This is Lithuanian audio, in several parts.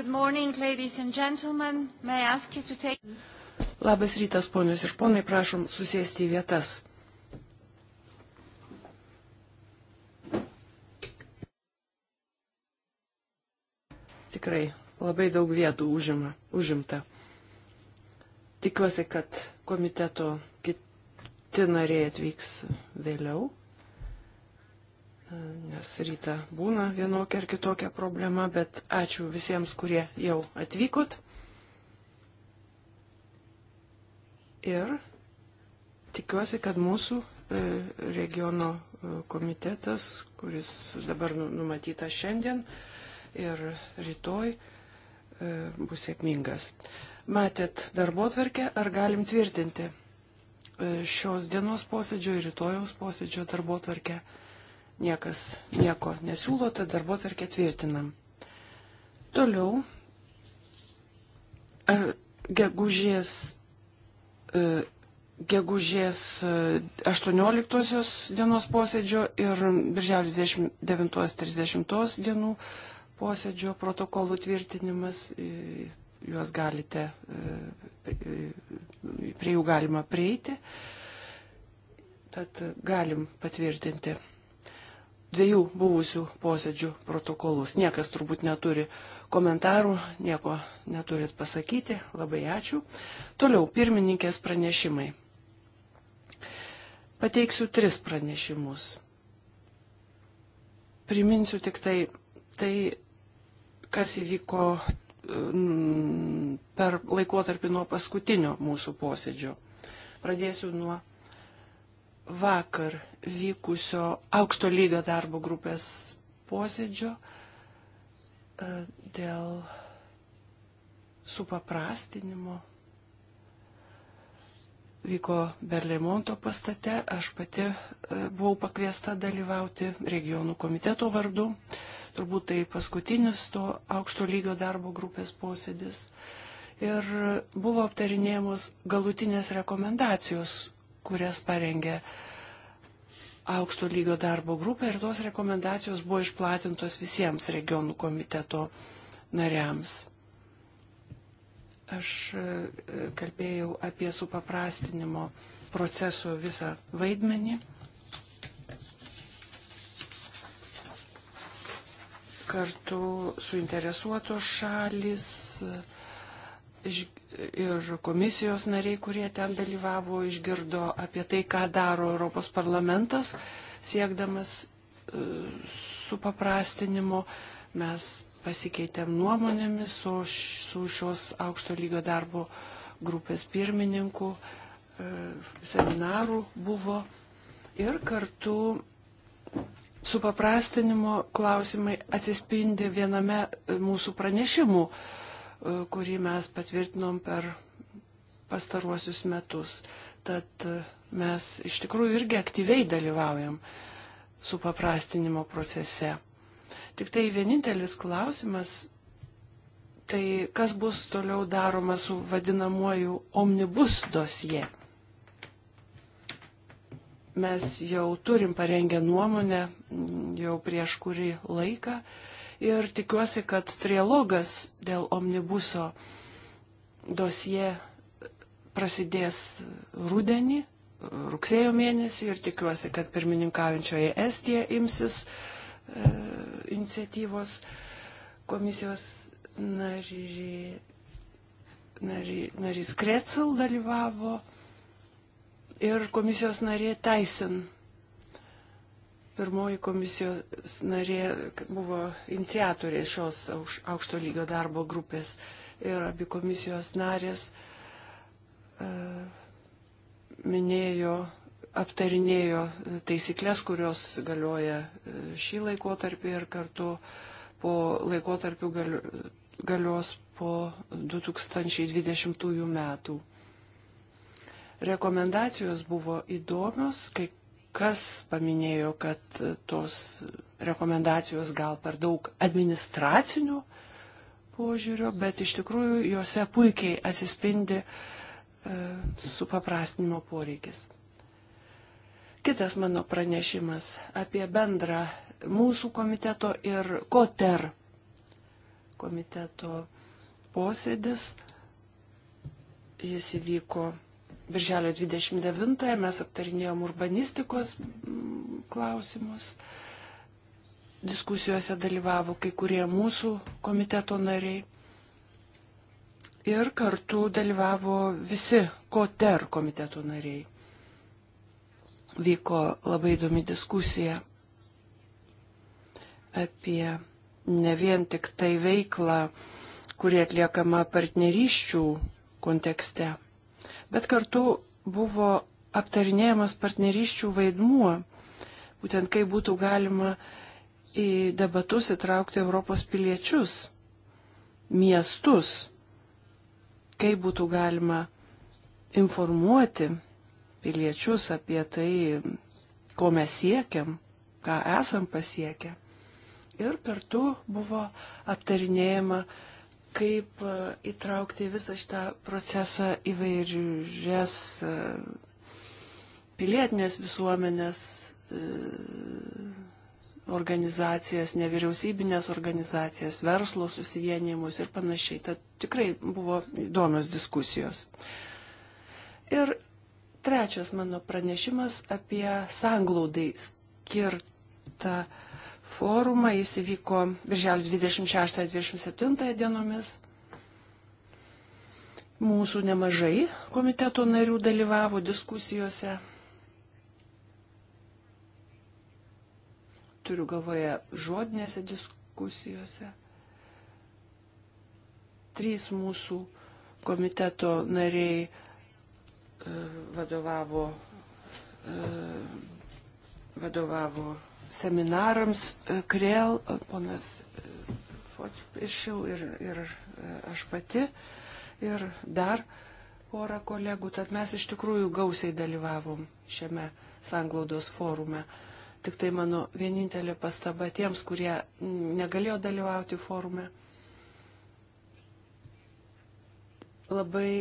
Good morning, ladies and gentlemen. May I ask you to take... Labas rytas, ponios ir ponai, prašom susėsti į vietas. Tikrai labai daug vietų užima, užimta. Tikiuosi, kad komiteto kiti nariai atvyks vėliau nes ryta būna vienokia ar kitokia problema, bet ačiū visiems, kurie jau atvykot. Ir tikiuosi, kad mūsų e, regiono e, komitetas, kuris dabar nu, numatytas šiandien ir rytoj, e, bus sėkmingas. Matėt darbo tvarkę, ar galim tvirtinti šios dienos posėdžio ir rytojaus posėdžio darbo tvarkę? Niekas nieko nesiūlo, tad darbo tvarkę tvirtinam. Toliau. Ar e, gegužės, e, gegužės 18 e, dienos posėdžio ir birželio 29-30 dienų posėdžio protokolų tvirtinimas, juos galite, prie jų galima prieiti, tad galim patvirtinti dviejų buvusių posėdžių protokolus. Niekas turbūt neturi komentarų, nieko neturit pasakyti. Labai ačiū. Toliau pirmininkės pranešimai. Pateiksiu tris pranešimus. Priminsiu tik tai, tai kas įvyko mm, per laikotarpį nuo paskutinio mūsų posėdžio. Pradėsiu nuo vakar vykusio aukšto lygio darbo grupės posėdžio e, dėl supaprastinimo. Vyko Berlemonto pastate, aš pati e, buvau pakviesta dalyvauti regionų komiteto vardu. Turbūt tai paskutinis to aukšto lygio darbo grupės posėdis. Ir buvo aptarinėjamos galutinės rekomendacijos, kurias parengė aukšto lygio darbo grupė ir tos rekomendacijos buvo išplatintos visiems regionų komiteto nariams. Aš e, kalbėjau apie supaprastinimo proceso visą vaidmenį. Kartu suinteresuotos šalis, ir komisijos nariai, kurie ten dalyvavo, išgirdo apie tai, ką daro Europos parlamentas, siekdamas e, supaprastinimo. Mes pasikeitėm nuomonėmis su, su šios aukšto lygio darbo grupės pirmininku, e, seminarų buvo ir kartu supaprastinimo klausimai atsispindi viename e, mūsų pranešimų E, kurį mes patvirtinom per pastaruosius metus. Tad e, mes iš tikrųjų irgi aktyviai dalyvaujam su paprastinimo procese. Tik tai vienintelis klausimas, tai kas bus toliau daroma su vadinamuoju omnibus dosie. Mes jau turim parengę nuomonę jau prieš kurį laiką ir tikiuosi, kad trialogas dėl omnibuso dosie prasidės rudenį, rugsėjo mėnesį ir tikiuosi, kad pirmininkaujančioje Estija imsis e, iniciatyvos komisijos nari, nari, narys Krecel dalyvavo ir komisijos narė Taisin pirmoji komisijos narė buvo iniciatorė šios aukšto lygio darbo grupės ir abi komisijos narės e, minėjo, aptarinėjo taisyklės, kurios galioja e, šį laikotarpį ir kartu po laikotarpių galios po 2020 metų rekomendacijos buvo įdomios, kai kas paminėjo, kad tos rekomendacijos gal per daug administracinio požiūrio, bet iš tikrųjų juose puikiai atsispindi e, supaprastinimo poreikis. Kitas mano pranešimas apie bendrą mūsų komiteto ir koter komiteto posėdis. Jis įvyko Birželio 29-ąją mes aptarinėjom urbanistikos mm, klausimus. Diskusijose dalyvavo kai kurie mūsų komiteto nariai. Ir kartu dalyvavo visi KOTER komiteto nariai. Vyko labai įdomi diskusija apie ne vien tik tai veiklą, kurie atliekama partneriščių kontekste bet kartu buvo aptarinėjamas partnerysčių vaidmuo, būtent kaip būtų galima į debatus įtraukti Europos piliečius, miestus, kaip būtų galima informuoti piliečius apie tai, ko mes siekiam, ką esam pasiekę. Ir kartu buvo aptarinėjama uh, kaip e, įtraukti visą šitą procesą įvairias e, pilietinės visuomenės e, organizacijas, nevyriausybinės organizacijas, verslo susivienimus ir panašiai. Tad tikrai buvo įdomios diskusijos. Ir trečias mano pranešimas apie sanglaudai skirtą uh, forumą. Jis įvyko birželio 26-27 dienomis. Mūsų nemažai komiteto narių dalyvavo diskusijose. Turiu galvoje žodinėse diskusijose. Trys mūsų komiteto nariai e, vadovavo, e, vadovavo seminarams e, Krėl, e, ponas e, Fočpišiau ir, ir aš pati ir dar porą kolegų, tad mes iš tikrųjų gausiai dalyvavom šiame sanglaudos forume. Tik tai mano vienintelė pastaba tiems, kurie negalėjo dalyvauti forume. Labai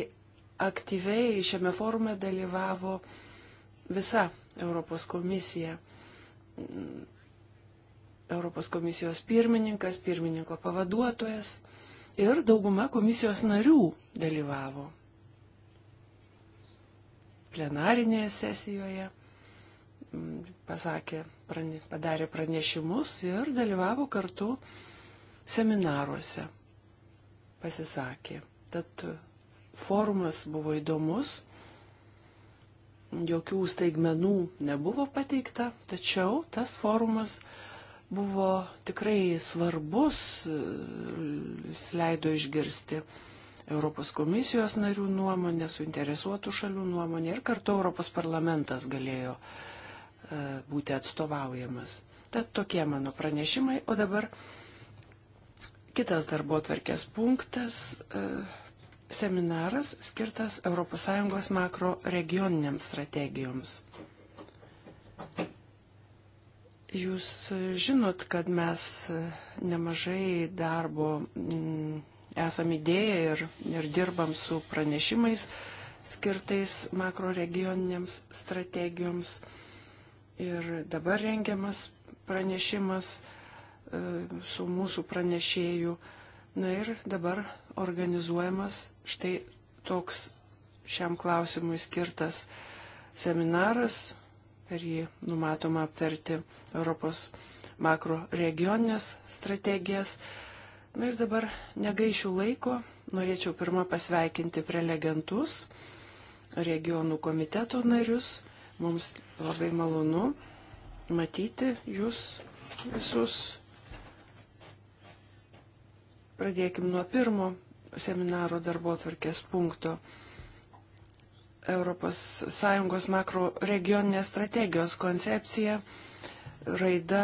aktyviai šiame forume dalyvavo visa Europos komisija. Mm, Europos komisijos pirmininkas, pirmininko pavaduotojas ir dauguma komisijos narių dalyvavo plenarinėje sesijoje, mm, pasakė, prane, padarė pranešimus ir dalyvavo kartu seminaruose, pasisakė. Tad forumas buvo įdomus jokių staigmenų nebuvo pateikta, tačiau tas forumas buvo tikrai svarbus, jis leido išgirsti Europos komisijos narių nuomonę, suinteresuotų šalių nuomonę ir kartu Europos parlamentas galėjo e, būti atstovaujamas. Tad tokie mano pranešimai, o dabar kitas darbo tvarkės punktas. Uh, seminaras skirtas ES makro regioniniams strategijoms. Jūs žinot, kad mes nemažai darbo mm, esam įdėję ir, ir dirbam su pranešimais skirtais makro regioniniams strategijoms. Ir dabar rengiamas pranešimas e, su mūsų pranešėjų uh, Na ir dabar organizuojamas štai toks šiam klausimui skirtas seminaras, per jį numatoma aptarti Europos makro regioninės strategijas. Na ir dabar negaišiu laiko, norėčiau pirmą pasveikinti prelegentus, regionų komiteto narius. Mums labai malonu matyti jūs visus Pradėkim nuo pirmo seminaro darbo tvarkės punkto. ES makro regioninės strategijos koncepcija, raida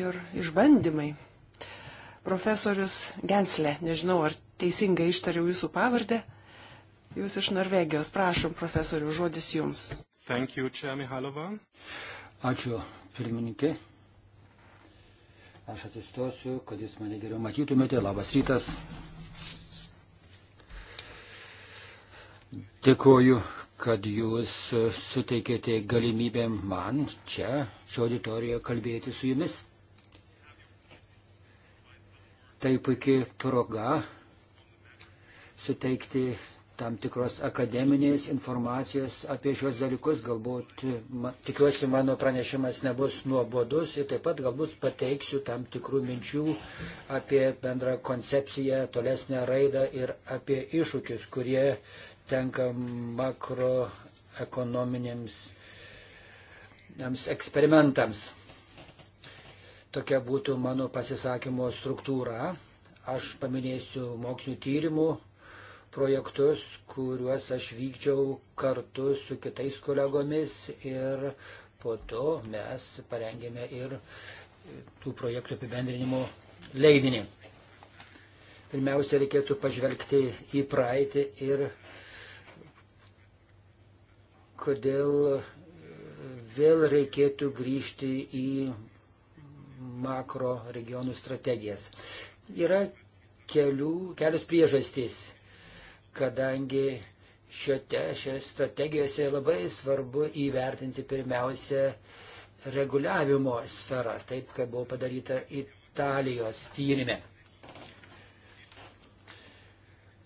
ir išbandymai. Profesorius Genslė, nežinau, ar teisingai ištariau jūsų pavardę. Jūs iš Norvegijos, prašom, profesorių, žodis jums. Thank you, Ačiū, pirmininkė. Aš atsistosiu, kad jūs mane geriau matytumėte. Labas rytas. Dėkuoju, kad jūs suteikėte galimybę man čia, šio auditorijoje, kalbėti su jumis. Tai puikiai proga suteikti tam tikros akademinės informacijos apie šios dalykus. Galbūt, ma, tikiuosi, mano pranešimas nebus nuobodus ir taip pat galbūt pateiksiu tam tikrų minčių apie bendrą koncepciją, tolesnę raidą ir apie iššūkius, kurie tenka makroekonominėms eksperimentams. Tokia būtų mano pasisakymo struktūra. Aš paminėsiu mokslinių tyrimų projektus, kuriuos aš vykdžiau kartu su kitais kolegomis ir po to mes parengėme ir tų projektų apibendrinimo leidinį. Pirmiausia, reikėtų pažvelgti į praeitį ir kodėl vėl reikėtų grįžti į makro regionų strategijas. Yra kelių, kelios priežastys kadangi šiose strategijose labai svarbu įvertinti pirmiausia reguliavimo sferą, taip kaip buvo padaryta Italijos tyrimė.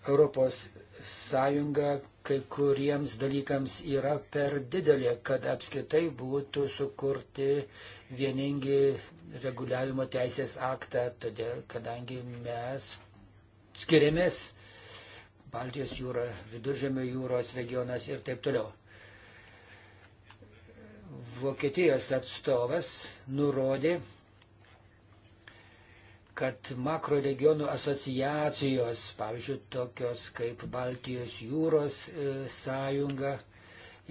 Europos Sąjunga kai kuriems dalykams yra per didelė, kad apskritai būtų sukurti vieningi reguliavimo teisės aktą, todėl kadangi mes skiriamės Baltijos jūra, Viduržėmio jūros regionas ir taip toliau. Vokietijos atstovas nurodė, kad makro regionų asociacijos, pavyzdžiui, tokios kaip Baltijos jūros e, sąjunga,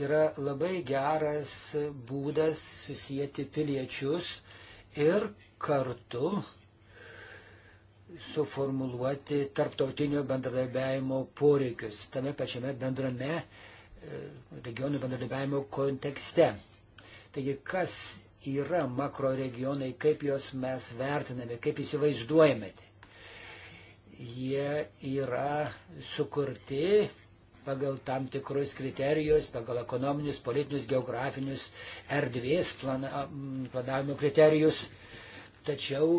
yra labai geras būdas susijęti piliečius ir kartu suformuluoti tarptautinio bendradarbiavimo poreikius tame pačiame bendrame e, regionų bendradarbiavimo kontekste. Taigi, kas yra makro regionai, kaip juos mes vertiname, kaip įsivaizduojame. Jie yra sukurti pagal tam tikrus kriterijus, pagal ekonominius, politinius, geografinius, erdvės planavimo kriterijus. Tačiau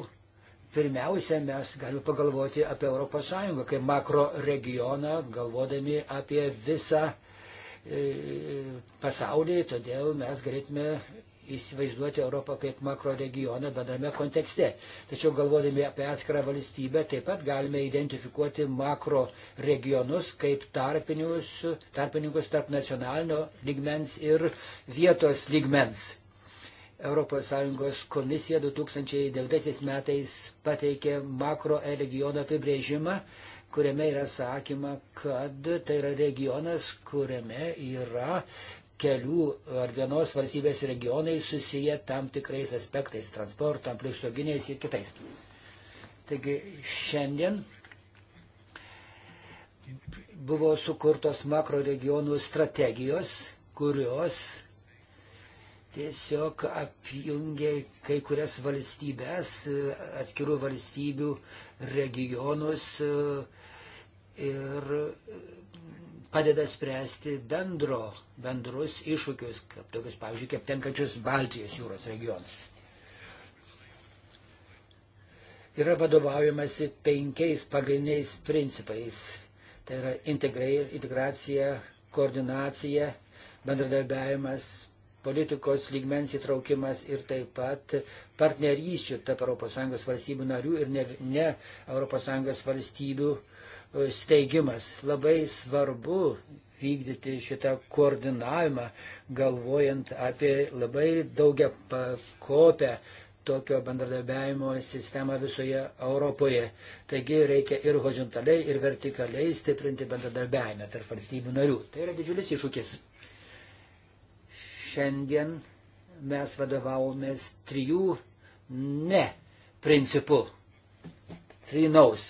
Pirmiausia, mes galime pagalvoti apie ES kaip makro regioną, galvodami apie visą e, pasaulį, todėl mes galėtume įsivaizduoti Europą kaip makro regioną bendrame kontekste. Tačiau galvodami apie atskirą valstybę, taip pat galime identifikuoti makro regionus kaip tarpinius, tarpininkus tarp nacionalinio lygmens ir vietos lygmens. ES komisija 2009 metais pateikė makro regiono apibrėžimą, kuriame yra sakyma, kad tai yra regionas, kuriame yra kelių ar vienos valstybės regionai susiję tam tikrais aspektais - transporto, aplinksoginiais ir kitais. Taigi šiandien buvo sukurtos makro regionų strategijos, kurios tiesiog apjungia kai kurias valstybės, atskirų valstybių regionus e, ir padeda spręsti bendro, bendrus iššūkius, kaip tokius, pavyzdžiui, kaip tenkačius Baltijos jūros regionus. Yra vadovaujamasi penkiais pagrindiniais principais. Tai yra integracija, koordinacija, bendradarbiavimas, politikos lygmens įtraukimas ir taip pat partnerysčių tarp ES valstybių narių ir ne, ne ES valstybių e, steigimas. Labai svarbu vykdyti šitą koordinavimą, galvojant apie labai daugia pakopę tokio bendradarbiavimo sistemą visoje Europoje. Taigi reikia ir horizontaliai, ir vertikaliai stiprinti bendradarbiavimą tarp valstybių narių. Tai yra didžiulis iššūkis. Šiandien mes vadovavomės trijų ne principu. Three no's.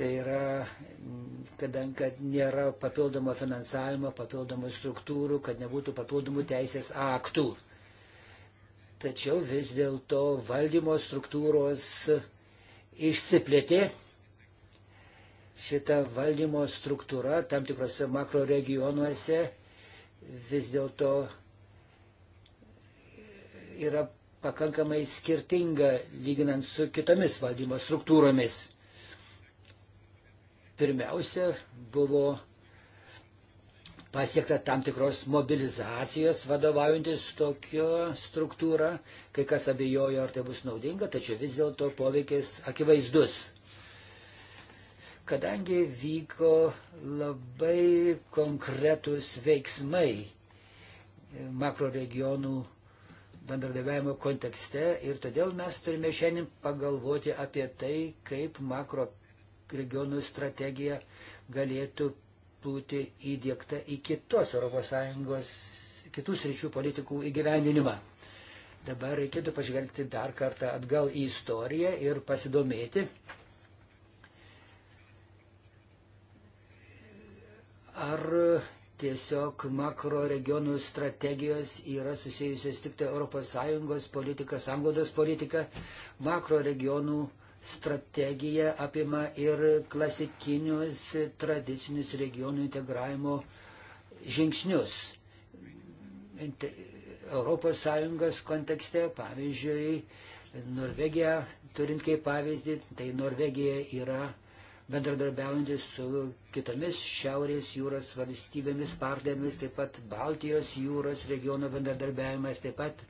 Tai yra, kadangi kad nėra papildomo finansavimo, papildomų struktūrų, kad nebūtų papildomų teisės aktų. Tačiau vis dėlto valdymo struktūros išsiplėtė. Šita valdymo struktūra tam tikrose makro regionuose vis dėlto yra pakankamai skirtinga lyginant su kitomis valdymo struktūromis. Pirmiausia, buvo pasiekta tam tikros mobilizacijos vadovaujantis tokio struktūrą, kai kas abejojo, ar tai bus naudinga, tačiau vis dėlto poveikis akivaizdus kadangi vyko labai konkretus veiksmai makro regionų bendradarbiavimo kontekste ir todėl mes turime šiandien pagalvoti apie tai, kaip makro regionų strategija galėtų būti įdėkta į kitos ES, kitus ryčių politikų įgyvendinimą. Dabar reikėtų pažvelgti dar kartą atgal į istoriją ir pasidomėti, ar tiesiog makro regionų strategijos yra susijusios tik tai ES politika, sanglaudos politika. Makro regionų strategija apima ir klasikinius tradicinius regionų integravimo žingsnius. ES kontekste, pavyzdžiui, Norvegija, turint kaip pavyzdį, tai Norvegija yra bendradarbiaujantis su kitomis Šiaurės jūros valstybėmis partnerėmis, taip pat Baltijos jūros regiono bendradarbiavimas, taip pat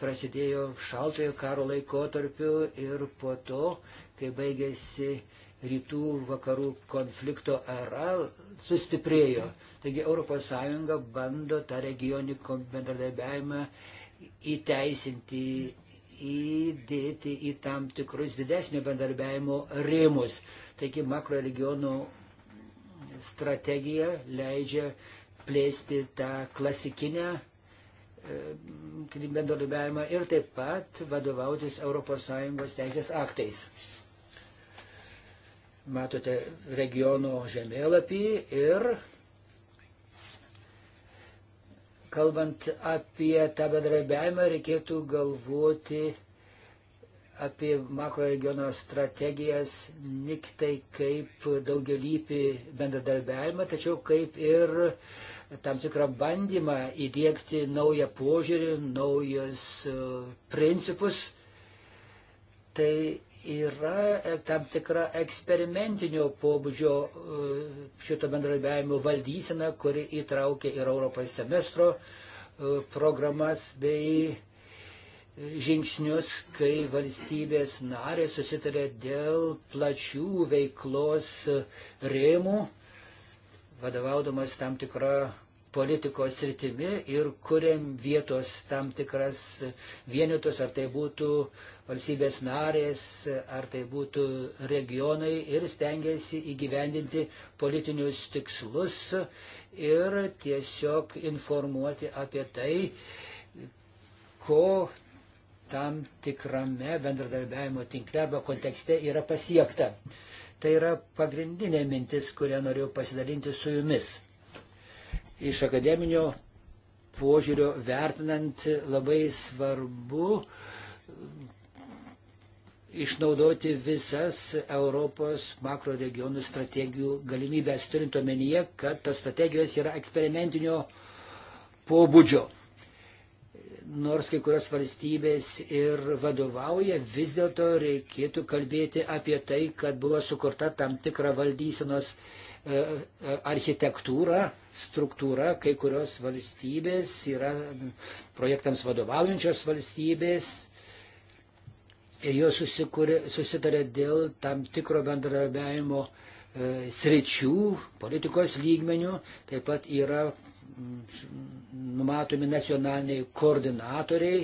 prasidėjo šaltojo karo laikotarpiu ir po to, kai baigėsi rytų vakarų konflikto era, sustiprėjo. Taigi ES bando tą regionį bendradarbiavimą įteisinti, įdėti į tam tikrus didesnio bendarbiavimo rėmus. Taigi makroregionų strategija leidžia plėsti tą klasikinę e, bendradarbiavimą ir taip pat vadovautis ES teisės aktais. Matote regiono žemėlapį ir kalbant apie tą bendradarbiavimą, reikėtų galvoti apie makroregiono strategijas nik tai kaip daugelįpį bendradarbiavimą, tačiau kaip ir tam tikrą bandymą įdėkti naują požiūrį, naujus e, principus tai yra e, tam tikra eksperimentinio pobūdžio e, šito bendradarbiavimo valdysena, kuri įtraukia ir Europos semestro e, programas bei žingsnius, kai valstybės narė susitarė dėl plačių veiklos rėmų, vadovaudamas tam tikrą politikos sritimi ir kuriam vietos tam tikras vienetus, ar tai būtų uh, valstybės narės, ar tai būtų regionai ir stengiasi įgyvendinti politinius tikslus ir tiesiog informuoti apie tai, ko tam tikrame bendradarbiavimo tinkle arba kontekste yra pasiekta. Tai yra pagrindinė mintis, kurią norėjau pasidalinti su jumis. Iš akademinio požiūrio vertinant labai svarbu išnaudoti visas Europos makro regionų strategijų galimybės, turint omenyje, kad tos strategijos yra eksperimentinio pobūdžio. Nors kai kurios valstybės ir vadovauja, vis dėlto reikėtų kalbėti apie tai, kad buvo sukurta tam tikra valdysenos e, e, architektūra, struktūra, kai kurios valstybės yra projektams vadovaujančios valstybės, ir jos susitarė dėl tam tikro bendradarbiavimo e, sričių, politikos lygmenių, taip pat yra mm, numatomi nacionaliniai koordinatoriai,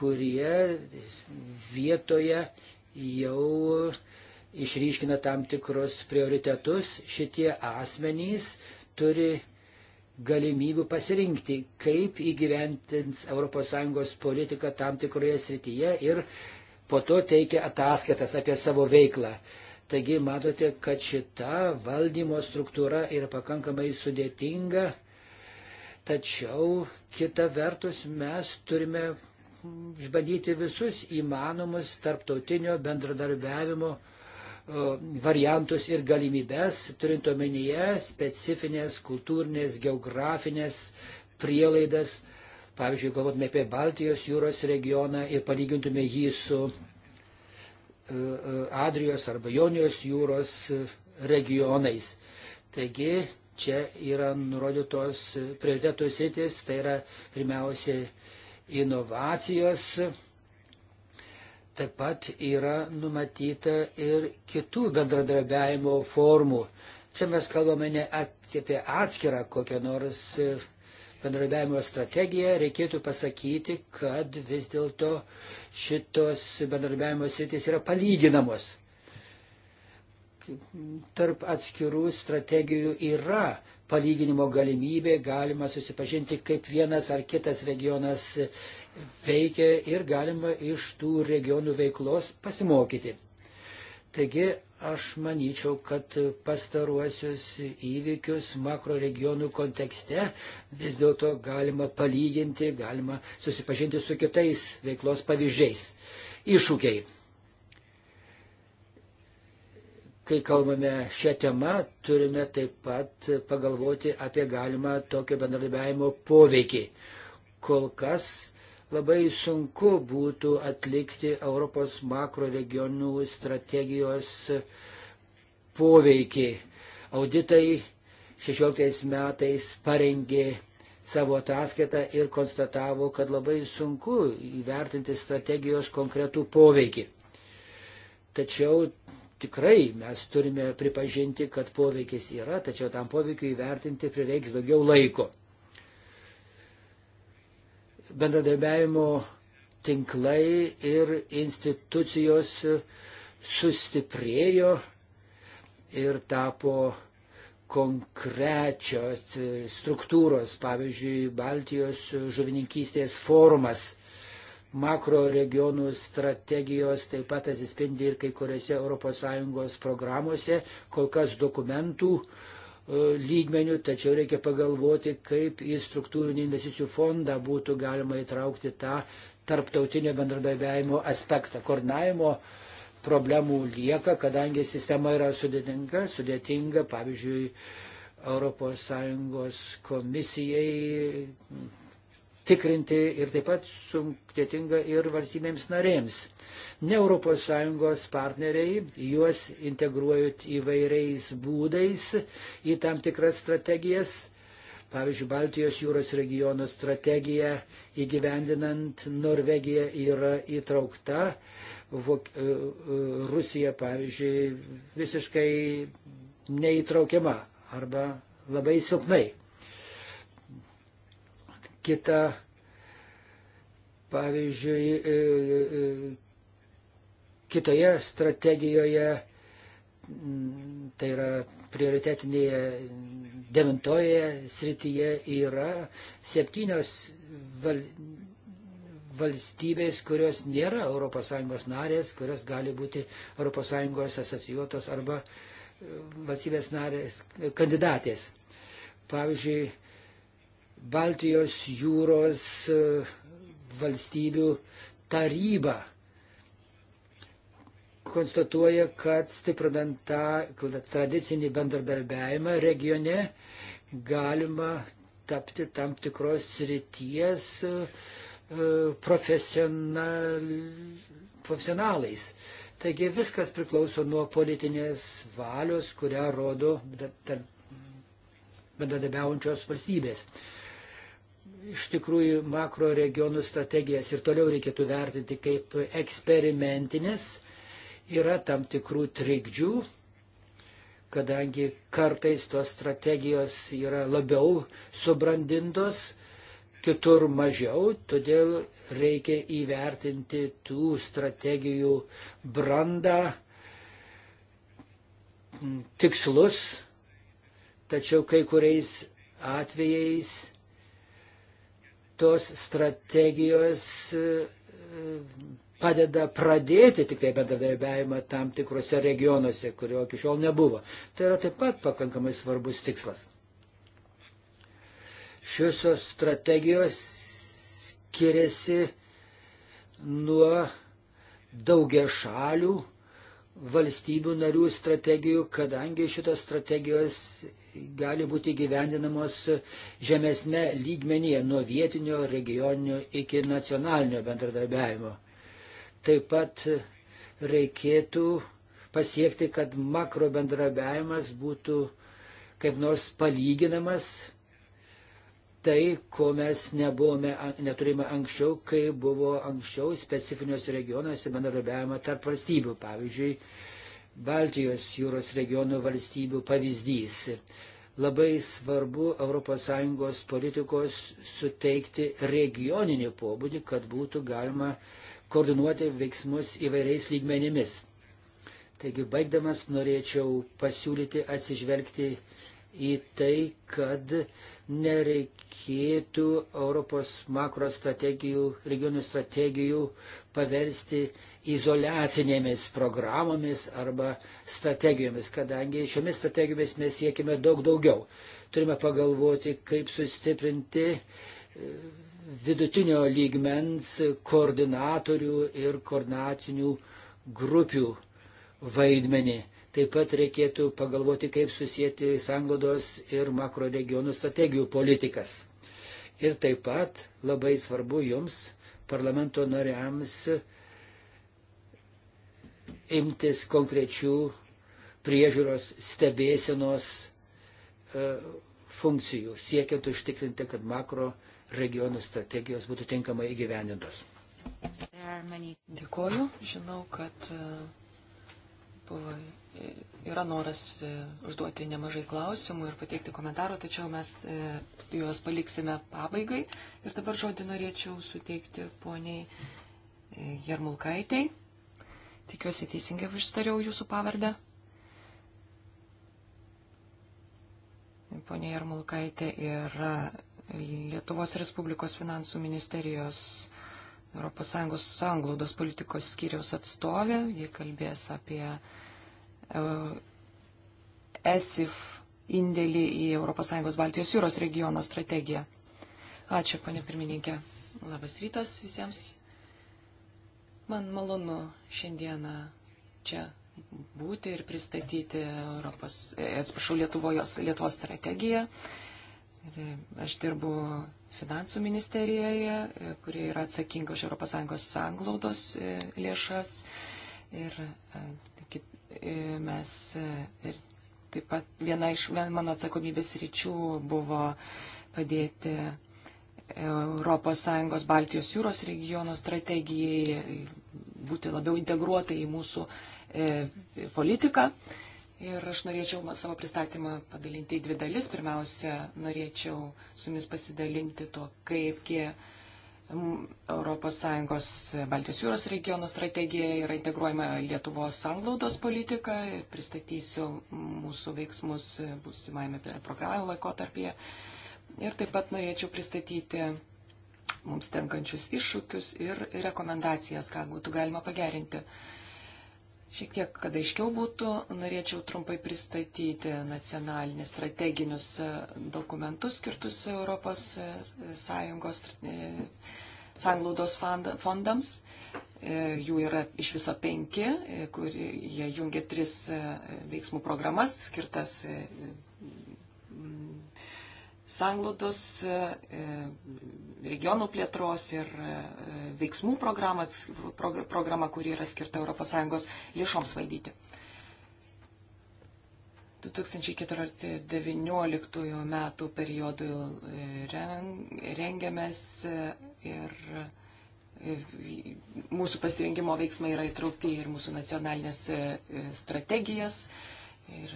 kurie vietoje jau išryškina tam tikrus prioritetus. Šitie asmenys turi galimybių pasirinkti, kaip įgyventins ES politiką tam tikroje srityje ir po to teikia ataskaitas apie savo veiklą. Taigi matote, kad šita valdymo struktūra yra pakankamai sudėtinga, tačiau kita vertus mes turime išbandyti visus įmanomus tarptautinio bendradarbiavimo variantus ir galimybės, turint omenyje specifines kultūrinės, geografinės prielaidas, Pavyzdžiui, galvotume apie Baltijos jūros regioną ir palygintume jį su e, e, Adrijos arba Jonijos jūros e, regionais. Taigi čia yra nurodytos prioritetų sritis, tai yra pirmiausia inovacijos. Taip pat yra numatyta ir kitų bendradarbiavimo formų. Čia mes kalbame ne apie atskirą kokią nors bendradarbiavimo strategiją, reikėtų pasakyti, kad vis dėlto šitos bendradarbiavimo sritis yra palyginamos. Tarp atskirų strategijų yra palyginimo galimybė, galima susipažinti, kaip vienas ar kitas regionas veikia ir galima iš tų regionų veiklos pasimokyti. Taigi Aš manyčiau, kad pastaruosius įvykius makro regionų kontekste vis dėlto galima palyginti, galima susipažinti su kitais veiklos pavyzdžiais. Iššūkiai. Kai kalbame šią temą, turime taip pat pagalvoti apie galimą tokio bendradarbiavimo poveikį. Kol kas labai sunku būtų atlikti Europos makro regionų strategijos poveikį. Auditai 16 metais parengė savo ataskaitą ir konstatavo, kad labai sunku įvertinti strategijos konkretų poveikį. Tačiau tikrai mes turime pripažinti, kad poveikis yra, tačiau tam poveikiu įvertinti prireiks daugiau laiko bendradarbiavimo tinklai ir institucijos sustiprėjo ir tapo konkrečios struktūros, pavyzdžiui, Baltijos žuvininkystės forumas makro regionų strategijos taip pat atsispindi ir kai kuriuose ES programuose, kol kas dokumentų E, lygmenių, tačiau reikia pagalvoti, kaip į struktūrinį investicijų fondą būtų galima įtraukti tą tarptautinio bendradarbiavimo aspektą. Koordinavimo problemų lieka, kadangi sistema yra sudėtinga, sudėtinga, pavyzdžiui, ES komisijai tikrinti ir taip pat sudėtinga ir valstybėms narėms ne ES partneriai, juos integruojant įvairiais būdais į tam tikras strategijas. Pavyzdžiui, Baltijos jūros regiono strategija įgyvendinant Norvegiją yra įtraukta. Vok, e, e, Rusija, pavyzdžiui, visiškai neįtraukiama arba labai silpnai. Kita, pavyzdžiui, e, kitoje strategijoje, tai yra prioritetinėje devintoje srityje, yra septynios val, valstybės, kurios nėra ES narės, kurios gali būti ES asocijuotos arba e, valstybės narės kandidatės. Pavyzdžiui, Baltijos jūros e, valstybių taryba konstatuoja, kad stiprinant tą tradicinį bendradarbiavimą regione galima tapti tam tikros ryties e, profesional, profesionalais. Taigi viskas priklauso nuo politinės valios, kurią rodo bendradabiaujančios valstybės. Iš tikrųjų, makro regionų strategijas ir toliau reikėtų vertinti kaip eksperimentinės Yra tam tikrų trikdžių, kadangi kartais tos strategijos yra labiau subrandintos, kitur mažiau, todėl reikia įvertinti tų strategijų brandą, tikslus, tačiau kai kuriais atvejais tos strategijos padeda pradėti tik tai bendradarbiavimą tam tikrose regionuose, kurio iki šiol nebuvo. Tai yra taip pat pakankamai svarbus tikslas. Šiosios strategijos skiriasi nuo daugia šalių valstybių narių strategijų, kadangi šitos strategijos gali būti gyvendinamos žemesnė lygmenyje nuo vietinio, regioninio iki nacionalinio bendradarbiavimo. Taip pat reikėtų pasiekti, kad makro bendrabiavimas būtų kaip nors palyginamas tai, ko mes nebuvome, neturime anksčiau, kai buvo anksčiau specifiniuose regionuose bendrabiavimą tarp valstybių, pavyzdžiui, Baltijos jūros regionų valstybių pavyzdys. Labai svarbu ES politikos suteikti regioninį pobūdį, kad būtų galima uh, koordinuoti veiksmus įvairiais lygmenimis. Taigi, baigdamas, norėčiau pasiūlyti atsižvelgti į tai, kad nereikėtų Europos makrostrategijų, regionų strategijų paversti izolacinėmis programomis arba strategijomis, kadangi šiomis strategijomis mes siekime daug daugiau. Turime pagalvoti, kaip sustiprinti vidutinio lygmens koordinatorių ir koordinacinių grupių vaidmenį. Taip pat reikėtų pagalvoti, kaip susijęti sanglodos ir makroregionų strategijų politikas. Ir taip pat labai svarbu jums, parlamento nariams, imtis konkrečių priežiūros stebėsenos e, funkcijų, siekiant užtikrinti, kad makro regionų strategijos būtų tinkamai įgyvenintos. Many... Dėkoju. Žinau, kad e, buvo, e, yra noras e, užduoti nemažai klausimų ir pateikti komentarų, tačiau mes juos paliksime pabaigai. Ir dabar žodį norėčiau suteikti poniai Jarmulkaitei. Tikiuosi teisingai ištariau jūsų pavardę. Pone Jarmulkaitė yra Lietuvos Respublikos finansų ministerijos ES sanglaudos politikos skyriaus atstovė. Ji kalbės apie ESIF e indėlį į ES Baltijos jūros regiono strategiją. Ačiū, ponė pirmininkė. Labas rytas visiems. Man malonu šiandieną čia būti ir pristatyti Europos, e, atsiprašau, Lietuvos, Lietuvos strategiją Aš dirbu finansų ministerijoje, kurie yra atsakinga už ES sanglaudos e, lėšas. Ir e, e, mes ir taip pat viena iš mano atsakomybės ryčių buvo padėti ES Baltijos jūros regiono strategijai būti labiau integruotai į mūsų politiką. Ir aš norėčiau savo pristatymą padalinti į dvi dalis. Pirmiausia, norėčiau su jumis pasidalinti to, kaipgi ES Baltijos jūros regiono strategija yra integruojama Lietuvos sanglaudos politika ir pristatysiu mūsų veiksmus būsimajame programavimo laikotarpyje. Ir taip pat norėčiau pristatyti mums tenkančius iššūkius ir rekomendacijas, ką būtų galima pagerinti. Uh, Šiek tiek, kad aiškiau būtų, norėčiau trumpai pristatyti nacionalinės strateginius e, dokumentus skirtus Europos e, Sąjungos e, sanglaudos fondams. Jų yra iš viso penki, kur jie jungia tris veiksmų programas skirtas sanglaudos, e, e, regionų plėtros ir e, veiksmų programą, programą kuri yra skirta ES lėšoms valdyti. 2014-2019 metų periodui rengiamės ir mūsų pasirinkimo veiksmai yra įtraukti ir mūsų nacionalinės strategijas. Ir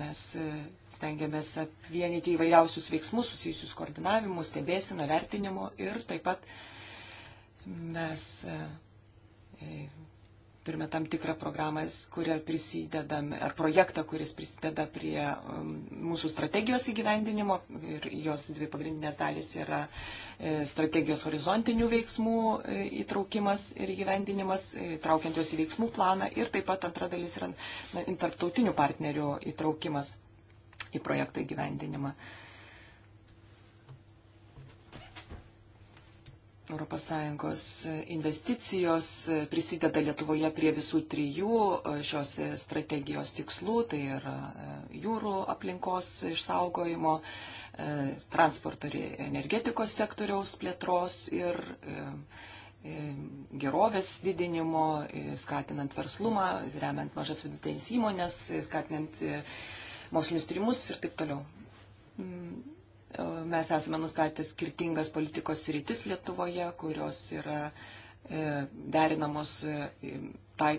mes e, stengiamės apvienyti įvairiausius veiksmus susijusius koordinavimu, stebėsina, vertinimu ir taip pat mes e, e, turime tam tikrą programą, kurią prisidedame, ar projektą, kuris prisideda prie um, mūsų strategijos įgyvendinimo. Ir jos dvi pagrindinės dalys yra e, strategijos horizontinių veiksmų e, įtraukimas ir įgyvendinimas, e, traukiant juos į veiksmų planą. Ir taip pat antra dalis yra tarptautinių partnerių įtraukimas į projektų įgyvendinimą. Uh, ES investicijos prisideda Lietuvoje prie visų trijų e, šios strategijos tikslų, tai yra e, jūrų aplinkos išsaugojimo, e, transporto ir energetikos sektoriaus plėtros ir gerovės didinimo, skatinant verslumą, remiant mažas vidutinės įmonės, skatinant mokslinius tyrimus ir taip toliau. Mm, Mes esame nustatę skirtingas politikos rytis Lietuvoje, kurios yra e, derinamos e, tai,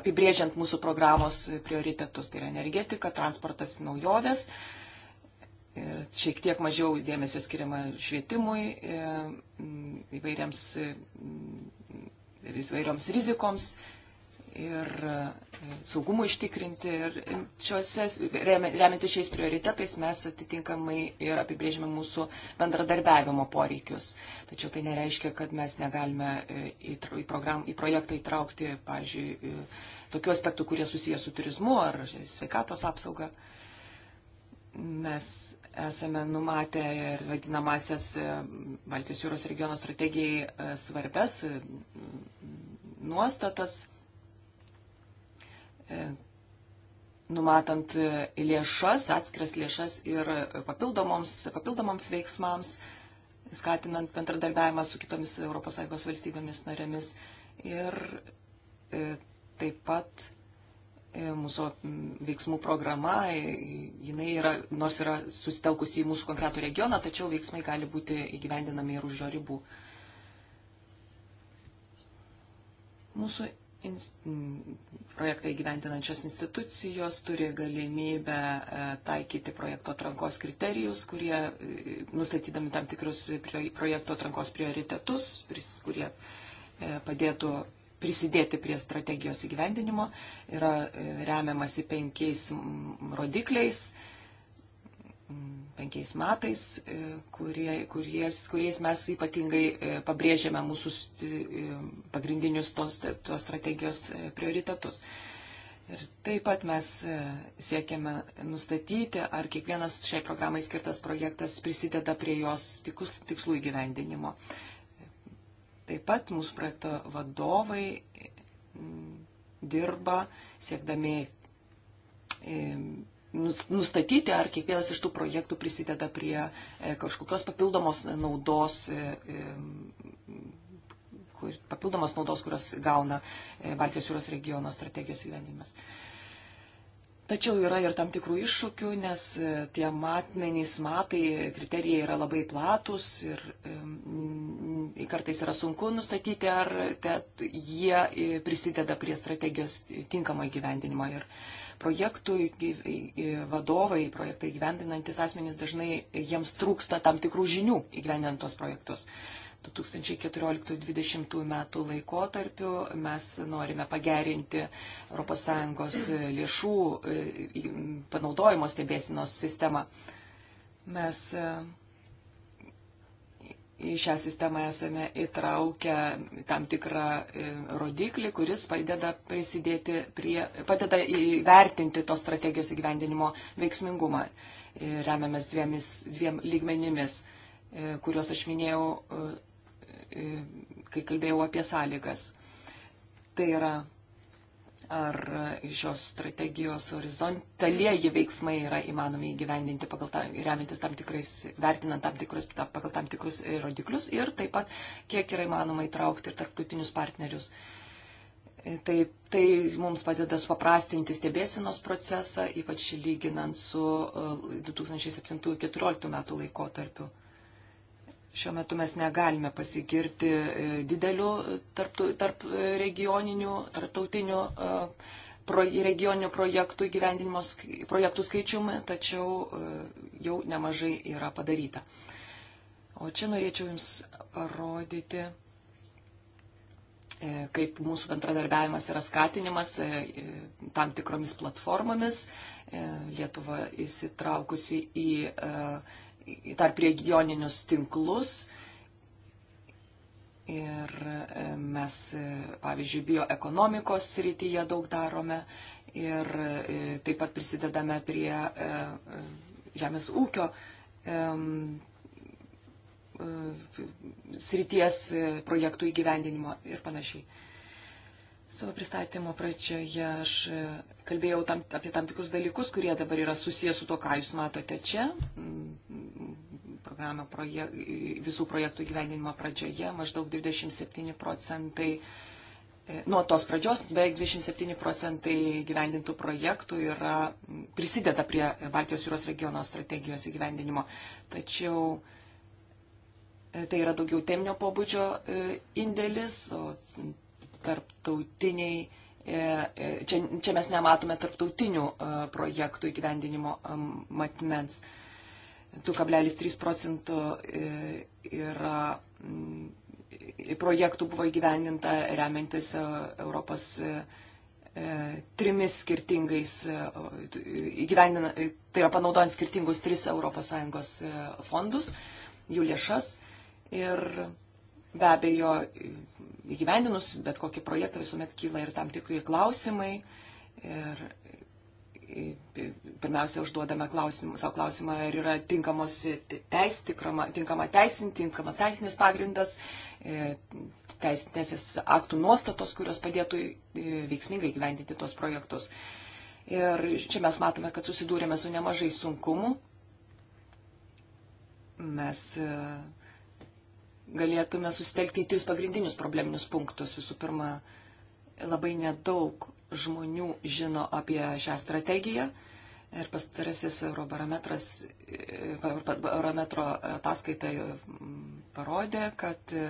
apibrėžiant mūsų programos prioritetus. Tai yra energetika, transportas, naujovės. Ir šiek tiek mažiau dėmesio skiriama švietimui, e, įvairiams, įvairioms rizikoms ir e, saugumų ištikrinti. Ir šiuose, remiantis šiais prioritetais, mes atitinkamai ir apibrėžime mūsų bendradarbiavimo poreikius. Tačiau tai nereiškia, kad mes negalime e, į, program, į projektą įtraukti, pavyzdžiui, e, tokių aspektų, kurie susijęs su turizmu ar sveikatos apsauga. Mes esame numatę ir vadinamasias Baltijos jūros regiono strategijai svarbes nuostatas E, numatant lėšas, atskiras lėšas ir papildomoms, papildomoms veiksmams, skatinant bendradarbiavimą su kitomis ES valstybėmis narėmis. Ir e, taip pat e, mūsų veiksmų programa, jinai yra, nors yra susitelkusi į mūsų konkretų regioną, tačiau veiksmai gali būti įgyvendinami ir už jo ribų. Mūsų projektai gyventinančios institucijos turi galimybę e, taikyti projekto atrankos kriterijus, kurie e, nustatydami tam tikrus projekto atrankos prioritetus, kurie e, padėtų prisidėti prie strategijos įgyvendinimo, yra remiamasi penkiais rodikliais penkiais metais, e, kurie, kuriais, kuriais mes ypatingai e, pabrėžėme mūsų e, pagrindinius tos, tos strategijos prioritetus. Ir taip pat mes siekiame nustatyti, ar kiekvienas šiai programai skirtas projektas prisideda prie jos tikslų įgyvendinimo. Taip pat mūsų projekto vadovai dirba siekdami nustatyti, ar kiekvienas iš tų projektų prisideda prie e, kažkokios papildomos naudos, e, e, kur, papildomos naudos, kurios gauna Baltijos jūros regiono strategijos įvendimas. Tačiau yra ir tam tikrų iššūkių, nes tie matmenys, matai, kriterijai yra labai platus ir kartais yra sunku nustatyti, ar jie prisideda prie strategijos tinkamo įgyvendinimo. Ir, projektų vadovai, projektai gyvendinantis asmenys dažnai jiems trūksta tam tikrų žinių įgyvendinant tos projektus. 2014-2020 metų laikotarpiu mes norime pagerinti ES e, lėšų e, panaudojimo stebėsinos sistemą. Mes e, į šią sistemą esame įtraukę tam tikrą e, rodiklį, kuris padeda prisidėti prie, padeda įvertinti tos strategijos įgyvendinimo veiksmingumą. E, remiamės dviemis, dviem lygmenimis, e, kuriuos aš minėjau, kai kalbėjau apie sąlygas. Tai yra ar šios strategijos horizontalieji veiksmai yra įmanomi įgyvendinti pagal tam, remintis tam tikrais, vertinant tam tikrus, pagal tam tikrus rodiklius ir taip pat kiek yra įmanoma įtraukti ir tarptautinius partnerius. E, tai, tai mums padeda supaprastinti stebėsinos procesą, ypač lyginant su 2007-2014 e, metų laikotarpiu. Šiuo metu mes negalime pasigirti e, dideliu tarp, tarp e, regioninių, tarptautinių e, pro, regioninių projektų įgyvendinimo projektų skaičiumi, tačiau jau nemažai yra padaryta. O čia norėčiau Jums parodyti, kaip mūsų bendradarbiavimas yra skatinimas tam tikromis platformomis. Lietuva įsitraukusi į tarp regioninius tinklus. Ir e, mes, e, pavyzdžiui, bioekonomikos srityje daug darome ir e, taip pat prisidedame prie žemės ūkio srities projektų įgyvendinimo ir panašiai. Savo pristatymo pradžioje aš e, kalbėjau tam, apie tam tikrus dalykus, kurie dabar yra susijęs su to, ką jūs matote čia. Programą proje, visų projektų gyvendinimo pradžioje maždaug 27 procentai e, nuo tos pradžios beveik 27 procentai gyvendintų projektų yra, prisideda prie Baltijos jūros regiono strategijos įgyvendinimo. Tačiau e, tai yra daugiau teminio pobūdžio indėlis, o tarptautiniai, e, e, čia, čia mes nematome tarptautinių e, projektų įgyvendinimo matmens. 2,3 procentų yra projektų buvo įgyvendinta remiantis Europos trimis skirtingais, tai yra panaudojant skirtingus tris ES fondus, jų lėšas. Ir be abejo, įgyvendinus bet kokį projektą visuomet kyla ir tam tikri klausimai. Ir pirmiausia, užduodame klausimą, savo klausimą, ar yra tinkamos teis, tikrama, tinkama teisin, tinkamas teisinės pagrindas, e, teisinės aktų nuostatos, kurios padėtų e, veiksmingai gyventinti tuos projektus. Ir čia mes matome, kad susidūrėme su nemažai sunkumu. Mes e, galėtume susitelkti į tris pagrindinius probleminius punktus. Visų pirma, labai nedaug žmonių žino apie šią strategiją. Ir pastarasis Eurobarometro e, ataskaita parodė, kad e,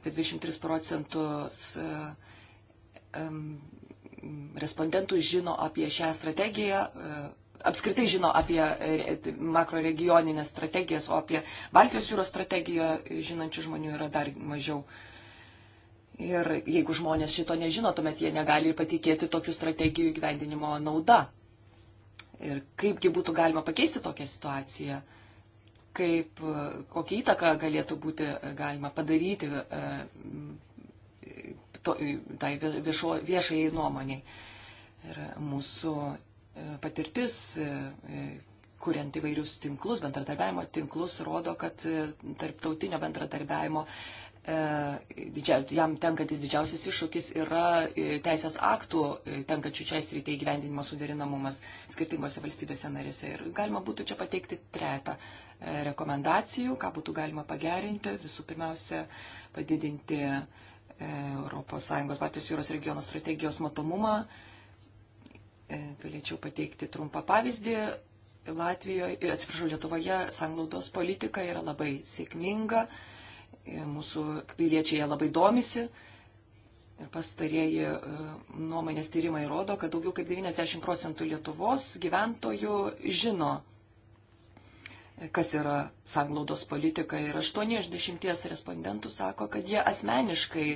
apie 23 procentus e, respondentų žino apie šią strategiją apskritai žino apie e, makroregioninės strategijas, o apie Baltijos jūros strategiją žinančių žmonių yra dar mažiau. Ir jeigu žmonės šito nežino, tuomet jie negali ir patikėti tokių strategijų gyvendinimo nauda. Ir kaipgi būtų galima pakeisti tokią situaciją, kaip, e, kokią įtaką galėtų būti e, galima padaryti to, tai viešo, viešai nuomoniai. Ir mūsų E, patirtis, e, e, kuriant įvairius tinklus, bendradarbiavimo tinklus, rodo, kad tarptautinio bendradarbiavimo jam tenkantis didžiausias iššūkis yra teisės aktų tenkačių šiai srityje įgyvendinimo suderinamumas skirtingose valstybėse narėse. Ir galima būtų čia pateikti tretą rekomendacijų, ką būtų galima pagerinti. Visų pirmiausia, padidinti ES Baltijos jūros regiono strategijos matomumą, E, galėčiau pateikti trumpą pavyzdį. Latvijoje, e, atsiprašau, Lietuvoje sanglaudos politika yra labai sėkminga, e, mūsų piliečiai ją labai domisi. Ir pastarieji nuomonės tyrimai rodo, kad daugiau kaip 90 procentų Lietuvos gyventojų žino, kas yra sanglaudos politika. Ir 8 iš 10 respondentų sako, kad jie asmeniškai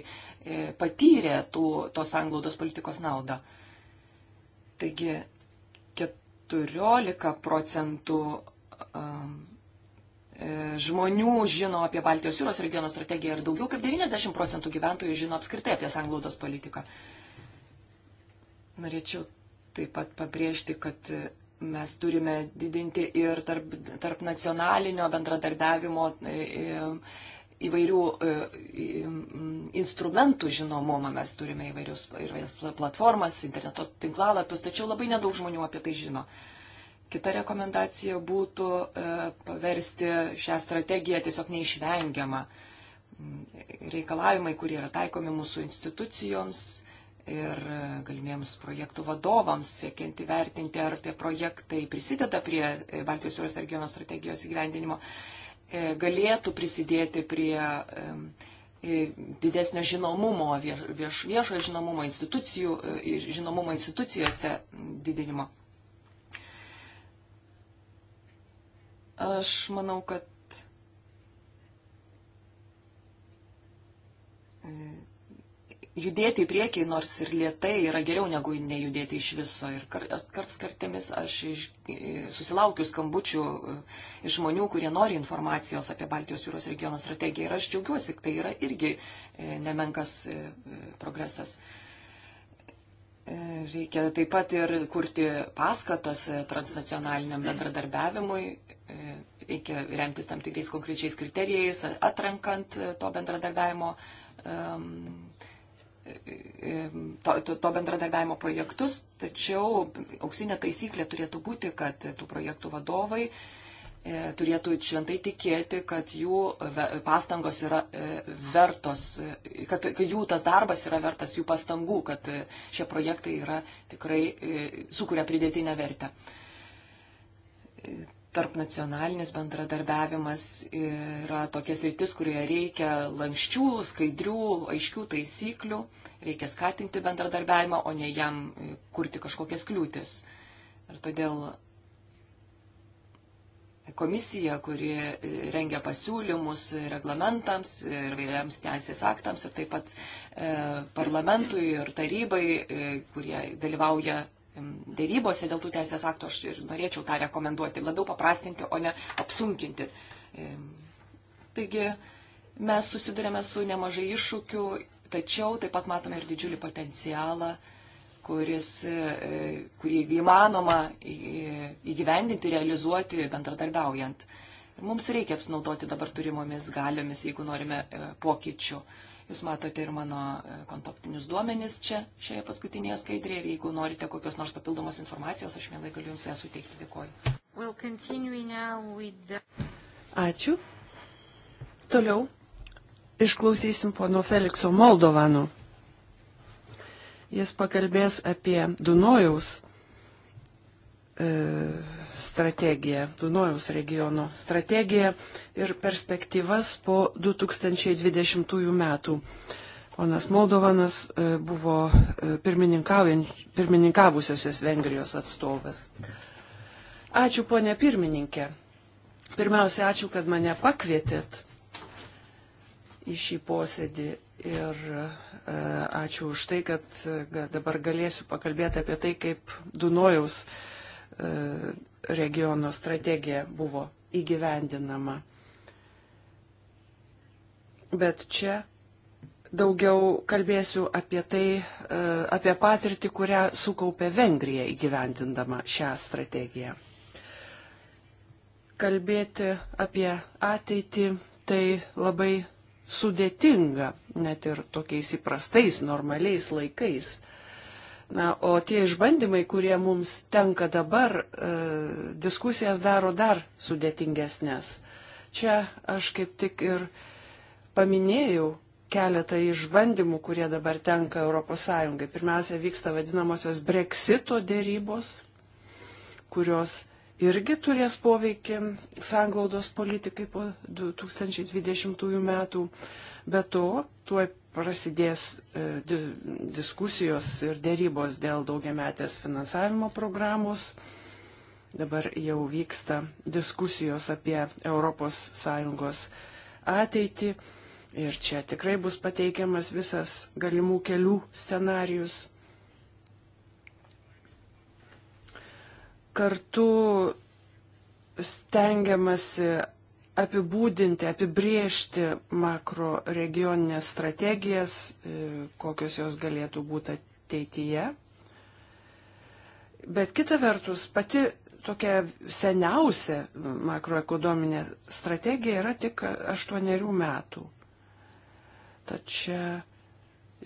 patyrė tų, tos sanglaudos politikos naudą. Taigi 14 procentų um, e, žmonių žino apie Baltijos jūros regiono strategiją ir daugiau kaip 90 procentų gyventojų žino apskritai apie sanglaudos politiką. Norėčiau taip pat pabrėžti, kad mes turime didinti ir tarp, tarp nacionalinio bendradarbiavimo e, e, įvairių e, instrumentų žinomumą, mes turime įvairius, įvairias platformas, interneto tinklalapius, tačiau labai nedaug žmonių apie tai žino. Kita rekomendacija būtų e, paversti šią strategiją tiesiog neišvengiamą. Reikalavimai, kurie yra taikomi mūsų institucijoms ir e, galimiems projektų vadovams, siekiant įvertinti, ar tie projektai prisideda prie Baltijos jūros regiono strategijos įgyvendinimo, E, galėtų prisidėti prie e, e, didesnio žinomumo, vieš, viešo žinomumo, institucijų, žinomumo institucijose didinimo. Aš manau, kad judėti į priekį, nors ir lietai, yra geriau negu nejudėti iš viso. Ir karts kartėmis aš iš, susilaukiu skambučių e, iš žmonių, kurie nori informacijos apie Baltijos jūros regiono strategiją. Ir aš džiaugiuosi, tai yra irgi e, nemenkas e, progresas. Reikia taip pat ir kurti paskatas transnacionaliniam bendradarbiavimui. Reikia remtis tam tikrais konkrečiais kriterijais, atrankant to bendradarbiavimo um, to, to, to bendradarbiavimo projektus, tačiau auksinė taisyklė turėtų būti, kad tų projektų vadovai e, turėtų šventai tikėti, kad jų pastangos yra e, vertos, e, kad, kad jų tas darbas yra vertas jų pastangų, kad šie projektai yra tikrai sukuria pridėtinę vertę tarp nacionalinis bendradarbiavimas yra tokias rytis, kurioje reikia lankščių, skaidrių, aiškių taisyklių, reikia skatinti bendradarbiavimą, o ne jam kurti kažkokias kliūtis. Ir todėl komisija, kuri rengia pasiūlymus reglamentams ir vairiams teisės aktams ir taip pat e, parlamentui ir tarybai, e, kurie dalyvauja dėrybose dėl tų teisės aktų aš ir norėčiau tą rekomenduoti, labiau paprastinti, o ne apsunkinti. Taigi mes susidurėme su nemažai iššūkių, tačiau taip pat matome ir didžiulį potencialą, kuris, e, kurį įmanoma įgyvendinti, realizuoti bendradarbiaujant. Ir mums reikia apsinaudoti dabar turimomis galiomis, jeigu norime e, pokyčių. E, Jūs matote ir mano e, kontaktinius duomenis čia, šioje paskutinėje skaidrėje. Ir jeigu norite kokios nors papildomos informacijos, aš mielai galiu Jums ją suteikti. Dėkuoju. We'll the... Ačiū. Toliau išklausysim pono Felikso Moldovanų. Jis pakalbės apie Dunojaus E, strategiją, Dunojaus regiono strategiją ir perspektyvas po 2020 metų. Ponas Moldovanas e, buvo e, pirmininkavusiosios Vengrijos atstovas. Ačiū, ponė pirmininkė. Pirmiausia, ačiū, kad mane pakvietėt į šį posėdį ir ačiū už tai, kad dabar galėsiu pakalbėti apie tai, kaip Dunojaus regiono E, regiono strategija buvo įgyvendinama. Bet čia daugiau kalbėsiu apie tai, e, apie patirtį, kurią sukaupė Vengrija įgyvendindama šią strategiją. Kalbėti apie ateitį tai labai sudėtinga, net ir tokiais įprastais, normaliais laikais Na, o tie išbandymai, kurie mums tenka dabar, e, diskusijas daro dar sudėtingesnės. Čia aš kaip tik ir paminėjau keletą išbandymų, kurie dabar tenka ES. Pirmiausia, vyksta vadinamosios breksito dėrybos, kurios irgi turės poveikį sanglaudos politikai po 2020 metų. Be to, tuo prasidės e, diskusijos ir dėrybos dėl daugiametės finansavimo programos. Dabar jau vyksta diskusijos apie ES ateitį ir čia tikrai bus pateikiamas visas galimų kelių scenarius. Kartu stengiamasi apibūdinti, apibriežti makro regioninės strategijas, e, kokios jos galėtų būti ateityje. Bet kita vertus, pati tokia seniausia makroekonominė strategija yra tik aštuonerių metų. Tačiau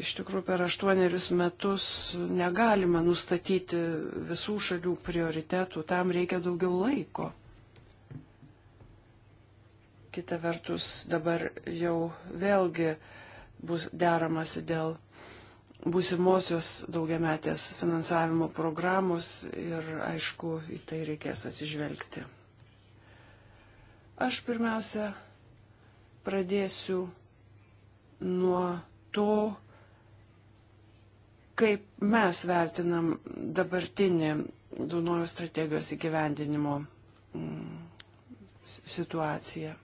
iš tikrųjų per aštuonerius metus negalima nustatyti visų šalių prioritetų, tam reikia daugiau laiko. Kita vertus, dabar jau vėlgi bus deramasi dėl būsimosios daugiametės finansavimo programos ir aišku, į tai reikės atsižvelgti. Aš pirmiausia pradėsiu nuo to, kaip mes vertinam dabartinį Dunojų strategijos įgyvendinimo mm, situaciją.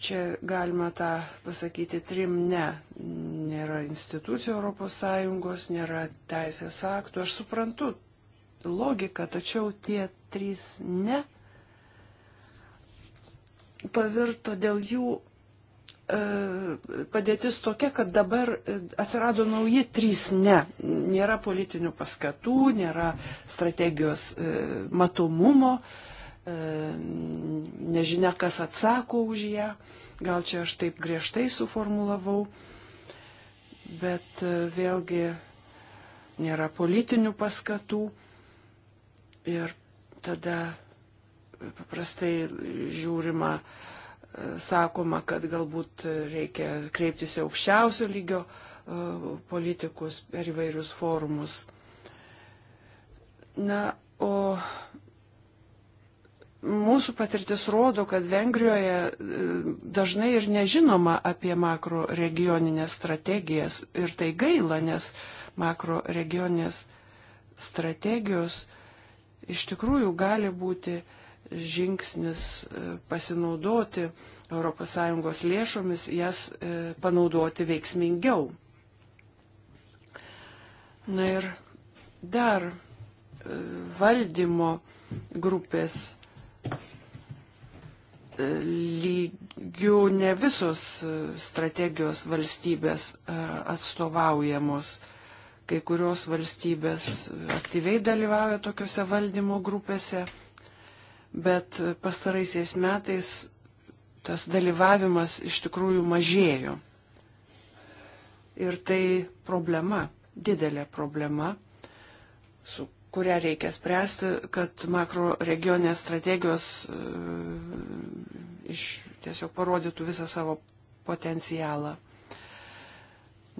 Čia galima tą pasakyti trim ne. Nėra institucijų ES, nėra teisės aktų. Aš suprantu logiką, tačiau tie trys ne pavirto dėl jų e, padėtis tokia, kad dabar atsirado nauji trys ne. Nėra politinių paskatų, nėra strategijos e, matomumo, E, nežinia kas atsako už ją, gal čia aš taip griežtai suformulavau, bet e, vėlgi nėra politinių paskatų ir tada paprastai žiūrima, e, sakoma, kad galbūt reikia kreiptis į aukščiausio lygio politikus per įvairius forumus. Na, o mūsų patirtis rodo, kad Vengrijoje e, dažnai ir nežinoma apie makro regioninės strategijas ir tai gaila, nes makro regioninės strategijos iš tikrųjų gali būti žingsnis e, pasinaudoti ES lėšomis, jas e, panaudoti veiksmingiau. Na ir dar valdymo grupės lygių ne visos e, strategijos valstybės e, atstovaujamos. Kai kurios valstybės e, aktyviai dalyvauja tokiuose valdymo grupėse, bet pastaraisiais metais tas dalyvavimas iš tikrųjų mažėjo. Ir tai problema, didelė problema, su kurią reikia spręsti, kad makro regionės strategijos e, iš, tiesiog parodytų visą savo potencialą.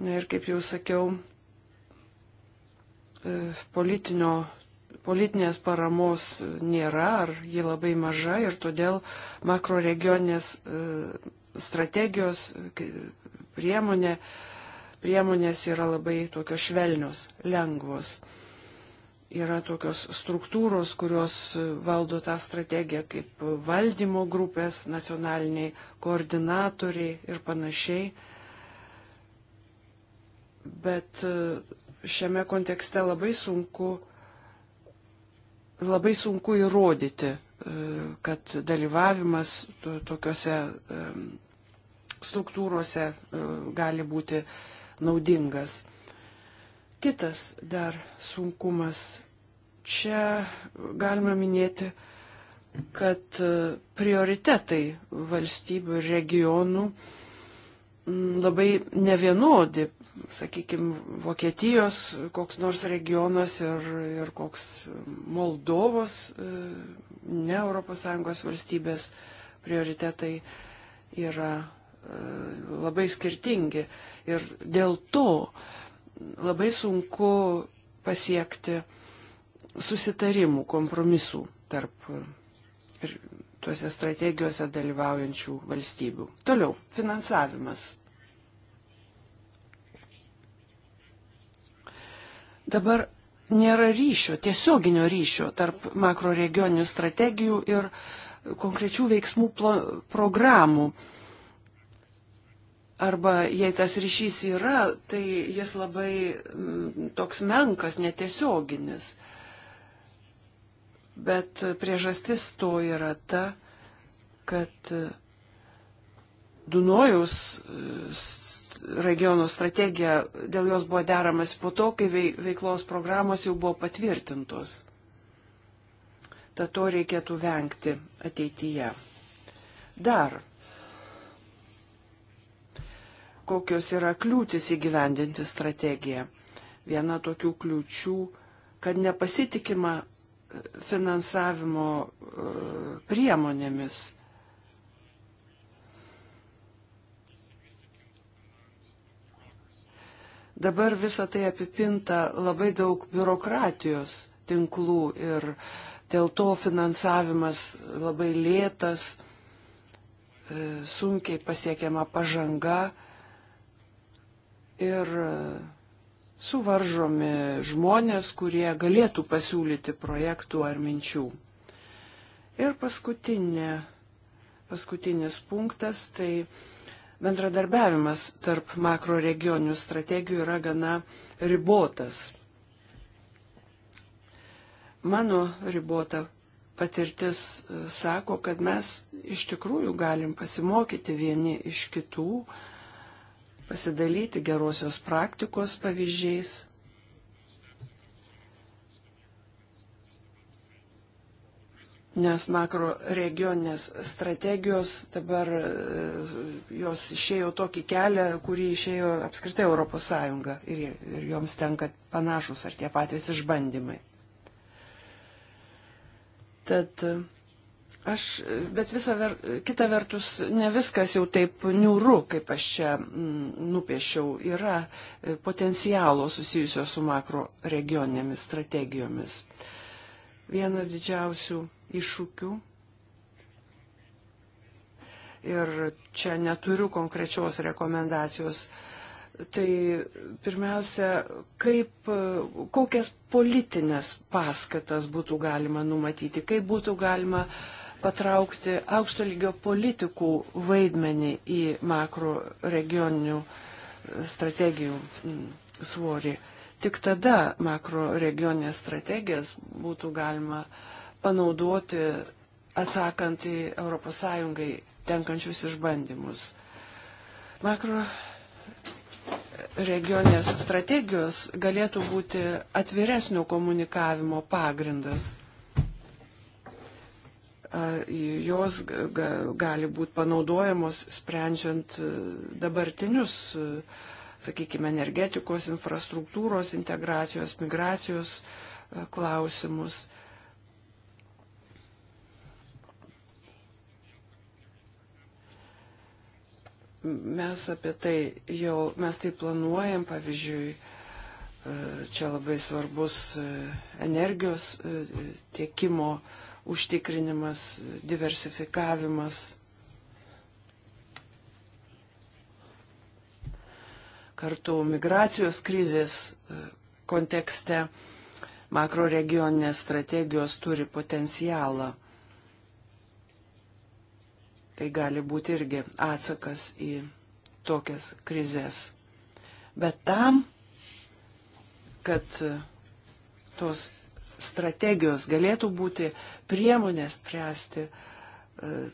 Na ir kaip jau sakiau, e, politinio politinės paramos nėra ar ji labai maža ir todėl makroregioninės e, strategijos priemonė, priemonės yra labai tokios švelnios, lengvos yra tokios struktūros, kurios valdo tą strategiją, kaip valdymo grupės, nacionaliniai koordinatoriai ir panašiai. Bet e, šiame kontekste labai sunku, labai sunku įrodyti, e, kad dalyvavimas tokiuose e, struktūrose gali būti naudingas. Kitas dar sunkumas. Čia galima minėti, kad e, prioritetai valstybių ir regionų mm, labai nevienodi. Sakykime, Vokietijos koks nors regionas ir, ir koks Moldovos, e, ne ES valstybės prioritetai yra e, labai skirtingi. Ir dėl to uh, labai sunku pasiekti susitarimų, kompromisų tarp tuose strategijose dalyvaujančių valstybių. Toliau, finansavimas. Dabar nėra ryšio, tiesioginio ryšio tarp makroregioninių strategijų ir konkrečių veiksmų programų Arba jei tas ryšys yra, tai jis labai m, mm, toks menkas, netiesioginis. Bet priežastis to yra ta, kad Dunojaus e, regionų strategija, dėl jos buvo deramas po to, kai veiklos programos jau buvo patvirtintos. Tad to reikėtų vengti ateityje. Dar kokios yra kliūtis įgyvendinti strategiją. Viena tokių kliūčių, kad nepasitikima e, finansavimo e, priemonėmis. Dabar visa tai apipinta labai daug biurokratijos tinklų ir dėl to finansavimas labai lėtas e, sunkiai pasiekiama pažanga, ir e, suvaržomi žmonės, kurie galėtų pasiūlyti projektų ar minčių. Ir paskutinė, paskutinis punktas, tai bendradarbiavimas tarp makroregionių strategijų yra gana ribotas. Mano ribota patirtis e, sako, kad mes iš tikrųjų galim pasimokyti vieni iš kitų, uh, pasidalyti gerosios praktikos pavyzdžiais. Nes makro regioninės strategijos dabar e, jos išėjo tokį kelią, kurį išėjo apskritai ES ir, ir joms tenka panašus ar tie patys išbandymai. Tad Aš, bet visa ver, kita vertus, ne viskas jau taip niūru, kaip aš čia m, mm, nupiešiau, yra e, potencialo susijusio su makro regioninėmis strategijomis. Vienas didžiausių iššūkių ir čia neturiu konkrečios rekomendacijos. Tai pirmiausia, kaip, e, kokias politinės paskatas būtų galima numatyti, kaip būtų galima uh, patraukti aukšto lygio politikų vaidmenį į makro regioninių e, strategijų svorį. Tik tada makro regioninės strategijas būtų galima panaudoti atsakant į ES tenkančius išbandymus. Makro regioninės strategijos galėtų būti atviresnio komunikavimo pagrindas jos gali būti panaudojamos sprendžiant e, dabartinius, e, sakykime, energetikos, infrastruktūros, integracijos, migracijos e, klausimus. Mes apie tai jau, mes tai planuojam, pavyzdžiui, čia labai svarbus energijos tiekimo uh, užtikrinimas, diversifikavimas. Kartu migracijos krizės e, kontekste makroregioninės strategijos turi potencialą. Tai gali būti irgi atsakas į tokias krizės. Bet tam, kad tos strategijos galėtų būti priemonės spręsti e,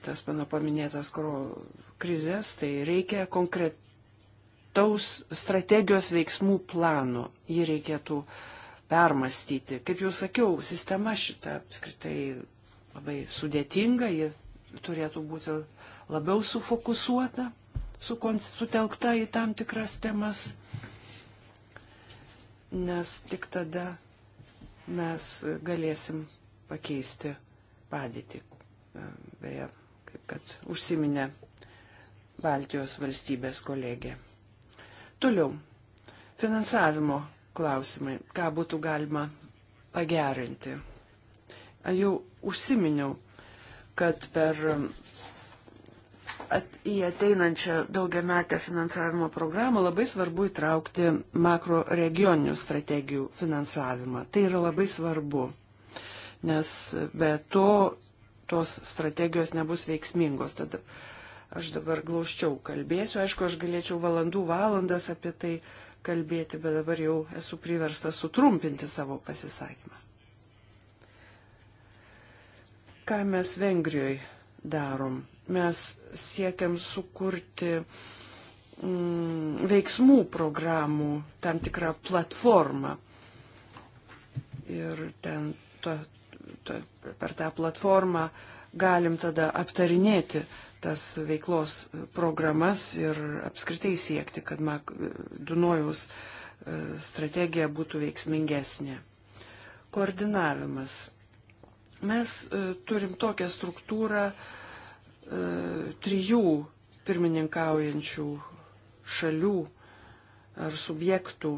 tas mano paminėtas krizės, tai reikia konkretaus strategijos veiksmų plano. Jį reikėtų permastyti. Kaip jau sakiau, sistema šita apskritai labai sudėtinga, ji turėtų būti labiau sufokusuota, sutelkta į tam tikras temas, nes tik tada mes galėsim pakeisti padėtį. Beje, kaip kad užsiminė Baltijos valstybės kolegė. Toliau. Finansavimo klausimai. Ką būtų galima pagerinti? Jau užsiminiau, kad per at, į ateinančią daugiametę finansavimo programą labai svarbu įtraukti makro regioninių strategijų finansavimą. Tai yra labai svarbu, nes be to tos strategijos nebus veiksmingos. Tad aš dabar glaučiau kalbėsiu, aišku, aš galėčiau valandų valandas apie tai kalbėti, bet dabar jau esu priverstas sutrumpinti savo pasisakymą. Ką mes Vengrijoje darom? Mes siekiam sukurti mm, veiksmų programų tam tikrą platformą. Ir ten to, to, per tą platformą galim tada aptarinėti tas veiklos programas ir apskritai siekti, kad Mak Dunojaus e, strategija būtų veiksmingesnė. Koordinavimas. Mes e, turim tokią struktūrą, E, trijų pirmininkaujančių šalių ar subjektų.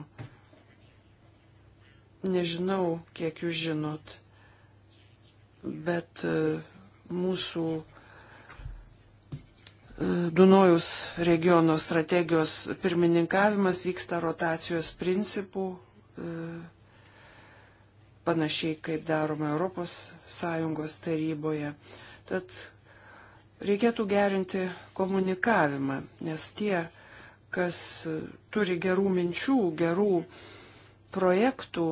Nežinau, kiek jūs žinot, bet e, mūsų e, Dunojaus regiono strategijos pirmininkavimas vyksta rotacijos principų, panašiai kaip daroma Europos Sąjungos taryboje. Tad Reikėtų gerinti komunikavimą, nes tie, kas turi gerų minčių, gerų projektų,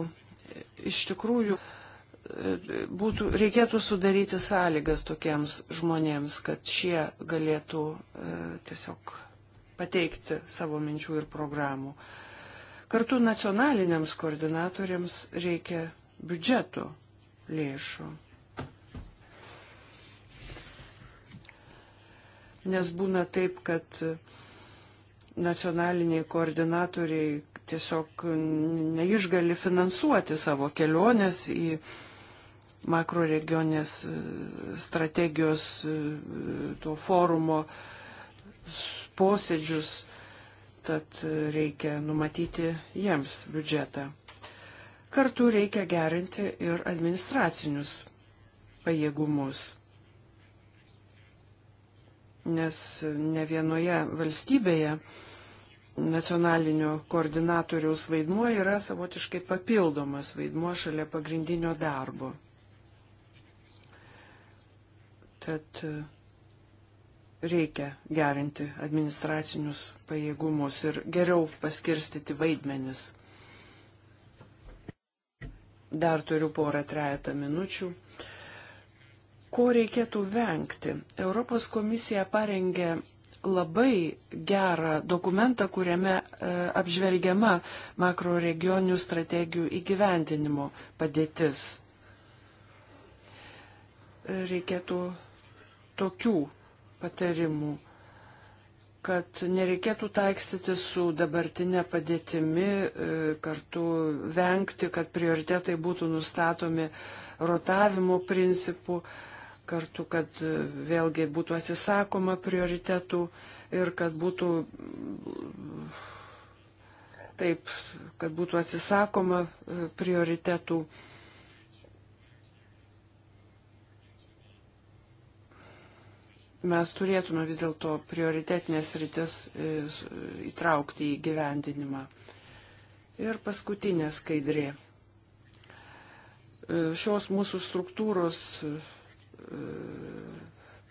iš tikrųjų e, būtų, reikėtų sudaryti sąlygas tokiems žmonėms, kad šie galėtų e, tiesiog pateikti savo minčių ir programų. Kartu nacionaliniams koordinatoriams reikia biudžeto lėšų. nes būna taip, kad nacionaliniai koordinatoriai tiesiog neišgali finansuoti savo keliones į makroregionės e, strategijos e, to forumo posėdžius, tad e, reikia numatyti jiems biudžetą. Kartu reikia gerinti ir administracinius pajėgumus nes ne vienoje valstybėje nacionalinio koordinatoriaus vaidmuo yra savotiškai papildomas vaidmuo šalia pagrindinio darbo. Tad e, reikia gerinti administracinius pajėgumus ir geriau paskirstyti vaidmenis. Dar turiu porą trejata minučių. Uh, ko reikėtų vengti. Europos komisija parengė labai gerą dokumentą, kuriame e, apžvelgiama makro regioninių strategijų įgyvendinimo padėtis. Reikėtų tokių patarimų, kad nereikėtų taikstyti su dabartinė padėtimi, e, kartu vengti, kad prioritetai būtų nustatomi rotavimo principu kartu, kad vėlgi būtų atsisakoma prioritetų ir kad būtų taip, kad būtų atsisakoma e, prioritetų. Mes turėtume vis dėlto prioritetinės rytis e, įtraukti į gyvendinimą. Ir paskutinė skaidrė. E, šios mūsų struktūros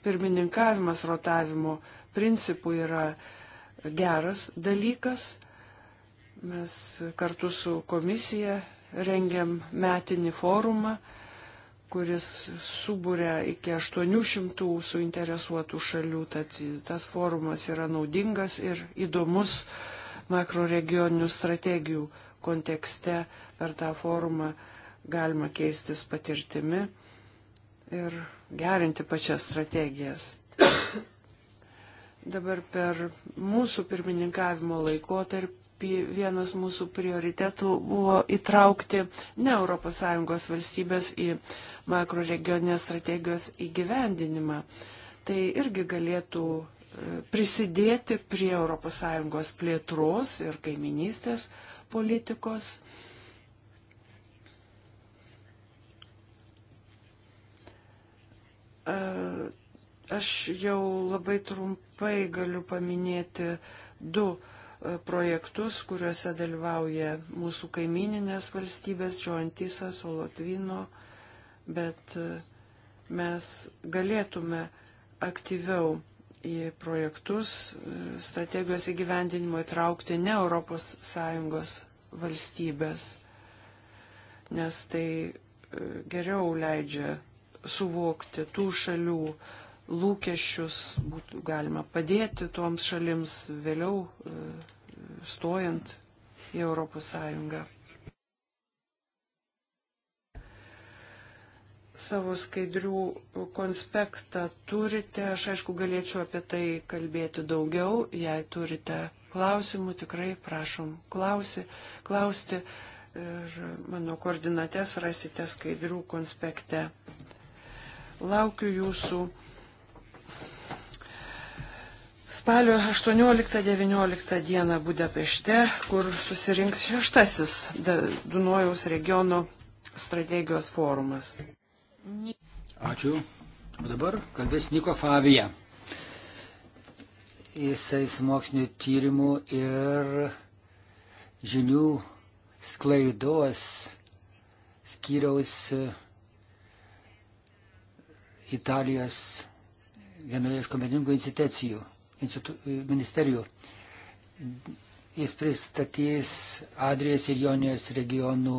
pirmininkavimas rotavimo principų yra geras dalykas. Mes kartu su komisija rengiam metinį forumą, kuris subūrė iki 800 suinteresuotų šalių, tad tas forumas yra naudingas ir įdomus makroregioninių strategijų kontekste. Per tą forumą galima keistis patirtimi ir gerinti pačias strategijas. Dabar per mūsų pirmininkavimo laikotarpį vienas mūsų prioritetų buvo įtraukti ne ES valstybės į makroregioninės strategijos įgyvendinimą. Tai irgi galėtų e, prisidėti prie ES plėtros ir kaiminystės politikos. Aš jau labai trumpai galiu paminėti du e, projektus, kuriuose dalyvauja mūsų kaimininės valstybės, Džoantisas, Olotvino, bet e, mes galėtume aktyviau į projektus e, strategijos įgyvendinimo įtraukti ne ES valstybės, nes tai geriau leidžia suvokti tų šalių lūkesčius, būtų galima padėti toms šalims vėliau e, stojant į Europos Sąjungą. Savo skaidrių konspektą turite, aš aišku galėčiau apie tai kalbėti daugiau, jei turite klausimų, tikrai prašom klausi, klausti ir mano koordinates rasite skaidrių konspekte. Laukiu jūsų spalio 18-19 dieną Budapešte, kur susirinks šeštasis Dunojaus regiono strategijos forumas. Ačiū. O dabar kalbės Niko Favija. Jisai mokslinio tyrimų ir žinių sklaidos skyriaus Italijos vienoje iš kompetingų institucijų, institu, ministerijų. Jis pristatys Adrijos ir Jonijos regionų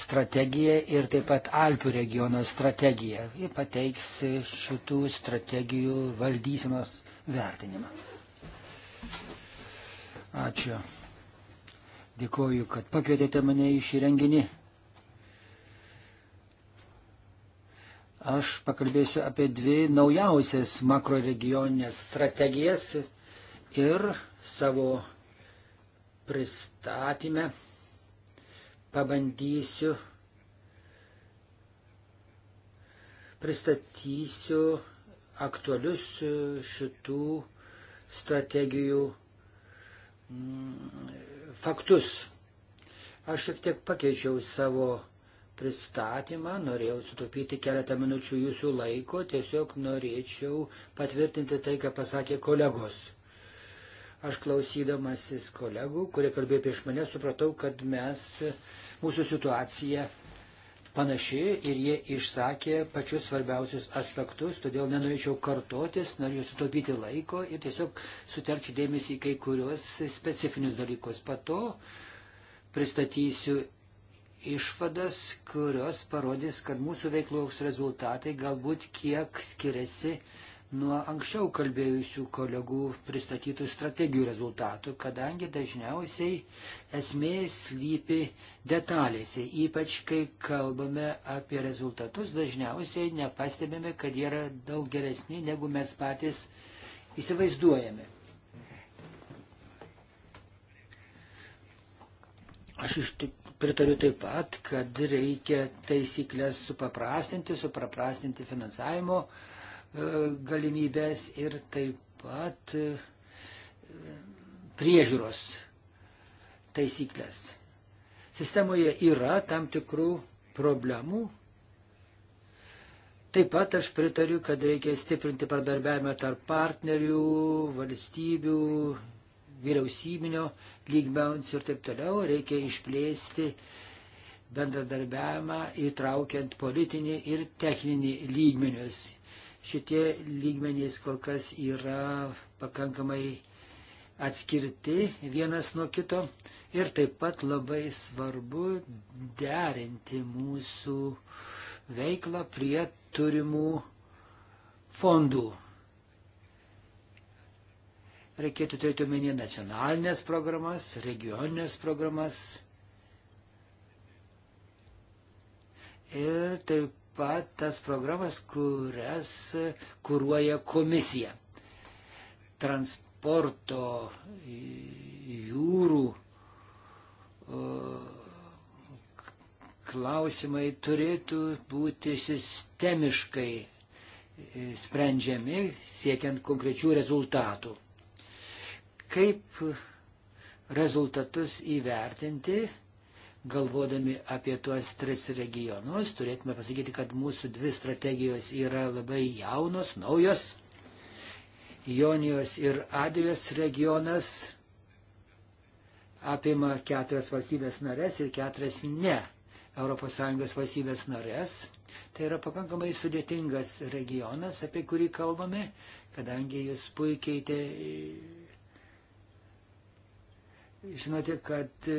strategiją ir taip pat Alpių regiono strategiją. Ji pateiks šitų strategijų valdysenos vertinimą. Ačiū. Dėkoju, kad pakvietėte mane į šį renginį. Aš pakalbėsiu apie dvi naujausias makroregioninės strategijas ir savo pristatymę pabandysiu, pristatysiu aktualius šitų strategijų mm, faktus. Aš šiek tiek pakeičiau savo pristatymą, norėjau sutaupyti keletą minučių jūsų laiko, tiesiog norėčiau patvirtinti tai, ką pasakė kolegos. Aš klausydamasis kolegų, kurie kalbėjo prieš mane, supratau, kad mes, mūsų situacija panaši ir jie išsakė pačius svarbiausius aspektus, todėl nenorėčiau kartotis, norėjau sutaupyti laiko ir tiesiog sutelkti dėmesį į kai kuriuos specifinius dalykus. Po to pristatysiu išvadas, kurios parodys, kad mūsų veiklos rezultatai galbūt kiek skiriasi nuo anksčiau kalbėjusių kolegų pristatytų strategijų rezultatų, kadangi dažniausiai esmė slypi detalėse, ypač kai kalbame apie rezultatus, dažniausiai nepastebime, kad jie yra daug geresni, negu mes patys įsivaizduojame. Aš iš tik Pritariu taip pat, kad reikia taisyklės supaprastinti, supaprastinti finansavimo e, galimybės ir taip pat e, priežiūros taisyklės. Sistemoje yra tam tikrų problemų. Taip pat aš pritariu, kad reikia stiprinti pradarbiavimą tarp partnerių, valstybių, vyriausybinio lygmens ir taip toliau, reikia išplėsti bendradarbiavimą įtraukiant politinį ir techninį lygmenius. Šitie lygmenys kol kas yra pakankamai atskirti vienas nuo kito ir taip pat labai svarbu derinti mūsų veiklą prie turimų fondų. Reikėtų turėti omenyje nacionalinės programas, regioninės programas ir taip pat tas programas, kurias kūruoja komisija. Transporto jūrų klausimai turėtų būti sistemiškai sprendžiami, siekiant konkrečių rezultatų. Kaip rezultatus įvertinti, galvodami apie tuos tris regionus, turėtume pasakyti, kad mūsų dvi strategijos yra labai jaunos, naujos. Jonijos ir Adijos regionas apima keturias valstybės narės ir keturias ne ES valstybės narės. Tai yra pakankamai sudėtingas regionas, apie kurį kalbame, kadangi jūs puikiai te žinote, kad e,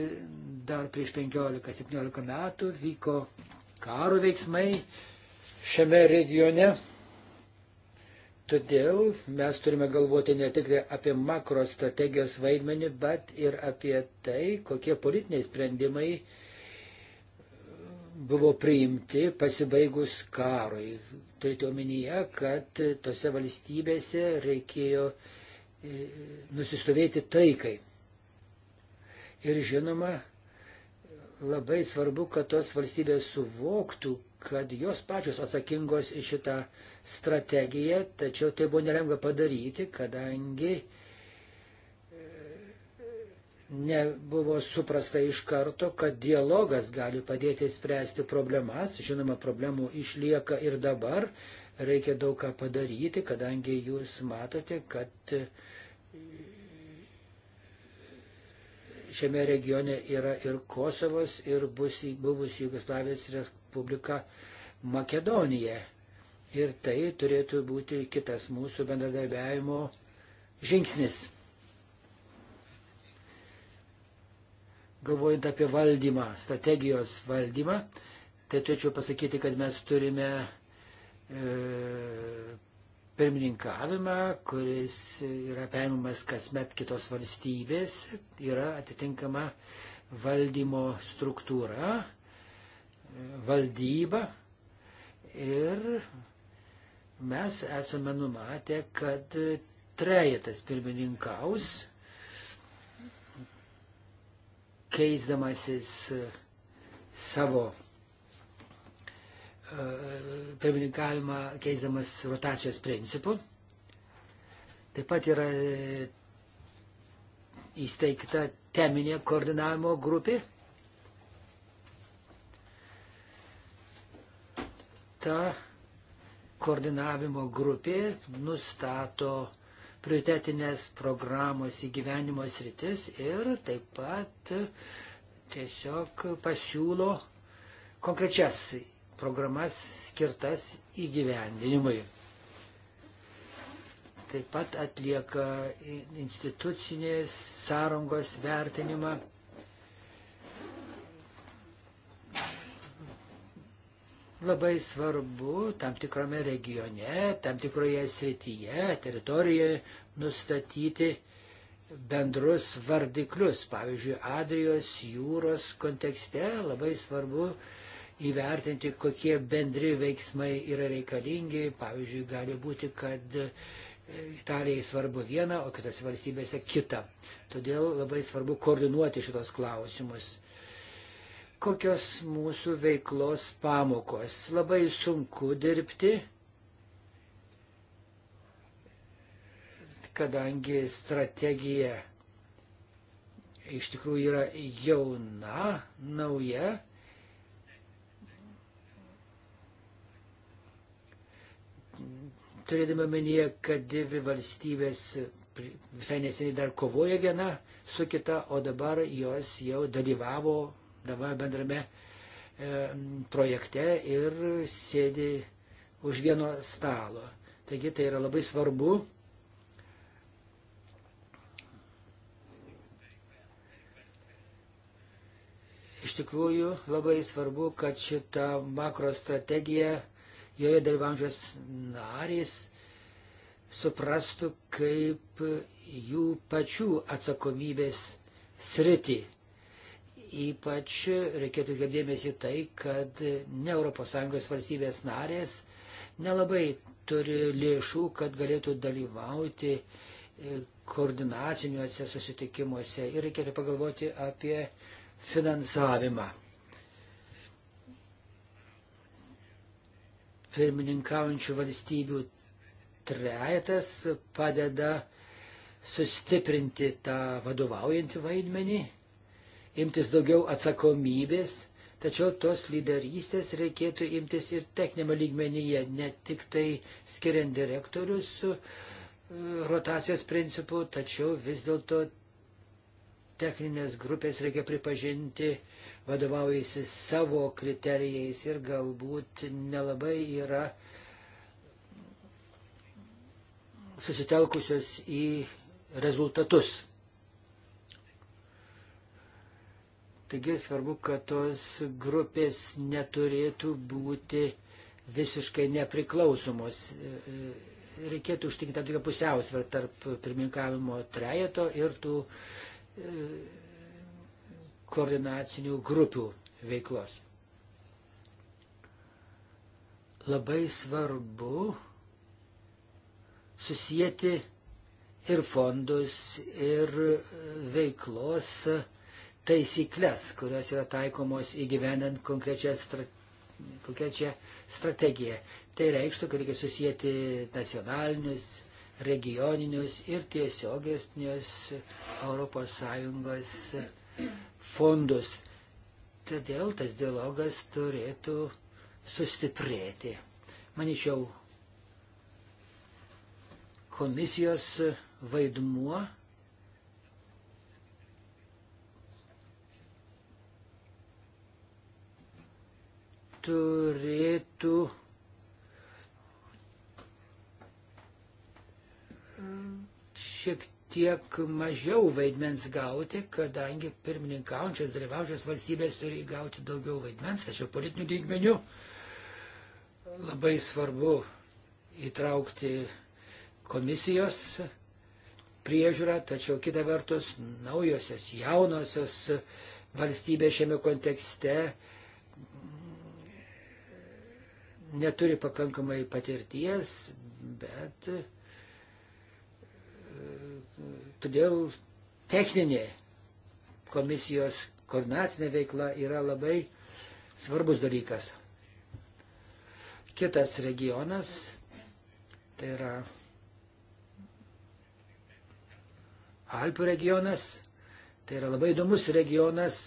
dar prieš 15-17 metų vyko karo veiksmai šiame regione. Todėl mes turime galvoti ne tik tai apie makrostrategijos vaidmenį, bet ir apie tai, kokie politiniai sprendimai buvo priimti pasibaigus karui. Turite omenyje, kad tose valstybėse reikėjo e, nusistovėti taikai. Ir žinoma, labai svarbu, kad tos valstybės suvoktų, kad jos pačios atsakingos į šitą strategiją, tačiau tai buvo nelengva padaryti, kadangi e, nebuvo suprasta iš karto, kad dialogas gali padėti spręsti problemas. Žinoma, problemų išlieka ir dabar, reikia daug ką padaryti, kadangi jūs matote, kad šiame regione yra ir Kosovas, ir buvusi Jugoslavijos Respublika Makedonija. Ir tai turėtų būti kitas mūsų bendradarbiavimo žingsnis. Galvojant apie valdymą, strategijos valdymą, tai turėčiau pasakyti, kad mes turime e, pirmininkavimą, kuris yra perimamas kasmet kitos valstybės, yra atitinkama valdymo struktūra, valdyba ir mes esame numatę, kad trejetas pirmininkaus, keisdamasis savo pirmininkavimą keisdamas rotacijos principu. Taip pat yra įsteigta teminė koordinavimo grupė. Ta koordinavimo grupė nustato prioritetinės programos įgyvenimo sritis ir taip pat tiesiog pasiūlo konkrečias programas skirtas įgyvendinimui. Taip pat atlieka institucinės sąrangos vertinimą. Labai svarbu tam tikrame regione, tam tikroje srityje, teritorijoje nustatyti bendrus vardiklius. Pavyzdžiui, Adrijos jūros kontekste labai svarbu uh, įvertinti, kokie bendri veiksmai yra reikalingi. Pavyzdžiui, gali būti, kad e, Italijai svarbu viena, o kitose valstybėse kita. Todėl labai svarbu koordinuoti šitos klausimus. Kokios mūsų veiklos pamokos? Labai sunku dirbti, kadangi strategija iš tikrųjų yra jauna, nauja, turėdami omenyje, kad dvi valstybės visai neseniai dar kovoja viena su kita, o dabar jos jau dalyvavo dabar bendrame e, projekte ir sėdi už vieno stalo. Taigi tai yra labai svarbu. Iš tikrųjų labai svarbu, kad šita makrostrategija strategija joje dalyvaujančios narys suprastų kaip jų pačių atsakomybės sritį. Ypač reikėtų dėmesį tai, kad ne ES valstybės narės nelabai turi lėšų, kad galėtų dalyvauti koordinaciniuose susitikimuose ir reikėtų pagalvoti apie finansavimą. pirmininkaujančių valstybių trejetas padeda sustiprinti tą vadovaujantį vaidmenį, imtis daugiau atsakomybės, tačiau tos lyderystės reikėtų imtis ir techninėme lygmenyje, ne tik tai skiriant direktorius e, rotacijos principų, tačiau vis dėlto techninės grupės reikia pripažinti vadovaujasi savo kriterijais ir galbūt nelabai yra susitelkusios į rezultatus. Taigi svarbu, kad tos grupės neturėtų būti visiškai nepriklausomos. Reikėtų užtikrinti tam tikrą pusiausvyrą tarp pirmininkavimo trejeto ir tų koordinacinių grupių veiklos. Labai svarbu susijęti ir fondus, ir veiklos taisyklės, kurios yra taikomos įgyvenant konkrečią, stra... konkrečią strategiją. Tai reikštų, kad reikia susijęti nacionalinius, regioninius ir tiesioginius ES fondus. Todėl tas dialogas turėtų sustiprėti. Maničiau, komisijos vaidmuo turėtų šiek tiek mažiau vaidmens gauti, kadangi pirmininkaujančios, dalyvaujančios valstybės turi įgauti daugiau vaidmens, tačiau politinių lygmenių labai svarbu įtraukti komisijos priežiūrą, tačiau kita vertus naujosios, jaunosios valstybės šiame kontekste neturi pakankamai patirties, bet Todėl techninė komisijos koordinacinė veikla yra labai svarbus dalykas. Kitas regionas, tai yra Alpių regionas, tai yra labai įdomus regionas,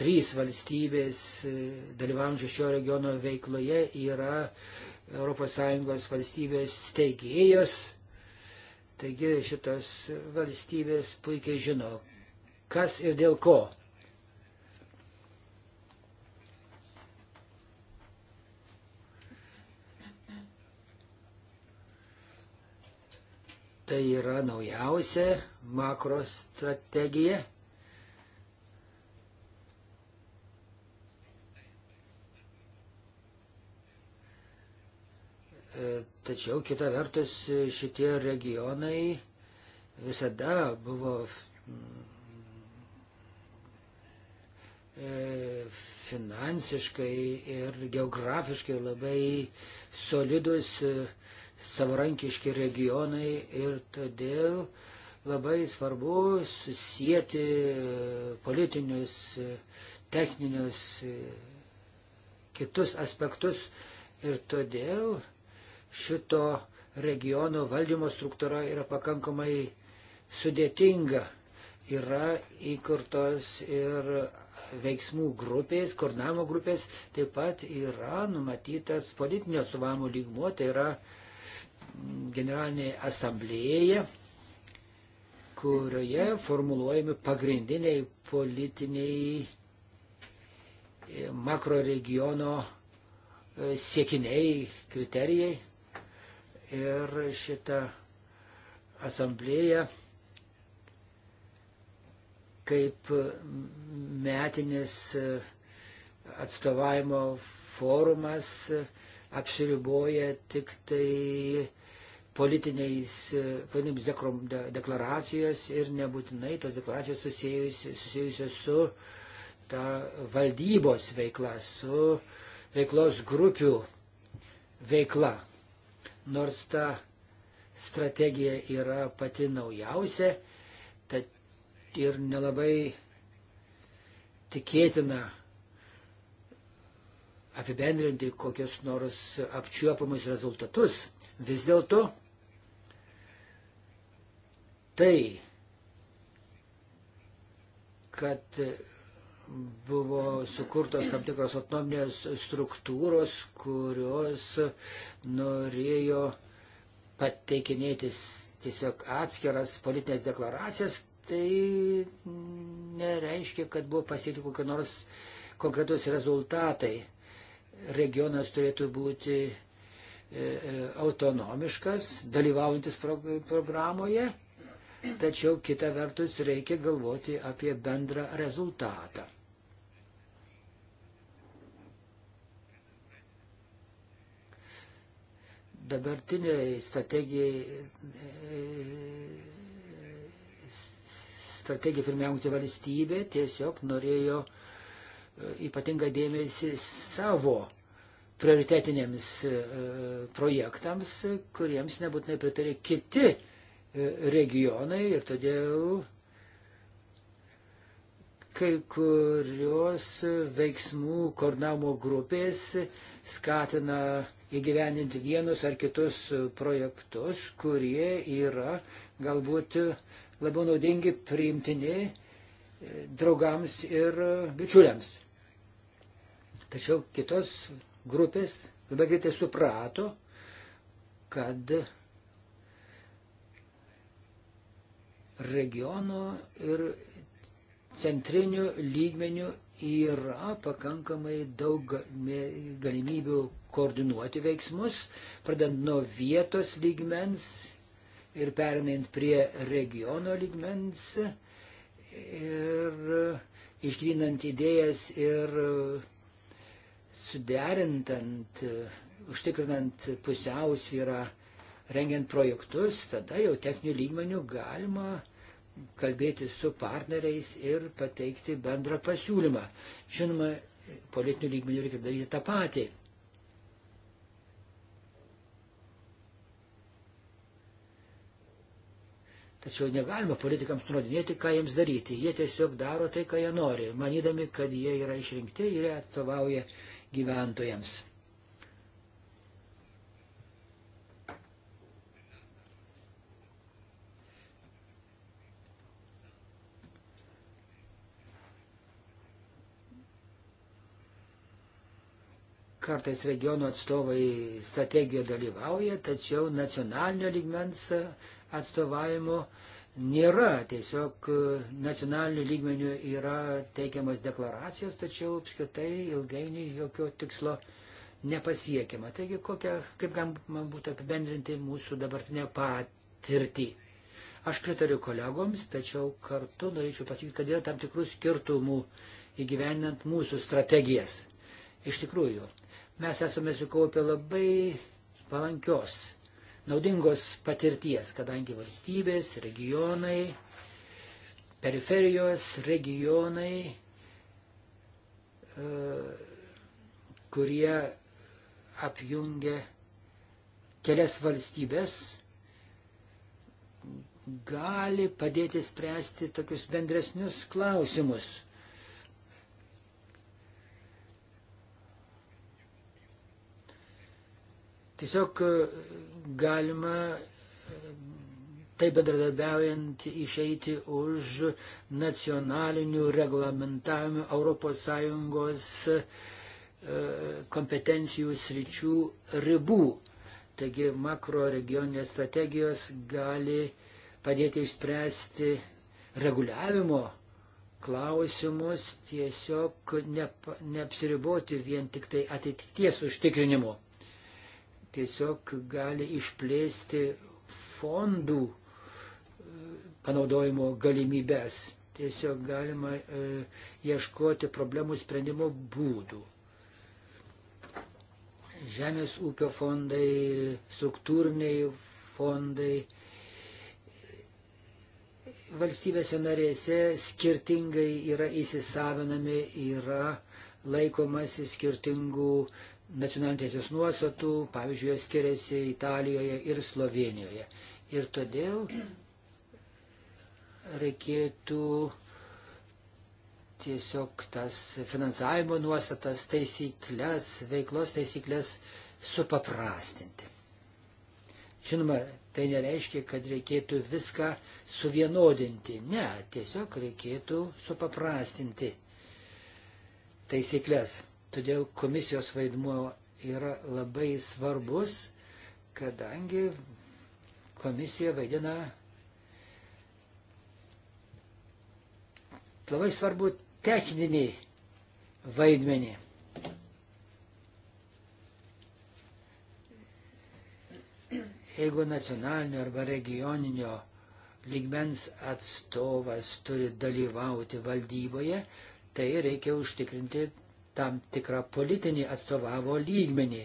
trys valstybės e, dalyvaujančios šio regiono veikloje yra ES valstybės steigėjos. Taigi šitos valstybės puikiai žino, kas ir dėl ko. Tai yra naujausia makro strategija E, tačiau kita vertus e, šitie regionai visada buvo mm, e, finansiškai ir geografiškai labai solidus savarankiški regionai ir todėl labai svarbu susijęti politinius, techninius kitus aspektus ir todėl šito regiono valdymo struktūra yra pakankamai sudėtinga. Yra įkurtos ir veiksmų grupės, koordinavimo grupės, taip pat yra numatytas politinio suvamo lygmuo, tai yra generalinė asamblėja, kurioje formuluojami pagrindiniai politiniai e, makro regiono e, siekiniai, kriterijai ir šita asamblėja kaip metinis atstovavimo forumas apsiriboja tik tai politiniais, politinėmis deklaracijos ir nebūtinai tos deklaracijos susijusios, susijusios su ta valdybos veikla, su veiklos grupių veikla nors ta strategija yra pati naujausia, tad ir nelabai tikėtina apibendrinti kokius nors apčiuopamus rezultatus. Vis dėlto tai, kad buvo sukurtos tam tikros autonominės struktūros, kurios norėjo pateikinėti tiesiog atskiras politinės deklaracijas, tai nereiškia, kad buvo pasiekti kokie nors konkretus rezultatai. Regionas turėtų būti e, e, autonomiškas, dalyvaujantis programoje, tačiau kita vertus reikia galvoti apie bendrą rezultatą. dabartiniai strategijai strategija pirmiausia valstybė tiesiog norėjo e, ypatingą dėmesį savo prioritetiniams e, projektams, kuriems nebūtinai pritarė kiti e, regionai ir todėl kai kurios veiksmų koordinavimo grupės skatina įgyveninti vienus ar kitus projektus, kurie yra galbūt labiau naudingi priimtini e, draugams ir bičiuliams. Tačiau kitos grupės labai greitai suprato, kad regiono ir centriniu lygmeniu yra pakankamai daug galimybių koordinuoti veiksmus, pradant nuo vietos lygmens ir perinant prie regiono lygmens ir išgrinant idėjas ir suderintant, užtikrinant pusiausvyrą, rengiant projektus, tada jau techninių lygmenių galima uh, kalbėti su partneriais ir pateikti bendrą pasiūlymą. Žinoma, politinių lygmenių reikia daryti tą patį. Tačiau negalima politikams nurodinėti, ką jiems daryti. Jie tiesiog daro tai, ką jie nori, manydami, kad jie yra išrinkti ir atstovauja gyventojams. Kartais regiono atstovai strategijoje dalyvauja, tačiau nacionalinio lygmens atstovavimo nėra. Tiesiog e, nacionaliniu lygmeniu yra teikiamos deklaracijos, tačiau apskritai ilgainiui jokio tikslo nepasiekiama. Taigi, kokia, kaip galima būtų apibendrinti mūsų dabartinę patirtį? Aš pritariu kolegoms, tačiau kartu norėčiau pasakyti, kad yra tam tikrų skirtumų įgyvendinant mūsų strategijas. Iš tikrųjų, mes esame sukaupę labai palankios, naudingos patirties, kadangi valstybės, regionai, periferijos regionai, e, kurie apjungia kelias valstybės, gali padėti spręsti tokius bendresnius klausimus. Tiesiog e, galima e, taip bedradarbiaujant išeiti už nacionalinių reglamentavimų ES e, kompetencijų sričių ribų. Taigi makro regioninės strategijos gali padėti išspręsti reguliavimo klausimus, tiesiog neapsiriboti vien tik tai ateities užtikrinimu tiesiog gali išplėsti fondų e, panaudojimo galimybės. Tiesiog galima e, ieškoti problemų sprendimo būdų. Žemės ūkio fondai, struktūriniai fondai valstybėse narėse skirtingai yra įsisavinami, yra laikomasi skirtingų nacionalinių teisės nuostatų, pavyzdžiui, jos skiriasi Italijoje ir Slovenijoje. Ir todėl reikėtų tiesiog tas finansavimo nuostatas, taisyklės, veiklos taisyklės supaprastinti. Žinoma, tai nereiškia, kad reikėtų viską suvienodinti. Ne, tiesiog reikėtų supaprastinti taisyklės. Todėl komisijos vaidmuo yra labai svarbus, kadangi komisija vaidina labai svarbu techninį vaidmenį. Jeigu nacionalinio arba regioninio lygmens atstovas turi dalyvauti valdyboje, tai reikia užtikrinti tam tikrą politinį atstovavo lygmenį.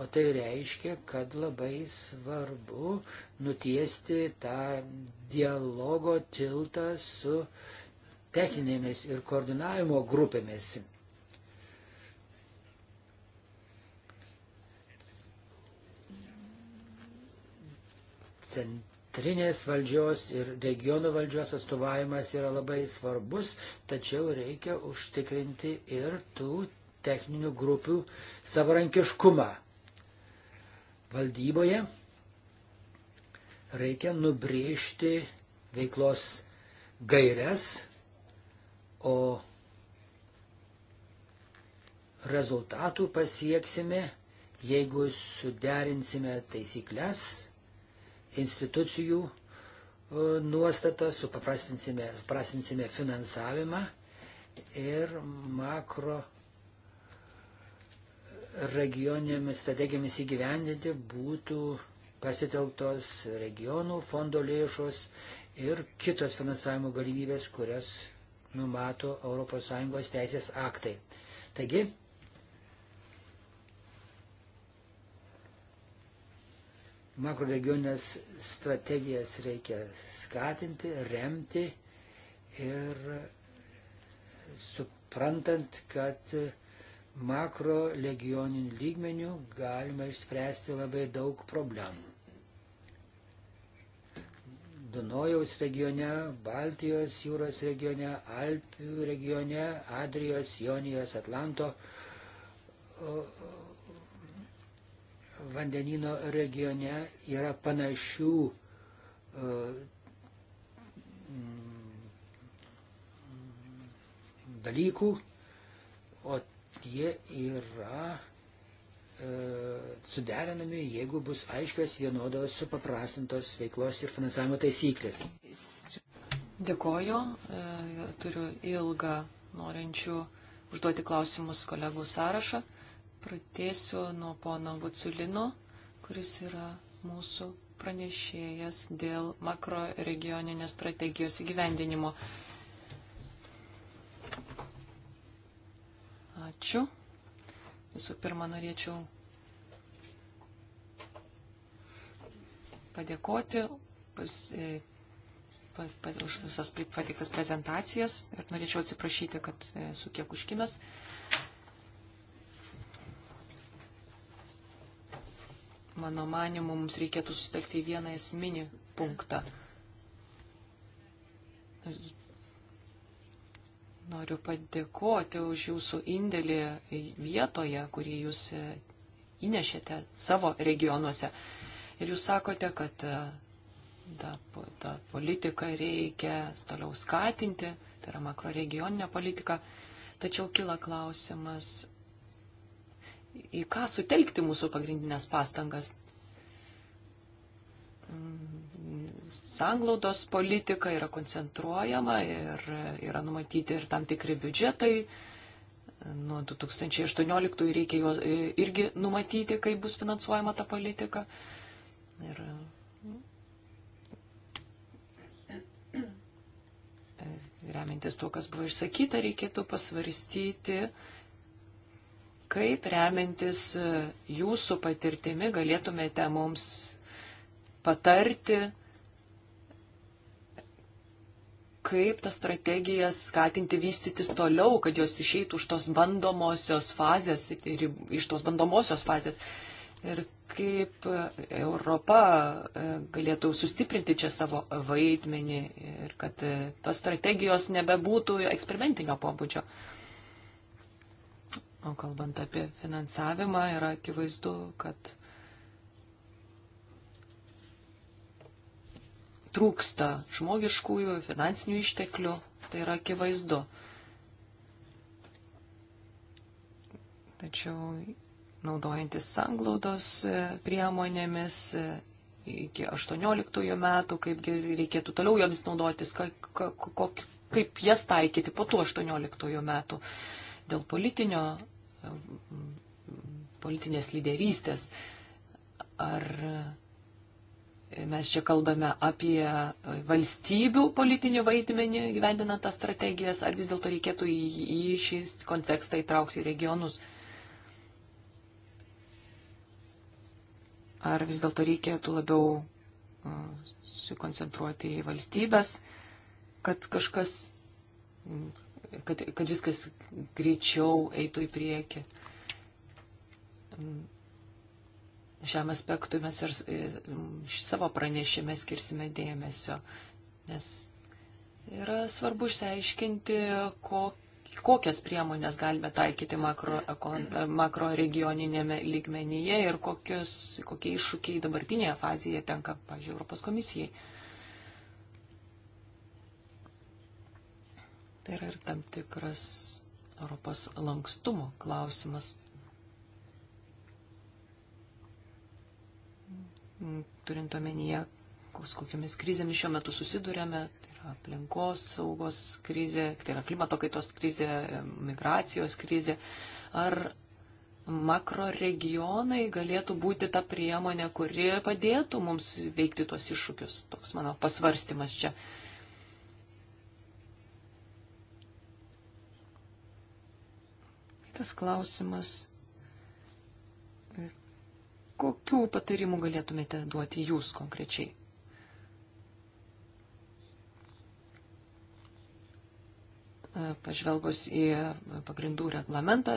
O tai reiškia, kad labai svarbu nutiesti tą dialogo tiltą su techninėmis ir koordinavimo grupėmis. Cent centrinės valdžios ir regionų valdžios atstovavimas yra labai svarbus, tačiau reikia užtikrinti ir tų techninių grupių savarankiškumą. Valdyboje reikia nubrėžti veiklos gairias, o rezultatų pasieksime, jeigu suderinsime taisyklės institucijų e, nuostatą, supaprastinsime prastinsime finansavimą ir makro regioninėmis strategijomis įgyvendinti būtų pasitelktos regionų fondo lėšos ir kitos finansavimo galimybės, kurias numato ES teisės aktai. Taigi, makroregionės strategijas reikia skatinti, remti ir suprantant, kad makro regioninių lygmenių galima išspręsti labai daug problemų. Dunojaus regione, Baltijos jūros regione, Alpių regione, Adrijos, Jonijos, Atlanto vandenino regione yra panašių e, mm, dalykų, o jie yra e, suderinami, jeigu bus aiškios vienodos supaprastintos veiklos ir finansavimo taisyklės. Dėkoju, e, turiu ilgą norinčių užduoti klausimus kolegų sąrašą. Pratėsiu nuo pono Vuculino, kuris yra mūsų pranešėjas dėl makro regioninės strategijos įgyvendinimo. Ačiū. Visų pirma, norėčiau padėkoti pas, e, pa, pa, už visas patiktas prezentacijas ir norėčiau atsiprašyti, kad e, esu kiek užkimęs. E, mano manimu, mums reikėtų sustelkti į vieną esminį punktą. Noriu padėkoti už jūsų indėlį vietoje, kurį jūs e, įnešėte savo regionuose. Ir jūs sakote, kad e, tą, tą politiką reikia toliau skatinti, tai yra makroregioninė politika. Tačiau kila klausimas, į ką sutelkti mūsų pagrindinės pastangas. Sanglaudos politika yra koncentruojama ir yra numatyti ir tam tikri biudžetai. Nuo 2018 reikia juos e, irgi numatyti, kaip bus finansuojama ta politika. Ir e, remiantis tuo, kas buvo išsakyta, reikėtų pasvarstyti, kaip remiantis e, jūsų patirtimi galėtumėte mums patarti, kaip tas strategijas skatinti vystytis toliau, kad jos išeitų už tos bandomosios fazės ir iš tos bandomosios fazės. Ir kaip e, Europa e, galėtų sustiprinti čia savo vaidmenį ir kad tos strategijos nebebūtų eksperimentinio pobūdžio. Uh, O kalbant apie finansavimą, yra akivaizdu, kad trūksta žmogiškųjų, finansinių išteklių, tai yra akivaizdu. Tačiau naudojantis sanglaudos e, priemonėmis e, iki 18 metų, kaip reikėtų toliau joms naudotis, ka, ka, ka, kaip jas taikyti po tų 18 metų. Dėl politinio politinės lyderystės. Ar mes čia kalbame apie valstybių politinių vaidmenį gyvendinant tas strategijas, ar vis dėlto reikėtų į, į šį kontekstą įtraukti regionus? Ar vis dėlto reikėtų labiau susikoncentruoti į valstybės, kad kažkas, kad, kad viskas greičiau eitų į priekį. Šiam aspektui mes ir e, savo pranešime skirsime dėmesio, nes yra svarbu išsiaiškinti, kokias priemonės galime taikyti makro, makro regioninėme lygmenyje ir kokios, kokie iššūkiai dabartinėje fazėje tenka, pažiūrėjau, Europos komisijai. Tai yra ir tam tikras Europos lankstumo klausimas. Turint omenyje, kokiamis krizėmis šiuo metu susidurėme, tai yra aplinkos saugos krizė, tai yra klimato kaitos krizė, migracijos krizė, ar makro regionai galėtų būti ta priemonė, kuri padėtų mums veikti tuos iššūkius. Toks mano pasvarstimas čia. Uh, Kitas klausimas. Kokių patarimų galėtumėte duoti jūs konkrečiai? pažvelgus į pagrindų reglamentą,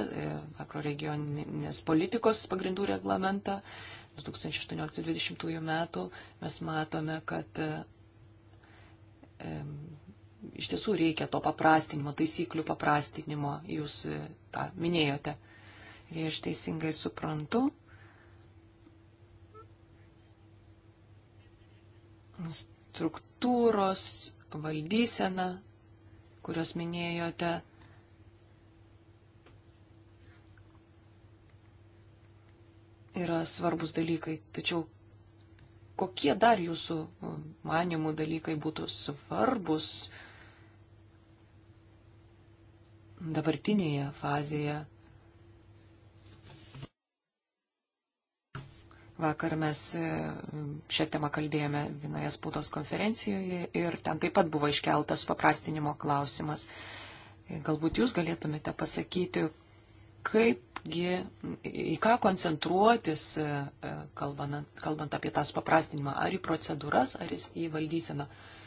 makroregioninės politikos pagrindų reglamentą 2018-2020 metų, mes matome, kad iš tiesų reikia to paprastinimo, taisyklių paprastinimo, jūs e, tą minėjote. Jei aš teisingai suprantu, struktūros, valdysena, kurios minėjote, yra svarbus dalykai. Tačiau kokie dar jūsų manimų dalykai būtų svarbus, dabartinėje fazėje. Vakar mes e, šią temą kalbėjome vienoje spaudos konferencijoje ir ten taip pat buvo iškeltas paprastinimo klausimas. E, galbūt jūs galėtumėte pasakyti, kaipgi, į ką koncentruotis, e, kalbant, kalbant apie tą paprastinimą, ar į procedūras, ar į valdyseną. Uh,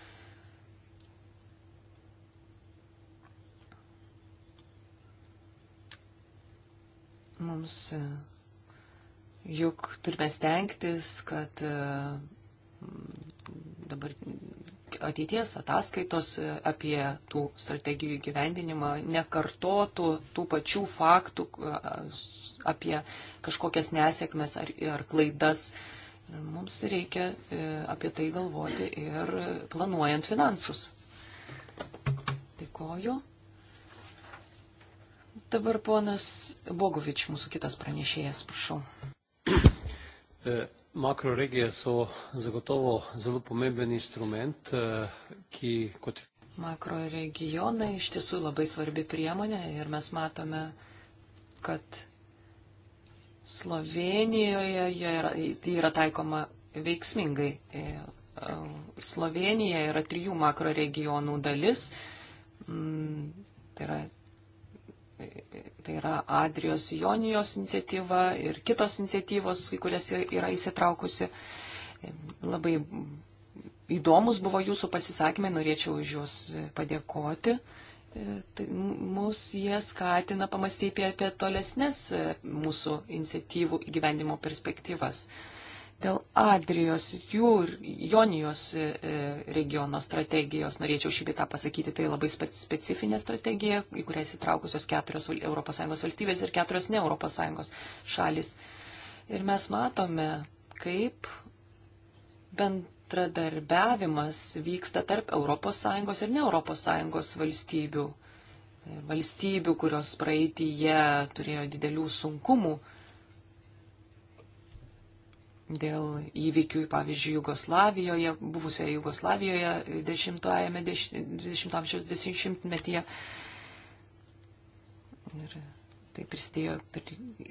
Mums e, juk turime stengtis, kad e, dabar ateities ataskaitos e, apie tų strategijų gyvendinimą nekartotų tų pačių faktų apie kažkokias nesėkmes ar, ar klaidas. Mums reikia apie tai galvoti ir planuojant finansus. Dėkoju. Dabar ponas Bogovič, mūsų kitas pranešėjas, prašau. E, Makroregije so zagotovo zelo pomemben instrument, e, ki kot. Makroregionai iš tiesų labai svarbi priemonė ir mes matome, kad Slovenijoje yra, tai yra taikoma veiksmingai. E, Slovenija yra trijų makroregionų dalis. Mm, tai yra Tai yra Adrijos Jonijos iniciatyva ir kitos iniciatyvos, į kurias yra įsitraukusi. Labai įdomus buvo jūsų pasisakymai, norėčiau už juos padėkoti. E, tai mus jie skatina pamastyti apie tolesnes e, mūsų iniciatyvų įgyvendimo perspektyvas. Dėl Adrijos, jų ir Jonijos e, e, regiono strategijos norėčiau šį bitą pasakyti, tai labai specifinė strategija, į kurią įsitraukusios keturios ES valstybės ir keturios ne ES šalis. Ir mes matome, kaip bendradarbiavimas vyksta tarp ES ir ne ES valstybių. E, valstybių, kurios praeitįje turėjo didelių sunkumų dėl įvykių, pavyzdžiui, Jugoslavijoje, buvusioje Jugoslavijoje 10-ame 20 amžiaus 10-metyje. Ir tai prisidėjo.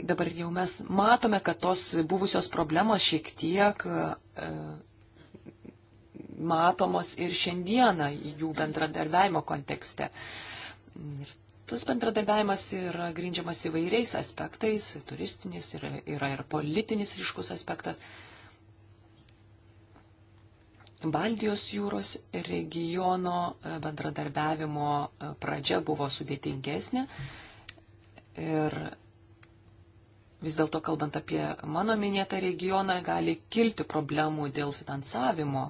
Dabar jau mes matome, kad tos buvusios problemos šiek tiek e, matomos ir šiandieną jų bendradarbiavimo kontekste. Ir Tas bendradarbiavimas yra grindžiamas įvairiais aspektais - turistinis, yra, yra ir politinis ryškus aspektas. Baltijos jūros regiono e, bendradarbiavimo e, pradžia buvo sudėtingesnė ir vis dėlto, kalbant apie mano minėtą regioną, gali kilti problemų dėl finansavimo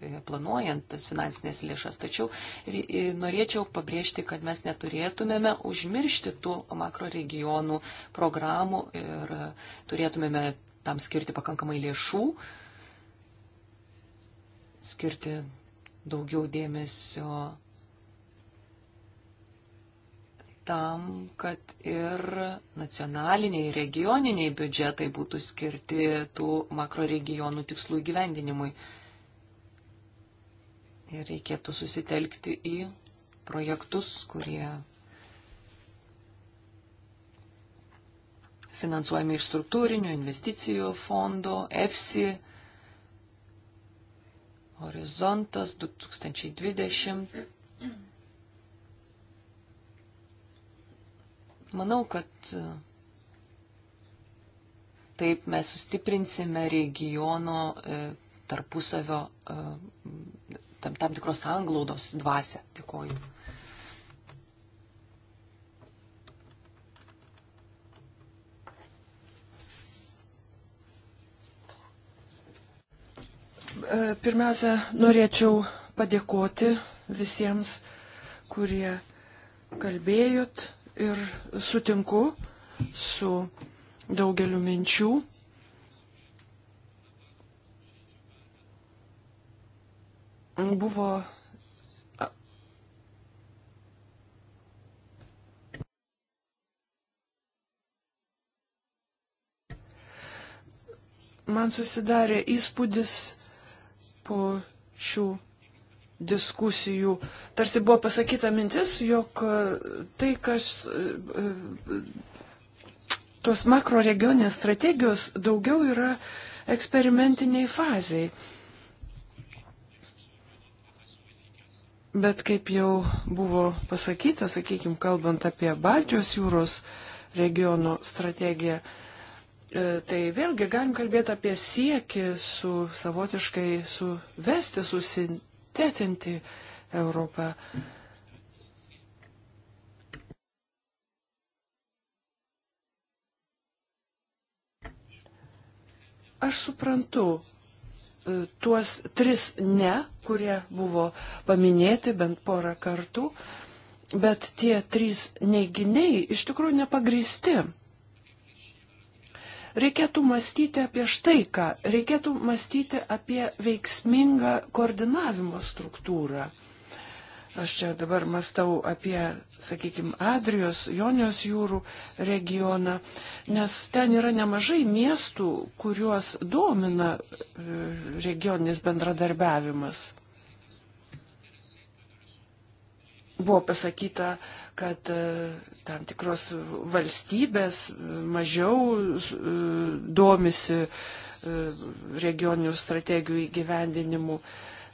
E, planuojant tas finansinės lėšas. Tačiau e, norėčiau pabrėžti, kad mes neturėtumėme užmiršti tų makro regionų programų ir e, turėtumėme tam skirti pakankamai lėšų, skirti daugiau dėmesio tam, kad ir nacionaliniai, regioniniai biudžetai būtų skirti tų makro regionų tikslų įgyvendinimui. Ir reikėtų susitelkti į projektus, kurie finansuojami iš struktūrinių investicijų fondo, EFSI, Horizontas 2020. Manau, kad taip mes sustiprinsime regiono e, tarpusavio e, tam, tam tikros anglaudos dvasę. Dėkoju. E, pirmiausia, norėčiau padėkoti visiems, kurie kalbėjot ir sutinku su daugeliu minčių buvo man susidarė įspūdis po šių diskusijų. Tarsi buvo pasakyta mintis, jog tai, kas tos makro regioninės strategijos daugiau yra eksperimentiniai faziai. Bet kaip jau buvo pasakyta, sakykime, kalbant apie Baltijos jūros regiono strategiją, e, tai vėlgi galim kalbėti apie siekį su savotiškai suvesti, susintetinti Europą. Aš suprantu, tuos tris ne, kurie buvo paminėti bent porą kartų, bet tie trys neiginiai iš tikrųjų nepagristi. Reikėtų mąstyti apie štai ką, reikėtų mąstyti apie veiksmingą koordinavimo struktūrą. Aš čia dabar mastau apie, sakykime, Adrijos, Jonijos jūrų regioną, nes ten yra nemažai miestų, kuriuos domina e, regioninis bendradarbiavimas. Buvo pasakyta, kad e, tam tikros valstybės e, mažiau domisi regioninių strategijų įgyvendinimu.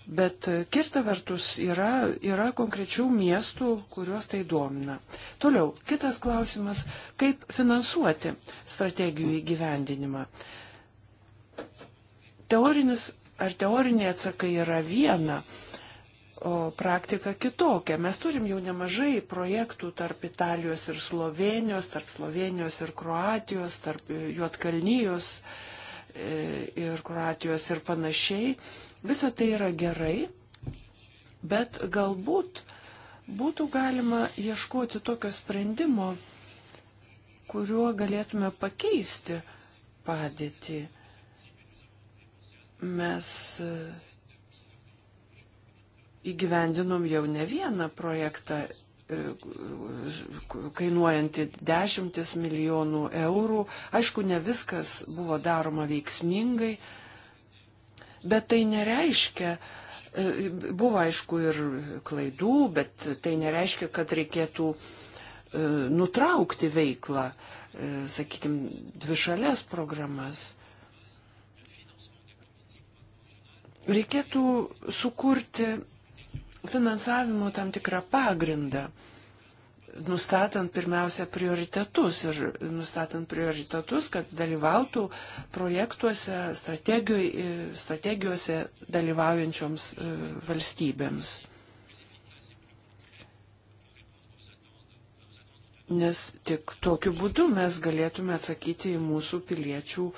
Bet kita vertus yra, yra konkrečių miestų, kuriuos tai domina. Toliau, kitas klausimas, kaip finansuoti strategijų įgyvendinimą. Teorinis ar teoriniai atsakai yra viena, o praktika kitokia. Mes turim jau nemažai projektų tarp Italijos ir Slovenijos, tarp Slovenijos ir Kroatijos, tarp Juotkalnyjos. Uh, E, ir Kroatijos ir panašiai. Visa tai yra gerai, bet galbūt būtų galima ieškoti tokio sprendimo, kuriuo galėtume pakeisti padėtį. Mes e, įgyvendinom jau ne vieną projektą E, kainuojanti dešimtis milijonų eurų. Aišku, ne viskas buvo daroma veiksmingai, bet tai nereiškia, e, buvo aišku ir klaidų, bet tai nereiškia, kad reikėtų e, nutraukti veiklą, sakykime, dvišalės programas. Reikėtų sukurti finansavimo tam tikrą pagrindą, nustatant pirmiausia prioritetus ir nustatant prioritetus, kad dalyvautų projektuose, e, strategijose dalyvaujančioms e, valstybėms. Nes tik tokiu būdu mes galėtume atsakyti į mūsų piliečių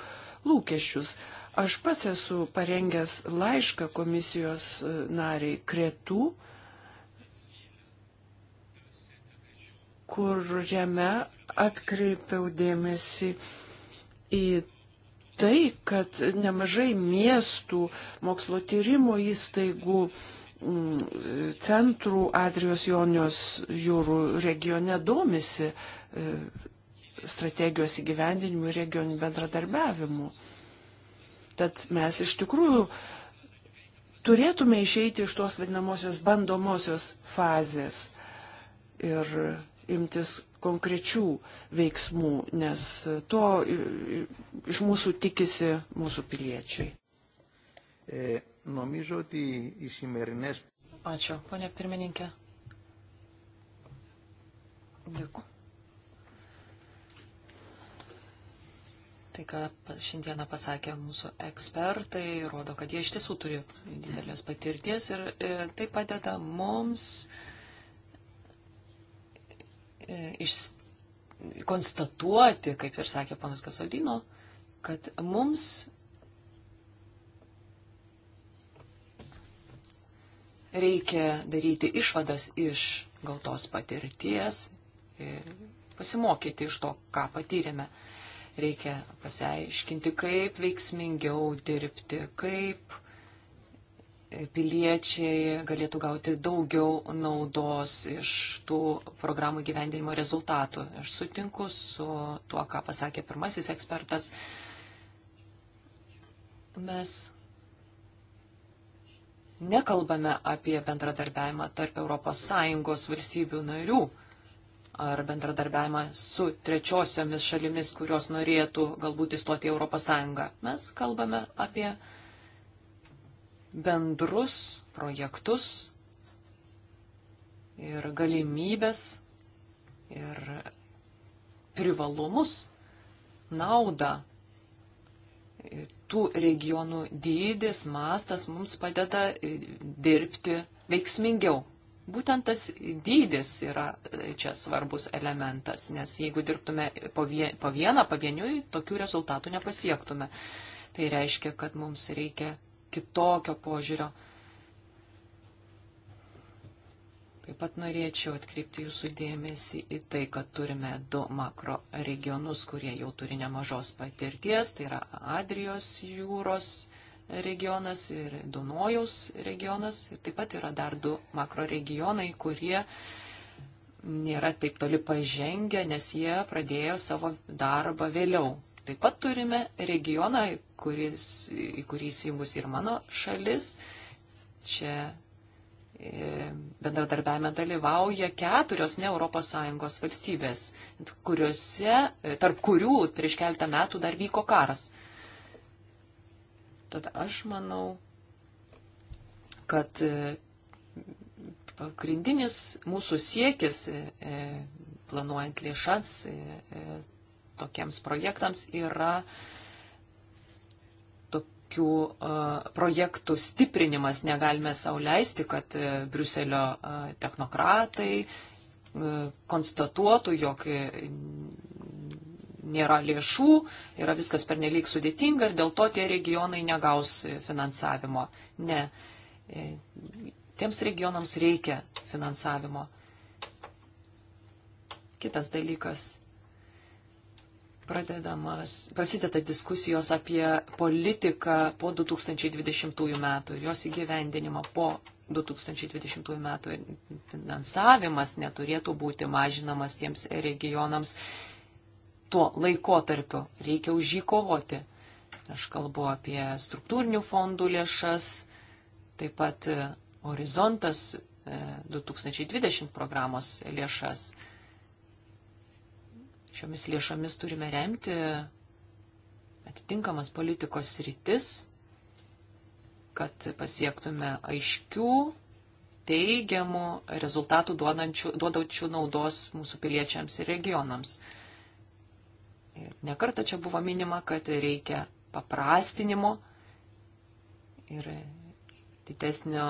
lūkesčius. Aš pats esu parengęs laišką komisijos e, nariai Kretų, kuriame atkreipiau dėmesį į tai, kad nemažai miestų, mokslo tyrimo įstaigų, centrų Adrijos Jonijos jūrų regione domisi e, strategijos įgyvendinimu ir regioniniu bendradarbiavimu. Tad mes iš tikrųjų turėtume išeiti iš tos vadinamosios bandomosios fazės ir imtis konkrečių veiksmų, nes to iš mūsų tikisi mūsų piliečiai. E, Ačiū, ponė pirmininkė. Dėkui. Tai, ką šiandieną pasakė mūsų ekspertai, rodo, kad jie iš tiesų turi didelės patirties ir e, tai padeda mums e, iš, konstatuoti, kaip ir sakė panas Kasodino, kad mums reikia daryti išvadas iš gautos patirties, e, pasimokyti iš to, ką patyrėme. Reikia pasiaiškinti, kaip veiksmingiau dirbti, kaip piliečiai galėtų gauti daugiau naudos iš tų programų gyvendinimo rezultatų. Aš sutinku su tuo, ką pasakė pirmasis ekspertas. Mes nekalbame apie bendradarbiavimą tarp ES valstybių narių ar bendradarbiavimą su trečiosiomis šalimis, kurios norėtų galbūt įstoti į Europos Sąjungą. Mes kalbame apie bendrus projektus ir galimybės ir privalumus, naudą. Tų regionų dydis, mastas mums padeda dirbti veiksmingiau Būtent tas dydis yra e, čia svarbus elementas, nes jeigu dirbtume po vieną, pavieniui, tokių rezultatų nepasiektume. Tai reiškia, kad mums reikia kitokio požiūrio. Taip pat norėčiau atkreipti jūsų dėmesį į tai, kad turime du makro regionus, kurie jau turi nemažos patirties, tai yra Adrijos jūros regionas ir Dunojaus regionas. Ir taip pat yra dar du makroregionai, kurie nėra taip toli pažengę, nes jie pradėjo savo darbą vėliau. Taip pat turime regioną, kuris, į kurį įsijungus ir mano šalis. Čia e, bendradarbiavime dalyvauja keturios ne ES valstybės, kuriuose, e, tarp kurių prieš keltą metų dar vyko karas. Tad aš manau, kad e, pagrindinis mūsų siekis e, e, planuojant lėšas tokiems projektams yra tokių projektų stiprinimas. Negalime sauliaisti, kad Briuselio technokratai konstatuotų, jog nėra lėšų, yra viskas pernelyg sudėtinga ir dėl to tie regionai negaus finansavimo. Ne, e, tiems regionams reikia finansavimo. Kitas dalykas. Pradedamas, prasideda diskusijos apie politiką po 2020 metų ir jos įgyvendinimą po 2020 metų finansavimas neturėtų būti mažinamas tiems regionams, tuo laikotarpiu. Reikia už jį kovoti. Aš kalbu apie struktūrinių fondų lėšas, taip pat e, horizontas 2020 e, programos lėšas. Šiomis lėšomis turime remti atitinkamas politikos rytis, kad pasiektume aiškių, teigiamų rezultatų duodančių, duodančių naudos mūsų piliečiams ir regionams. Ir nekarta čia buvo minima, kad reikia paprastinimo ir didesnio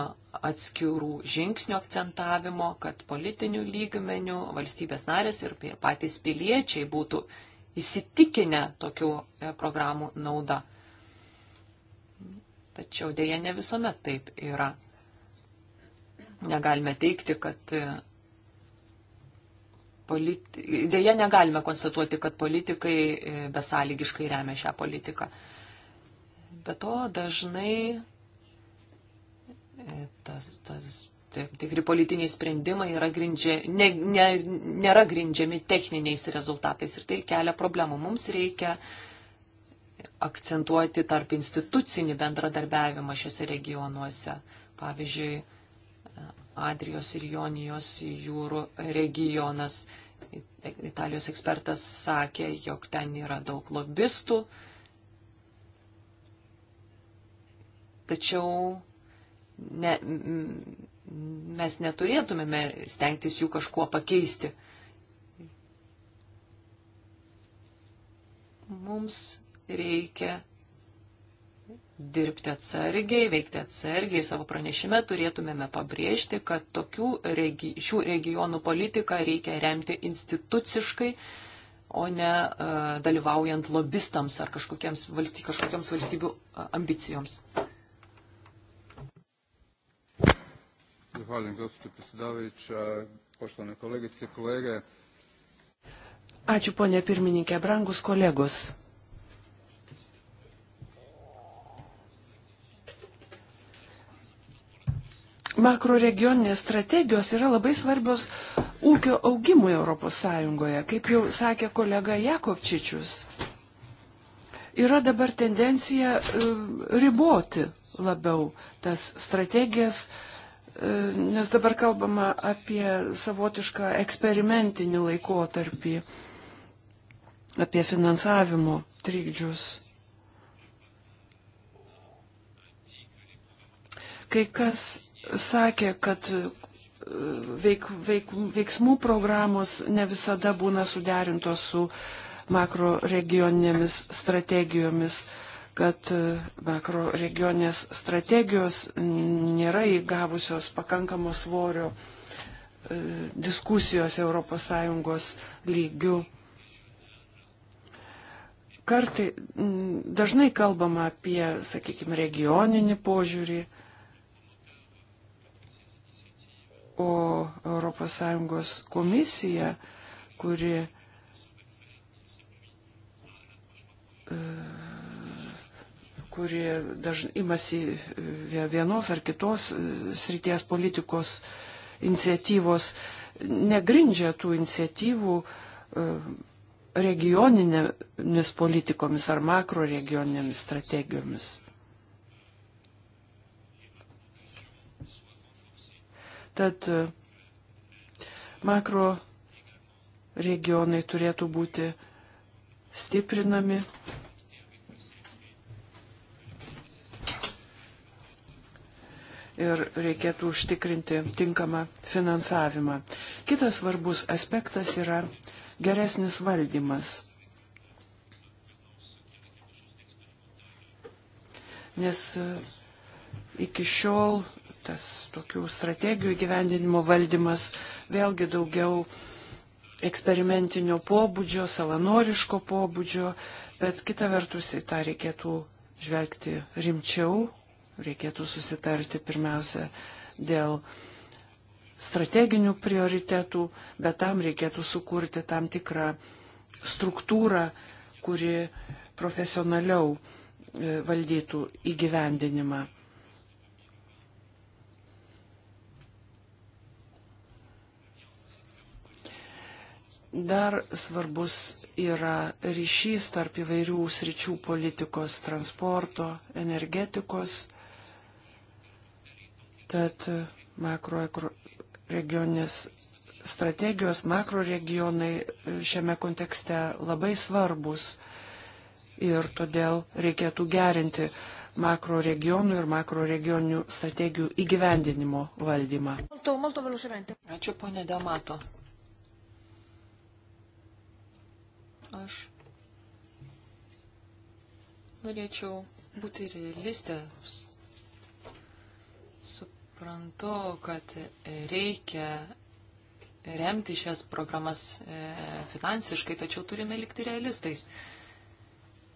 atskirų žingsnių akcentavimo, kad politinių lygmenių valstybės narės ir patys piliečiai būtų įsitikinę tokių e, programų naudą. Tačiau dėja ne visuomet taip yra. Negalime teikti, kad e, politi... dėja negalime konstatuoti, kad politikai e, besąlygiškai remia šią politiką. Be to dažnai e, tas, tas, taip, tikri politiniai sprendimai yra grindžia, ne, ne, nėra grindžiami techniniais rezultatais ir tai kelia problemų. Mums reikia akcentuoti tarp institucinį bendradarbiavimą šiuose regionuose. Pavyzdžiui, Adrijos ir Jonijos jūrų regionas. Italijos ekspertas sakė, jog ten yra daug lobistų. Tačiau ne, mes neturėtumėme stengtis jų kažkuo pakeisti. Mums reikia dirbti atsargiai, veikti atsargiai. Savo pranešime turėtumėme pabrėžti, kad tokių regi šių regionų politiką reikia remti instituciškai, o ne uh, dalyvaujant lobistams ar kažkokiems valsty, kažkokiams valstybių ambicijoms. Zahvaljujem, gospođo predsjedavajuća, poštovane kolegice i kolege. Ačiū, ponė pirmininkė, brangus kolegos. makroregioninės strategijos yra labai svarbios ūkio augimui ES, kaip jau sakė kolega Jakovčičius. Yra dabar tendencija e, riboti labiau tas strategijas, e, nes dabar kalbama apie savotišką eksperimentinį laikotarpį, apie finansavimo trikdžius. Kai kas sakė, kad e, veik, veik, veiksmų programos ne visada būna suderintos su makro regioninėmis strategijomis, kad e, makro regioninės strategijos nėra įgavusios pakankamo svorio e, diskusijos ES lygių. Kartai dažnai kalbama apie, sakykime, regioninį požiūrį, O ES komisija, kuri e, kuri dažnai imasi e, vienos ar kitos e, srities politikos iniciatyvos, negrindžia tų iniciatyvų regioninėmis politikomis ar makro regioninėmis strategijomis. Tad e, makro regionai turėtų būti stiprinami. Ir reikėtų užtikrinti tinkamą finansavimą. Kitas svarbus aspektas yra geresnis valdymas. Nes e, iki šiol tas tokių strategijų gyvendinimo valdymas vėlgi daugiau eksperimentinio pobūdžio, savanoriško pobūdžio, bet kita vertus į tą reikėtų žvelgti rimčiau, reikėtų susitarti pirmiausia dėl strateginių prioritetų, bet tam reikėtų sukurti tam tikrą struktūrą, kuri profesionaliau e, valdytų įgyvendinimą. Dar svarbus yra ryšys tarp įvairių sričių politikos, transporto, energetikos. Tad makroregioninės strategijos, makroregionai šiame kontekste labai svarbus ir todėl reikėtų gerinti makroregionų ir makroregioninių strategijų įgyvendinimo valdymą. Ačiū, ponė Damato. Aš norėčiau būti realistė. Suprantu, kad reikia remti šias programas e, finansiškai, tačiau turime likti realistais.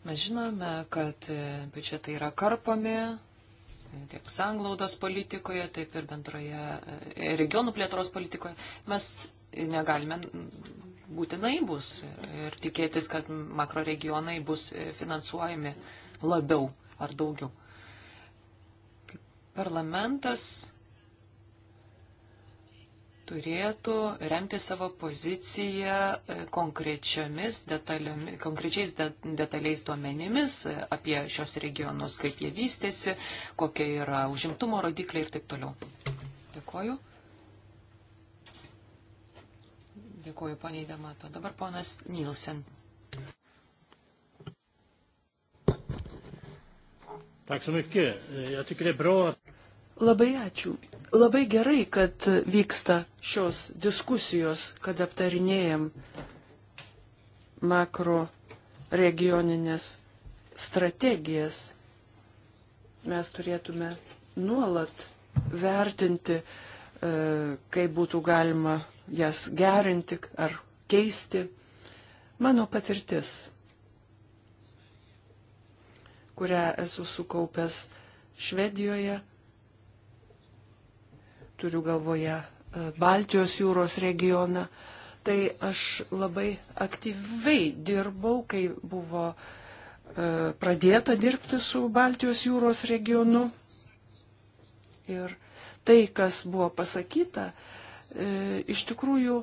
Mes žinome, kad e, biudžetai yra karpami tiek sanglaudos politikoje, taip ir bendroje e, regionų plėtros politikoje. Mes negalime būtinai bus ir tikėtis, kad makro regionai bus finansuojami labiau ar daugiau. Parlamentas turėtų remti savo poziciją konkrečiomis detaliomis, konkrečiais de, detaliais duomenimis apie šios regionus, kaip jie vystėsi, kokie yra užimtumo rodikliai ir taip toliau. Dėkoju. Dėkuoju, poniai Damato. Dabar ponas Nilsen. Labai ačiū. Labai gerai, kad vyksta šios diskusijos, kad aptarinėjom makro regioninės strategijas. Mes turėtume nuolat vertinti, e, kaip būtų galima jas gerinti ar keisti. Mano patirtis, kurią esu sukaupęs Švedijoje, turiu galvoje e, Baltijos jūros regioną, tai aš labai aktyviai dirbau, kai buvo e, pradėta dirbti su Baltijos jūros regionu. Ir tai, kas buvo pasakyta, E, iš tikrųjų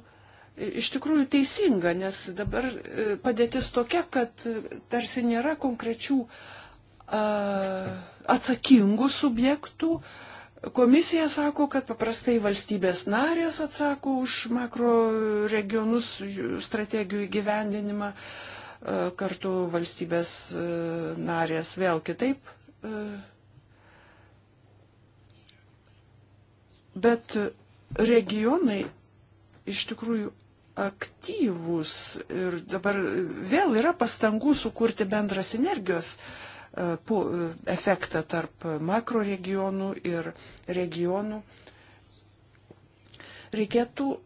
e, iš tikrųjų teisinga, nes dabar e, padėtis tokia, kad tarsi nėra konkrečių atsakingų subjektų. Komisija sako, kad paprastai valstybės narės atsako už makro regionus strategijų įgyvendinimą, kartu valstybės narės vėl kitaip. Bet regionai iš tikrųjų aktyvūs ir dabar vėl yra pastangų sukurti bendrą sinergijos e, po, e, efektą tarp makro regionų ir regionų. Reikėtų e,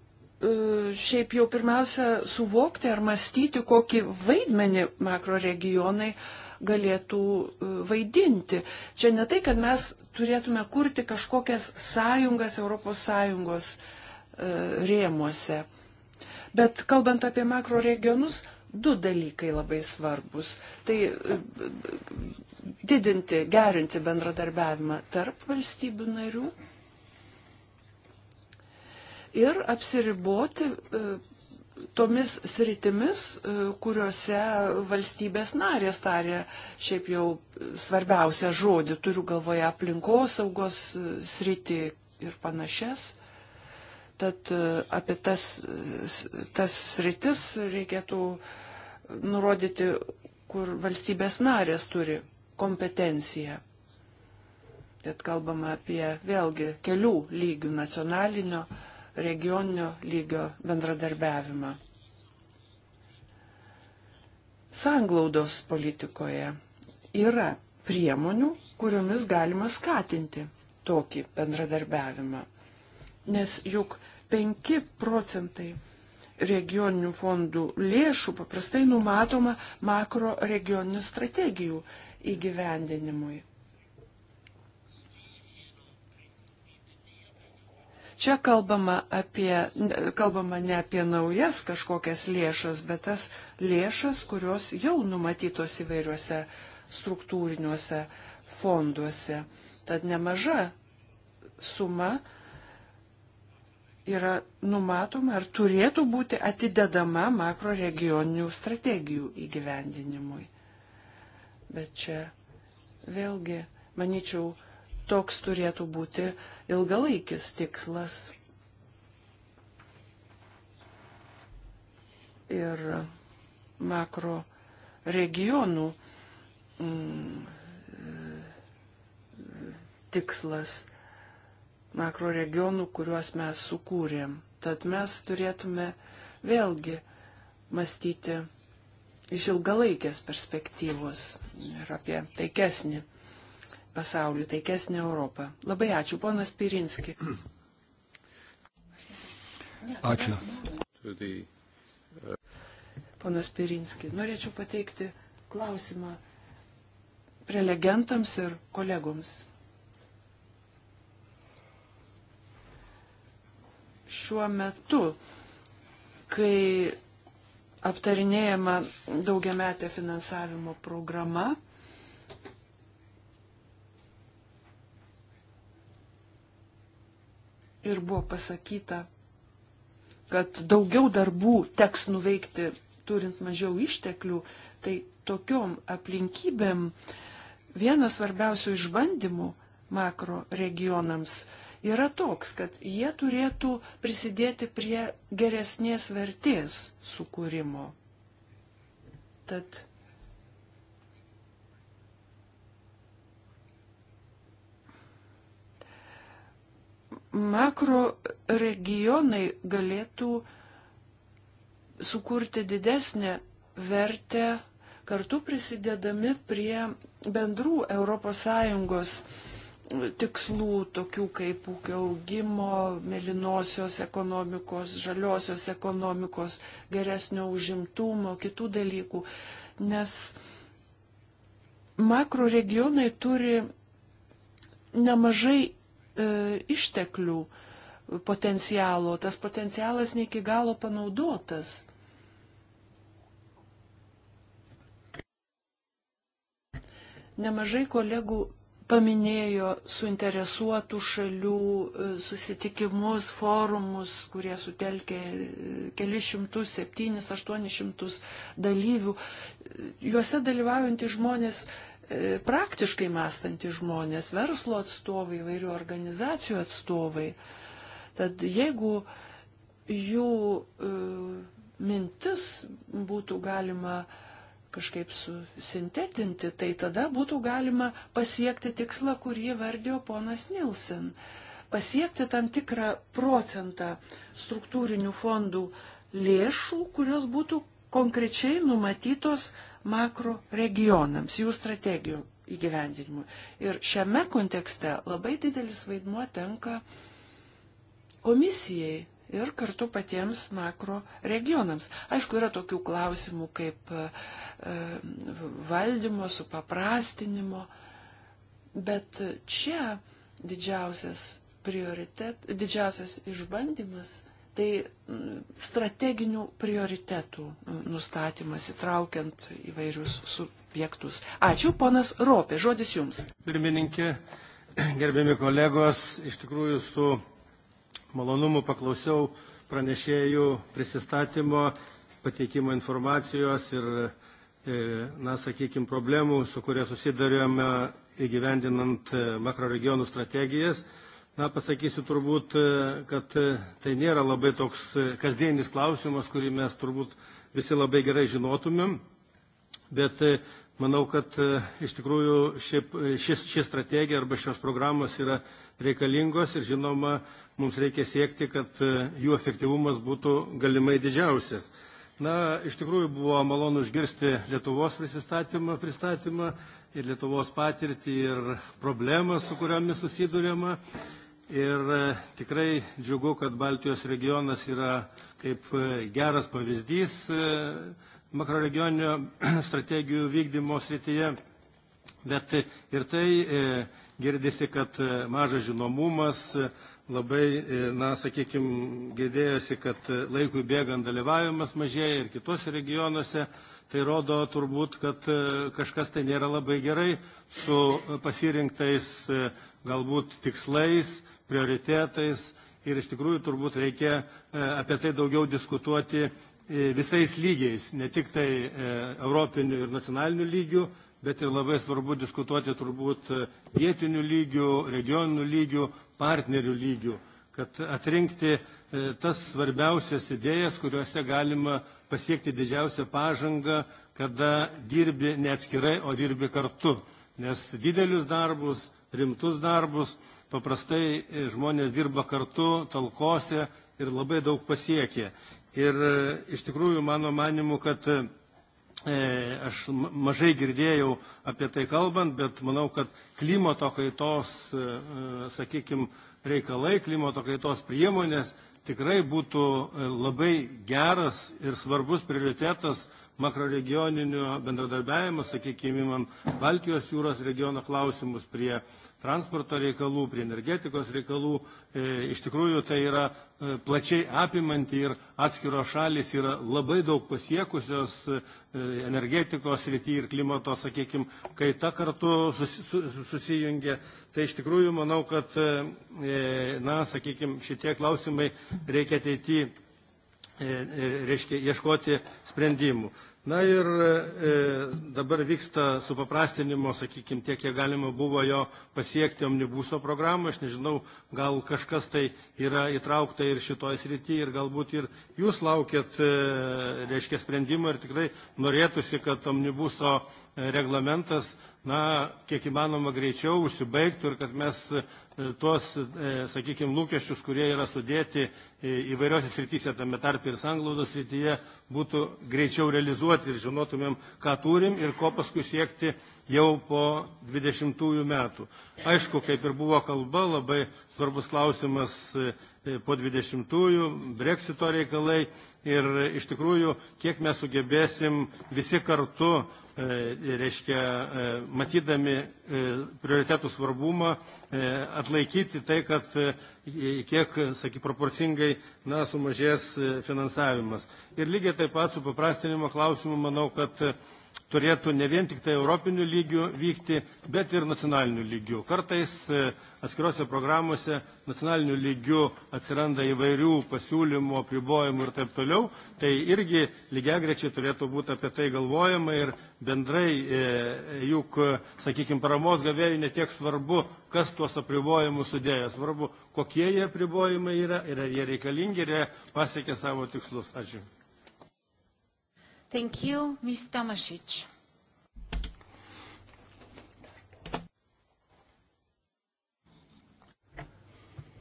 šiaip jau pirmiausia suvokti ar mąstyti, kokį vaidmenį makro regionai uh, galėtų e, vaidinti. Čia ne tai, kad mes turėtume kurti kažkokias sąjungas ES e, rėmuose. Bet kalbant apie makro regionus, du dalykai labai svarbus. Tai e, didinti, gerinti bendradarbiavimą tarp valstybių narių ir apsiriboti tomis sritimis, e, kuriuose valstybės narės tarė šiaip jau svarbiausią žodį, turiu galvoje aplinkosaugos e, sritį ir panašias. Tad e, apie tas, tas sritis reikėtų nurodyti, kur valstybės narės turi kompetenciją. Tad kalbama apie vėlgi kelių lygių nacionalinio, uh, regioninio lygio bendradarbiavimą. Sanglaudos politikoje yra priemonių, kuriomis galima skatinti tokį bendradarbiavimą. Nes juk 5 procentai regioninių fondų lėšų paprastai numatoma makro regioninių strategijų įgyvendinimui. Čia kalbama, apie, kalbama ne apie naujas kažkokias lėšas, bet tas lėšas, kurios jau numatytos įvairiuose struktūriniuose fonduose. Tad nemaža suma yra numatoma ar turėtų būti atidedama makro regioninių strategijų įgyvendinimui. Bet čia vėlgi, manyčiau, toks turėtų būti uh, ilgalaikis tikslas. Ir makro regionų mm, tikslas, makro regionų, kuriuos mes sukūrėm. Tad mes turėtume vėlgi mąstyti iš ilgalaikės perspektyvos ir apie taikesnį pasauliu, taikesnę Europą. Labai ačiū, ponas Pirinski. Ačiū. Ponas Pirinski, norėčiau pateikti klausimą prelegentams ir kolegoms. Šiuo metu, kai aptarinėjama daugiametė finansavimo programa, ir buvo pasakyta, kad daugiau darbų teks nuveikti turint mažiau išteklių, tai tokiom aplinkybėm vienas svarbiausių išbandymų makro regionams yra toks, kad jie turėtų prisidėti prie geresnės vertės sukūrimo. Tad makro regionai galėtų sukurti didesnę vertę kartu prisidedami prie bendrų ES tikslų, tokių kaip ūkio augimo, melinosios ekonomikos, žaliosios ekonomikos, geresnio užimtumo, kitų dalykų. Nes makro regionai turi nemažai E, išteklių potencialo, tas potencialas ne iki galo panaudotas. Nemažai kolegų paminėjo suinteresuotų šalių e, susitikimus, forumus, kurie sutelkė e, kelis šimtus, septynis, aštuonis šimtus dalyvių. Juose dalyvaujantys žmonės E, praktiškai mąstantys žmonės, verslo atstovai, įvairių organizacijų atstovai. Tad jeigu jų e, mintis būtų galima kažkaip susintetinti, tai tada būtų galima pasiekti tikslą, kurį vardėjo ponas Nilsen. Pasiekti tam tikrą procentą struktūrinių fondų lėšų, kurios būtų konkrečiai numatytos uh, makro regionams, jų strategijų įgyvendinimui. Ir šiame kontekste labai didelis vaidmuo tenka komisijai ir kartu patiems makro regionams. Aišku, yra tokių klausimų kaip e, valdymo, supaprastinimo, bet čia didžiausias prioritet, didžiausias išbandymas tai mm, strateginių prioritetų mm, nustatymas įtraukiant įvairius subjektus. Ačiū, ponas Ropė, žodis jums. Pirmininkė, gerbėmi kolegos, iš tikrųjų su malonumu paklausiau pranešėjų prisistatymo, pateikimo informacijos ir, e, na, sakykime, problemų, su kuria susidarėme įgyvendinant e, makroregionų strategijas. strategijas Na, pasakysiu turbūt, e, kad e, tai nėra labai toks e, kasdienis klausimas, kurį mes turbūt visi labai gerai žinotumėm, bet manau, kad iš tikrųjų ši, šis, ši strategija arba šios programos yra reikalingos ir žinoma, mums reikia siekti, kad jų efektyvumas būtų galimai didžiausias. Na, iš tikrųjų buvo malonu išgirsti Lietuvos prisistatymą, pristatymą ir Lietuvos patirtį ir problemas, su kuriomis susidurėma. Ir e, tikrai džiugu, kad Baltijos regionas yra kaip e, geras pavyzdys e, makroregioninio strategijų vykdymo srityje. Bet ir tai girdisi, kad mažas žinomumas, labai, na, sakykime, girdėjosi, kad laikui bėgant dalyvavimas mažėja ir kitose regionuose. Tai rodo turbūt, kad kažkas tai nėra labai gerai su pasirinktais galbūt tikslais prioritetais ir iš tikrųjų turbūt reikia e, apie tai daugiau diskutuoti e, visais lygiais, ne tik tai e, europiniu ir nacionaliniu lygiu, bet ir labai svarbu diskutuoti turbūt vietinių lygių, regioninių lygių, partnerių lygių, kad atrinkti tas svarbiausias idėjas, kuriuose galima pasiekti didžiausią pažangą, kada dirbi ne atskirai, o dirbi kartu. Nes didelius darbus, rimtus darbus paprastai e, žmonės dirba kartu, talkose ir labai daug pasiekė. Ir e, iš tikrųjų mano manimu, kad e, aš mažai girdėjau apie tai kalbant, bet manau, kad klimato kaitos, e, e sakykime, reikalai, klimato kaitos priemonės tikrai būtų labai geras ir svarbus prioritetas makroregioninio bendradarbiavimo, sakykime, imam Baltijos jūros regiono klausimus prie transporto reikalų, prie energetikos reikalų. E, iš tikrųjų tai yra e, plačiai apimanti ir atskiros šalis yra labai daug pasiekusios e, energetikos rytyje ir klimato, sakykime, kaita kartu sus, sus, susijungia. Tai iš tikrųjų manau, kad, e, e na, sakykime, šitie klausimai reikia ateityje e, reiškia ieškoti sprendimų. Na ir e, e, dabar vyksta supaprastinimo, sakykime, tiek, kiek galima buvo jo pasiekti omnibuso programą. Aš nežinau, gal kažkas tai yra įtraukta ir šitoje srityje ir galbūt ir jūs laukėt, e, reiškia, sprendimą ir tikrai norėtųsi, kad omnibuso e, reglamentas, na, kiek įmanoma greičiau užsibaigtų ir kad mes e, tuos, sakykime, lūkesčius, kurie yra sudėti įvairiose srityse, tame tarp ir sanglaudos srityje, būtų greičiau realizuoti ir žinotumėm, ką turim ir ko paskui siekti jau po 20 metų. Aišku, kaip ir buvo kalba, labai svarbus klausimas e, po 20-ųjų, breksito reikalai ir iš tikrųjų, kiek mes sugebėsim visi kartu E, reiškia, e, matydami e, prioritetų svarbumą, atlaikyti tai, kad kiek, saky, proporcingai na, sumažės finansavimas. Ir lygiai taip pat su paprastinimo klausimu, manau, kad turėtų ne vien tik tai europiniu lygiu vykti, bet ir nacionaliniu lygiu. Kartais e, atskirose programuose nacionaliniu lygiu atsiranda įvairių pasiūlymų, apribojimų ir taip toliau. Tai irgi lygiagrečiai turėtų būti apie tai galvojama ir bendrai e, juk, sakykime, paramos gavėjų netiek svarbu, kas tuos apribojimus sudėjo, svarbu, kokie jie apribojimai yra ir ar jie reikalingi ir jie pasiekė savo tikslus. Ačiū. Thank you, Ms. Tomasic.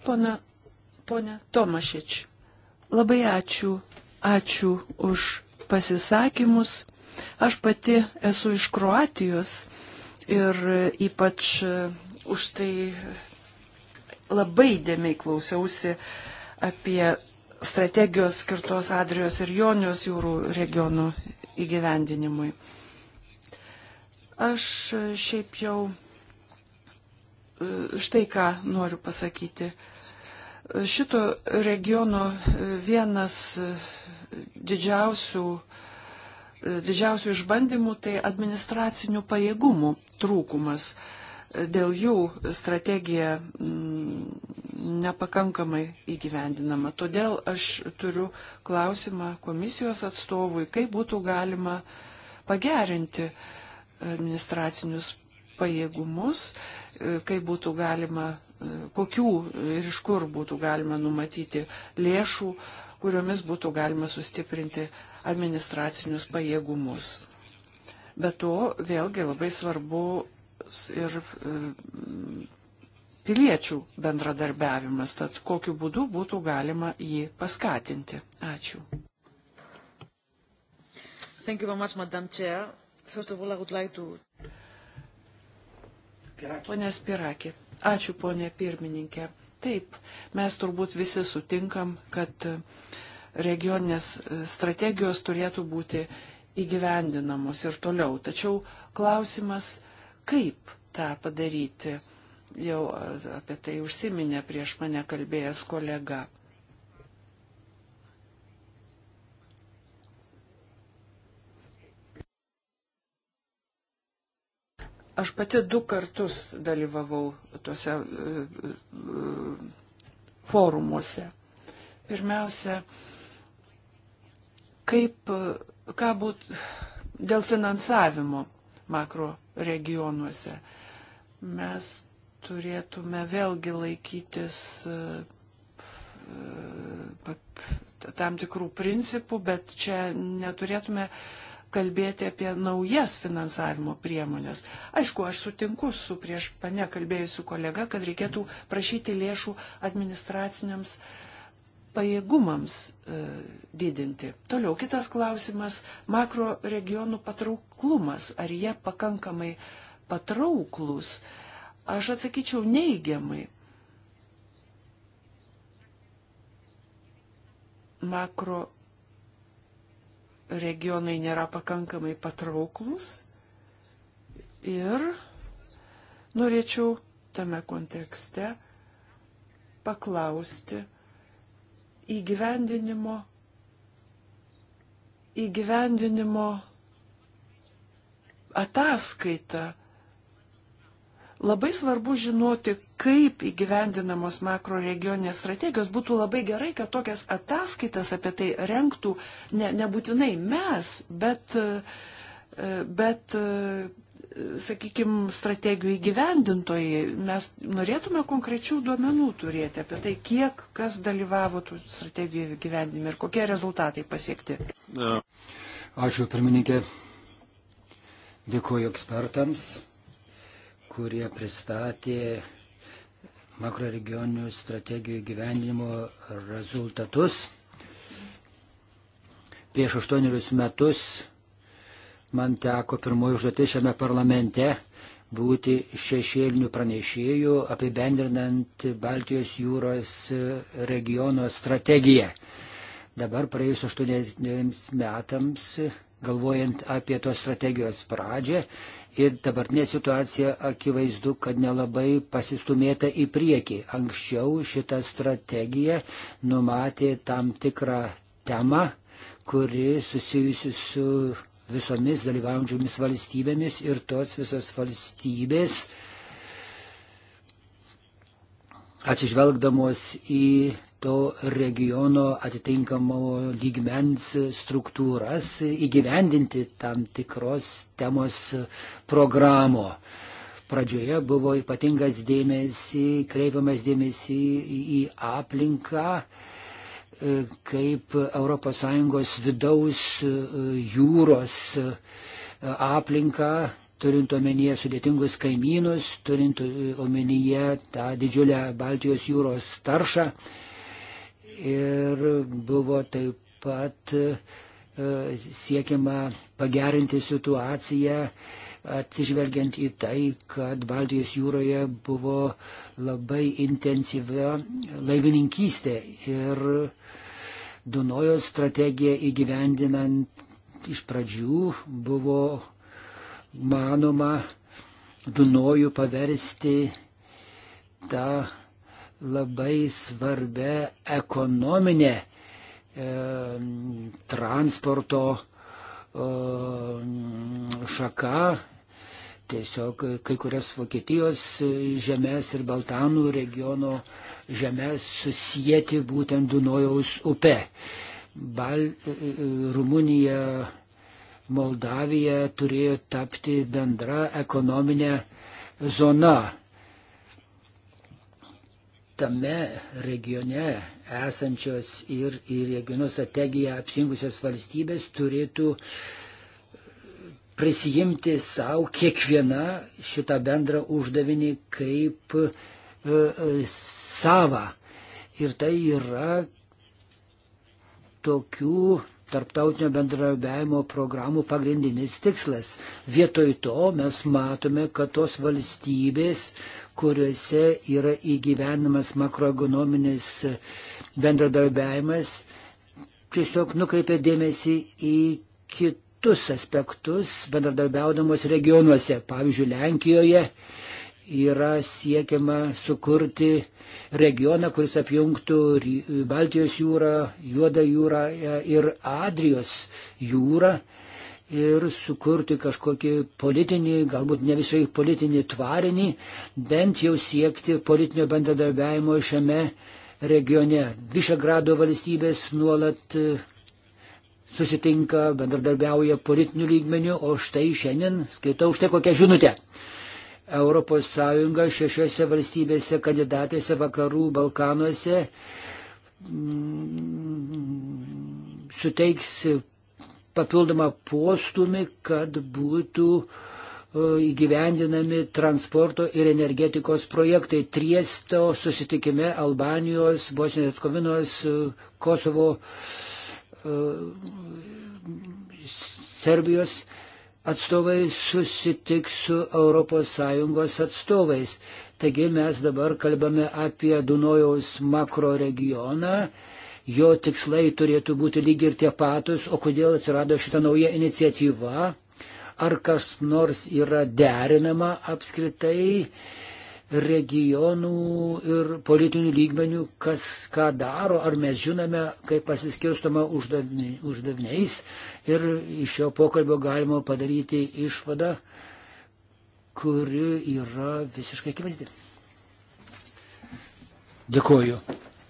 Pona, ponia Tomašič, labai ačiū, ačiū už pasisakymus. Aš pati esu iš Kroatijos ir ypač e, už tai labai dėmiai klausiausi apie strategijos skirtos Adrijos ir Jonijos jūrų regionų įgyvendinimui. Aš e, šiaip jau e, štai ką noriu pasakyti. E, šito regiono vienas didžiausių, didžiausių išbandymų tai administracinių pajėgumų trūkumas dėl jų strategija mm, nepakankamai įgyvendinama. Todėl aš turiu klausimą komisijos atstovui, kaip būtų galima pagerinti administracinius pajėgumus, kaip būtų galima, kokių ir iš kur būtų galima numatyti lėšų, kuriomis būtų galima sustiprinti administracinius pajėgumus. Be to, vėlgi labai svarbu ir e, piliečių bendradarbiavimas, tad kokiu būdu būtų galima jį paskatinti. Ačiū. Thank you very much, Madam Chair. First of all, I would like to... Pone Spirakė, ačiū ponė pirmininkė. Taip, mes turbūt visi sutinkam, kad regioninės e, strategijos turėtų būti įgyvendinamos ir toliau. Tačiau klausimas Kaip tą padaryti? Jau apie tai užsiminė prieš mane kalbėjęs kolega. Aš pati du kartus dalyvavau tuose forumuose. Pirmiausia, kaip, ką būt dėl finansavimo makro regionuose. Mes turėtume vėlgi laikytis e, tam tikrų principų, bet čia neturėtume kalbėti apie naujas finansavimo priemonės. Aišku, aš sutinku su prieš mane kalbėjusiu kolega, kad reikėtų prašyti lėšų administraciniams uh, pajėgumams e, didinti. Toliau kitas klausimas - makro regionų patrauklumas. Ar jie pakankamai patrauklus? Aš atsakyčiau neigiamai. Makro regionai nėra pakankamai patrauklus ir norėčiau tame kontekste paklausti, įgyvendinimo, įgyvendinimo ataskaita. Labai svarbu žinoti, kaip įgyvendinamos makro regioninės strategijos. Būtų labai gerai, kad tokias ataskaitas apie tai renktų ne, nebūtinai mes, bet, e, bet e, sakykime, strategijų įgyvendintojai. Mes norėtume konkrečių duomenų turėti apie tai, kiek kas dalyvavo tų strategijų įgyvendinime ir kokie rezultatai pasiekti. Ačiū, pirmininkė. Dėkuoju ekspertams, kurie pristatė makroregioninių strategijų gyvenimo rezultatus. Prieš aštuonerius metus Man teko pirmoji užduotis šiame parlamente būti šešėlinių pranešėjų apibendrinant Baltijos jūros regiono strategiją. Dabar praėjus aštuoniems metams, galvojant apie tos strategijos pradžią ir dabartinė situacija akivaizdu, kad nelabai pasistumėta į priekį. Anksčiau šita strategija numatė tam tikrą temą, kuri susijusi su visomis dalyvaujančiomis valstybėmis ir tos visos valstybės atsižvelgdamos į to regiono atitinkamo lygmens struktūras įgyvendinti tam tikros temos programo. Pradžioje buvo ypatingas dėmesį, kreipiamas dėmesį į aplinką, kaip ES vidaus e, jūros e, aplinką, turint omenyje sudėtingus kaimynus, turint e, omenyje tą didžiulę Baltijos jūros taršą. Ir buvo taip pat siekiama pagerinti situaciją atsižvelgiant į tai, kad Baltijos jūroje buvo labai intensyva laivininkystė ir Dunojos strategija įgyvendinant iš pradžių buvo manoma Dunojų paversti tą labai svarbę ekonominę e, transporto šaka. Tiesiog kai kurias Vokietijos žemės ir Baltanų regiono žemės susijęti būtent Dunojaus upe. Bal, Rumunija, Moldavija turėjo tapti bendra ekonominė zona. Tame regione esančios ir į regionų strategiją apsijungusios valstybės turėtų prisijimti savo kiekvieną šitą bendrą uždavinį kaip e, e, savą. Ir tai yra tokių tarptautinio bendradarbiavimo programų pagrindinis tikslas. Vietoj to mes matome, kad tos valstybės, kuriuose yra įgyvenamas makroekonominis bendradarbiavimas tiesiog nukreipia dėmesį į kitus aspektus bendradarbiaudamos regionuose. Pavyzdžiui, Lenkijoje yra siekiama sukurti regioną, kuris apjungtų Baltijos jūrą, Juodą jūrą e, ir Adrijos jūrą ir sukurti kažkokį politinį, galbūt ne visai politinį tvarinį, bent jau siekti politinio bendradarbiavimo šiame regione. Višegrado valstybės nuolat e, susitinka, bendradarbiauja politinių lygmenių, o štai šiandien skaitau štai kokią žinutę. ES šešiose valstybėse kandidatėse vakarų Balkanuose mm, suteiks papildomą postumį, kad būtų uh, E, įgyvendinami transporto ir energetikos projektai Triesto susitikime Albanijos, Bosnijos Hercegovinos, e, Kosovo, e, Serbijos atstovai susitiks su ES atstovais. Taigi mes dabar kalbame apie Dunojaus makro regioną jo tikslai turėtų būti lygiai ir tie patys, o kodėl atsirado šita nauja iniciatyva, ar kas nors yra derinama apskritai regionų ir politinių lygmenių, kas ką daro, ar mes žinome, kaip pasiskirstoma uždaviniais ir iš šio pokalbio galima padaryti išvadą, kuri yra visiškai akivaizdi. Dėkuoju.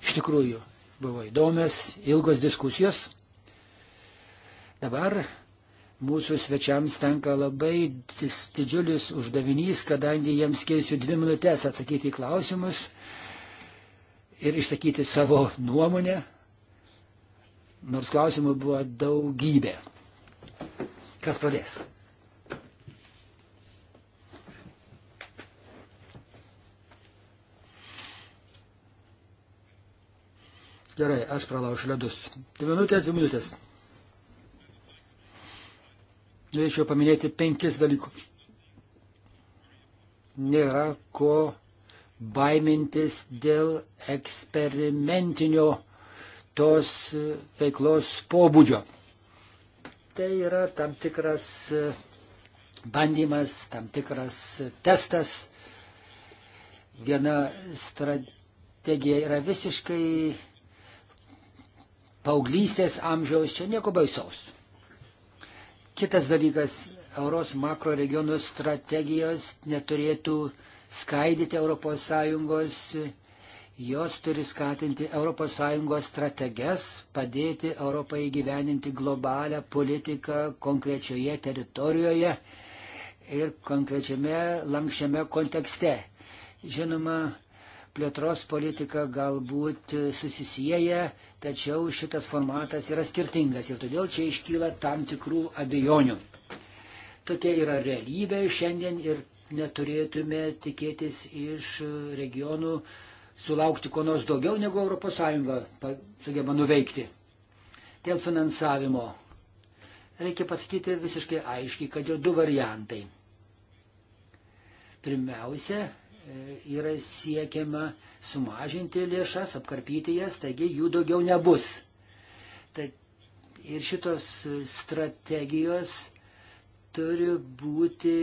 Iš tikrųjų, buvo įdomios, ilgos diskusijos. Dabar Mūsų svečiams tenka labai didžiulis uždavinys, kadangi jiems skirsiu dvi minutės atsakyti į klausimus ir išsakyti savo nuomonę, nors klausimų buvo daugybė. Kas pradės? Gerai, aš pralaušiu ledus. Dvi minutės, dvi minutės norėčiau paminėti penkis dalykus. Nėra ko baimintis dėl eksperimentinio tos veiklos pobūdžio. Tai yra tam tikras bandymas, tam tikras testas. Viena strategija yra visiškai paauglystės amžiaus, čia nieko baisaus. Kitas dalykas, Euros makro regionų strategijos neturėtų skaidyti ES, jos turi skatinti ES strategijas, padėti Europai gyveninti globalią politiką konkrečioje teritorijoje ir konkrečiame lankščiame kontekste. Žinoma, plėtros politika galbūt susisieja, tačiau šitas formatas yra skirtingas ir todėl čia iškyla tam tikrų abejonių. Tokia yra realybė šiandien ir neturėtume tikėtis iš regionų sulaukti ko nors daugiau negu ES sugeba nuveikti. Dėl finansavimo reikia pasakyti visiškai aiškiai, kad yra du variantai. Pirmiausia, yra siekiama sumažinti lėšas, apkarpyti jas, taigi jų daugiau nebus. Tad ir šitos strategijos turi būti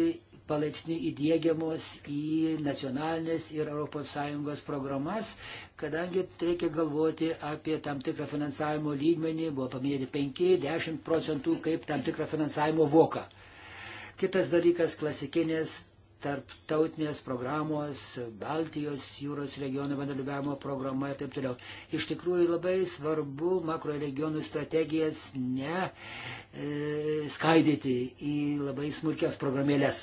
palaipsniui įdėgiamos į nacionalinės ir ES programas, kadangi reikia galvoti apie tam tikrą finansavimo lygmenį, buvo paminėti 5-10 procentų kaip tam tikrą finansavimo voką. Kitas dalykas - klasikinės tarptautinės programos, Baltijos jūros regiono bendradarbiavimo programa ir taip toliau. Iš tikrųjų labai svarbu makro regionų strategijas ne e, skaidyti į labai smulkės programėlės.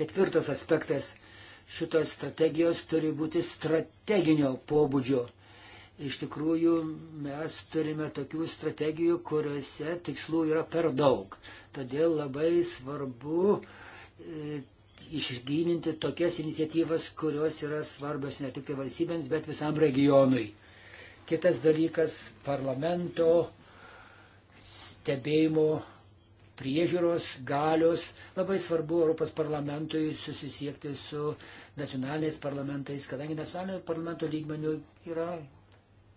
Ketvirtas aspektas šitos strategijos turi būti strateginio pobūdžio. Iš tikrųjų, mes turime tokių strategijų, kuriuose tikslų yra per daug. Todėl labai svarbu e, išgyninti tokias iniciatyvas, kurios yra svarbios ne tik tai valstybėms, bet visam regionui. Kitas dalykas - parlamento stebėjimo priežiūros galios. Labai svarbu Europos parlamentui susisiekti su nacionaliniais parlamentais, kadangi nacionalinio parlamento lygmenių yra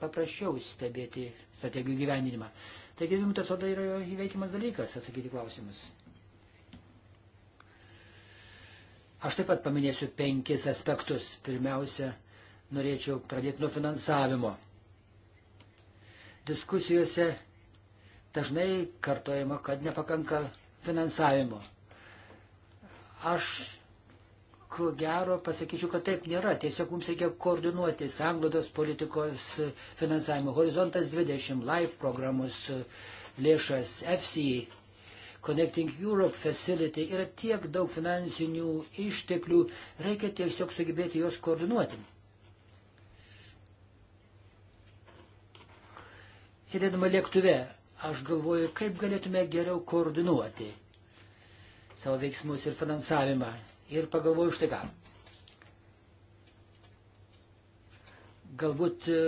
paprasčiau stebėti strategijų gyvenimą. Taigi, jums tas yra įveikimas dalykas atsakyti klausimus. Aš taip pat paminėsiu penkis aspektus. Pirmiausia, norėčiau pradėti nuo finansavimo. Diskusijose dažnai kartojama, kad nepakanka finansavimo. Aš ko gero pasakyčiau, kad taip nėra. Tiesiog mums reikia koordinuoti sanglodos politikos finansavimo horizontas 20, LIFE programus, lėšas FCI. Connecting Europe Facility yra tiek daug finansinių išteklių, reikia tiesiog sugebėti juos koordinuoti. Sėdėdama lėktuve, aš galvoju, kaip galėtume geriau koordinuoti savo veiksmus ir finansavimą. Ir pagalvoju štai ką. galbūt e,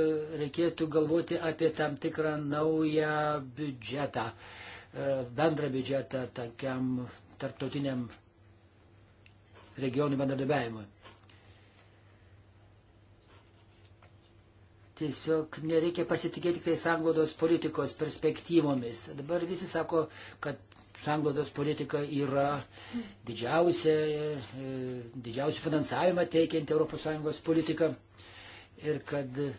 reikėtų galvoti apie tam tikrą naują biudžetą. E, bendrą biudžetą tokiam tarptautiniam regionų bendradarbiavimui. Tiesiog nereikia pasitikėti tik tai sanglaudos politikos perspektyvomis. Dabar visi sako, kad sanglaudos politika yra didžiausia, e, didžiausia finansavimą teikianti ES politika ir kad ES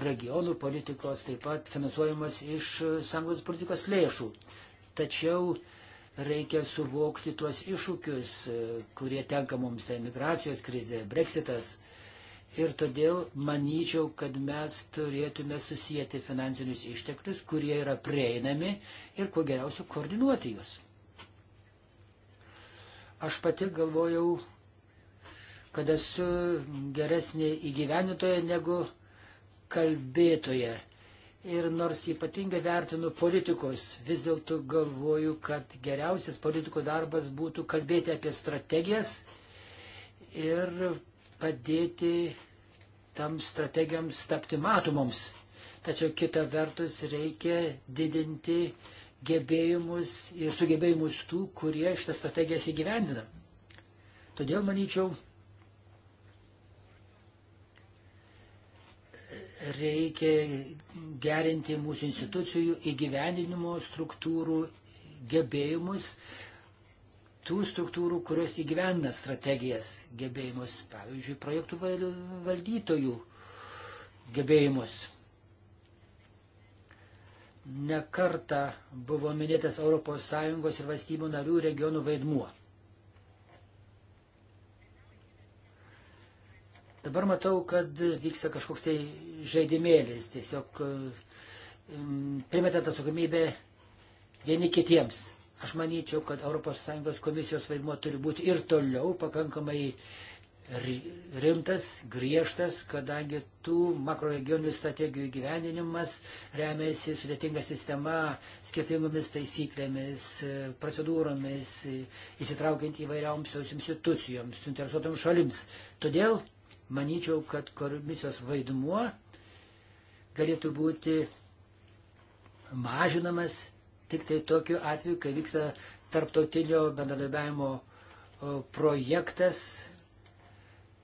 regionų politikos, taip pat finansuojamas iš sąjungos politikos lėšų. Tačiau reikia suvokti tuos iššūkius, e, kurie tenka mums, tai migracijos krizė, breksitas. Ir todėl manyčiau, kad mes turėtume susijęti finansinius išteklius, kurie yra prieinami ir kuo geriausiu koordinuoti juos. Aš pati galvojau, kad esu geresnė įgyvenintoja negu kalbėtoja. Ir nors ypatingai vertinu politikos, vis dėlto galvoju, kad geriausias politikų darbas būtų kalbėti apie strategijas ir padėti tam strategijams tapti matomoms. Tačiau kita vertus reikia didinti gebėjimus ir sugebėjimus tų, kurie šitas strategijas įgyvendina. Todėl, manyčiau, Reikia gerinti mūsų institucijų įgyvendinimo struktūrų gebėjimus, tų struktūrų, kurios įgyvendina strategijas gebėjimus, pavyzdžiui, projektų valdytojų gebėjimus. Nekarta buvo minėtas ES ir valstybių narių regionų vaidmuo. Dabar matau, kad vyksta kažkoks tai žaidimėlis, tiesiog primetant atsakomybę vieni kitiems. Aš manyčiau, kad ES komisijos vaidmuo turi būti ir toliau pakankamai rimtas, griežtas, kadangi tų makroregioninių strategijų gyveninimas remiasi sudėtinga sistema, skirtingomis taisyklėmis, procedūromis, įsitraukiant įvairiausioms institucijoms, suinteresuotoms šalims. Todėl Manyčiau, kad komisijos vaidmuo galėtų būti mažinamas tik tai tokiu atveju, kai vyksta tarptautinio bendradarbiavimo projektas,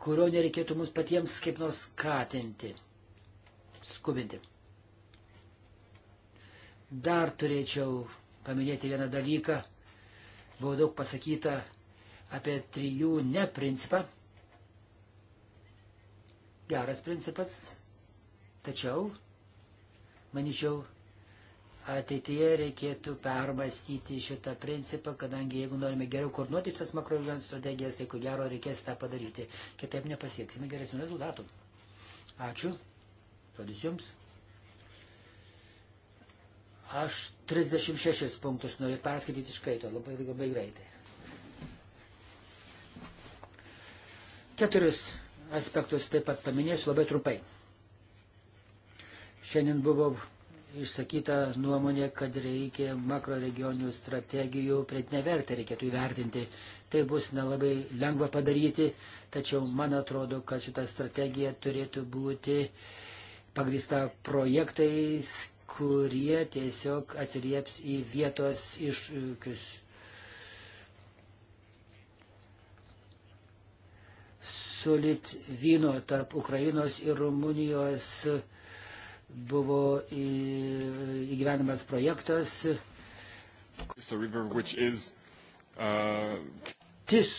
kurio nereikėtų mums patiems kaip nors skatinti, skubinti. Dar turėčiau paminėti vieną dalyką. Buvo daug pasakyta apie trijų ne principą geras principas, tačiau, manyčiau, ateityje reikėtų permastyti šitą principą, kadangi jeigu norime geriau koordinuoti šitas makroregionų strategijas, tai ko gero reikės tą padaryti. Kitaip nepasieksime geresnių rezultatų. Ačiū. Žodis Jums. Aš 36 punktus noriu perskaityti iš kaito, labai, labai greitai. Keturius aspektus taip pat paminėsiu labai trumpai. Šiandien buvo išsakyta nuomonė, kad reikia makroregioninių strategijų pritinę vertę reikėtų įvertinti. Tai bus nelabai lengva padaryti, tačiau man atrodo, kad šita strategija turėtų būti pagrįsta projektais, kurie tiesiog atsilieps į vietos iššūkius Solid vyno tarp Ukrainos ir Rumunijos buvo įgyvenamas projektas. River, is, uh... Tis,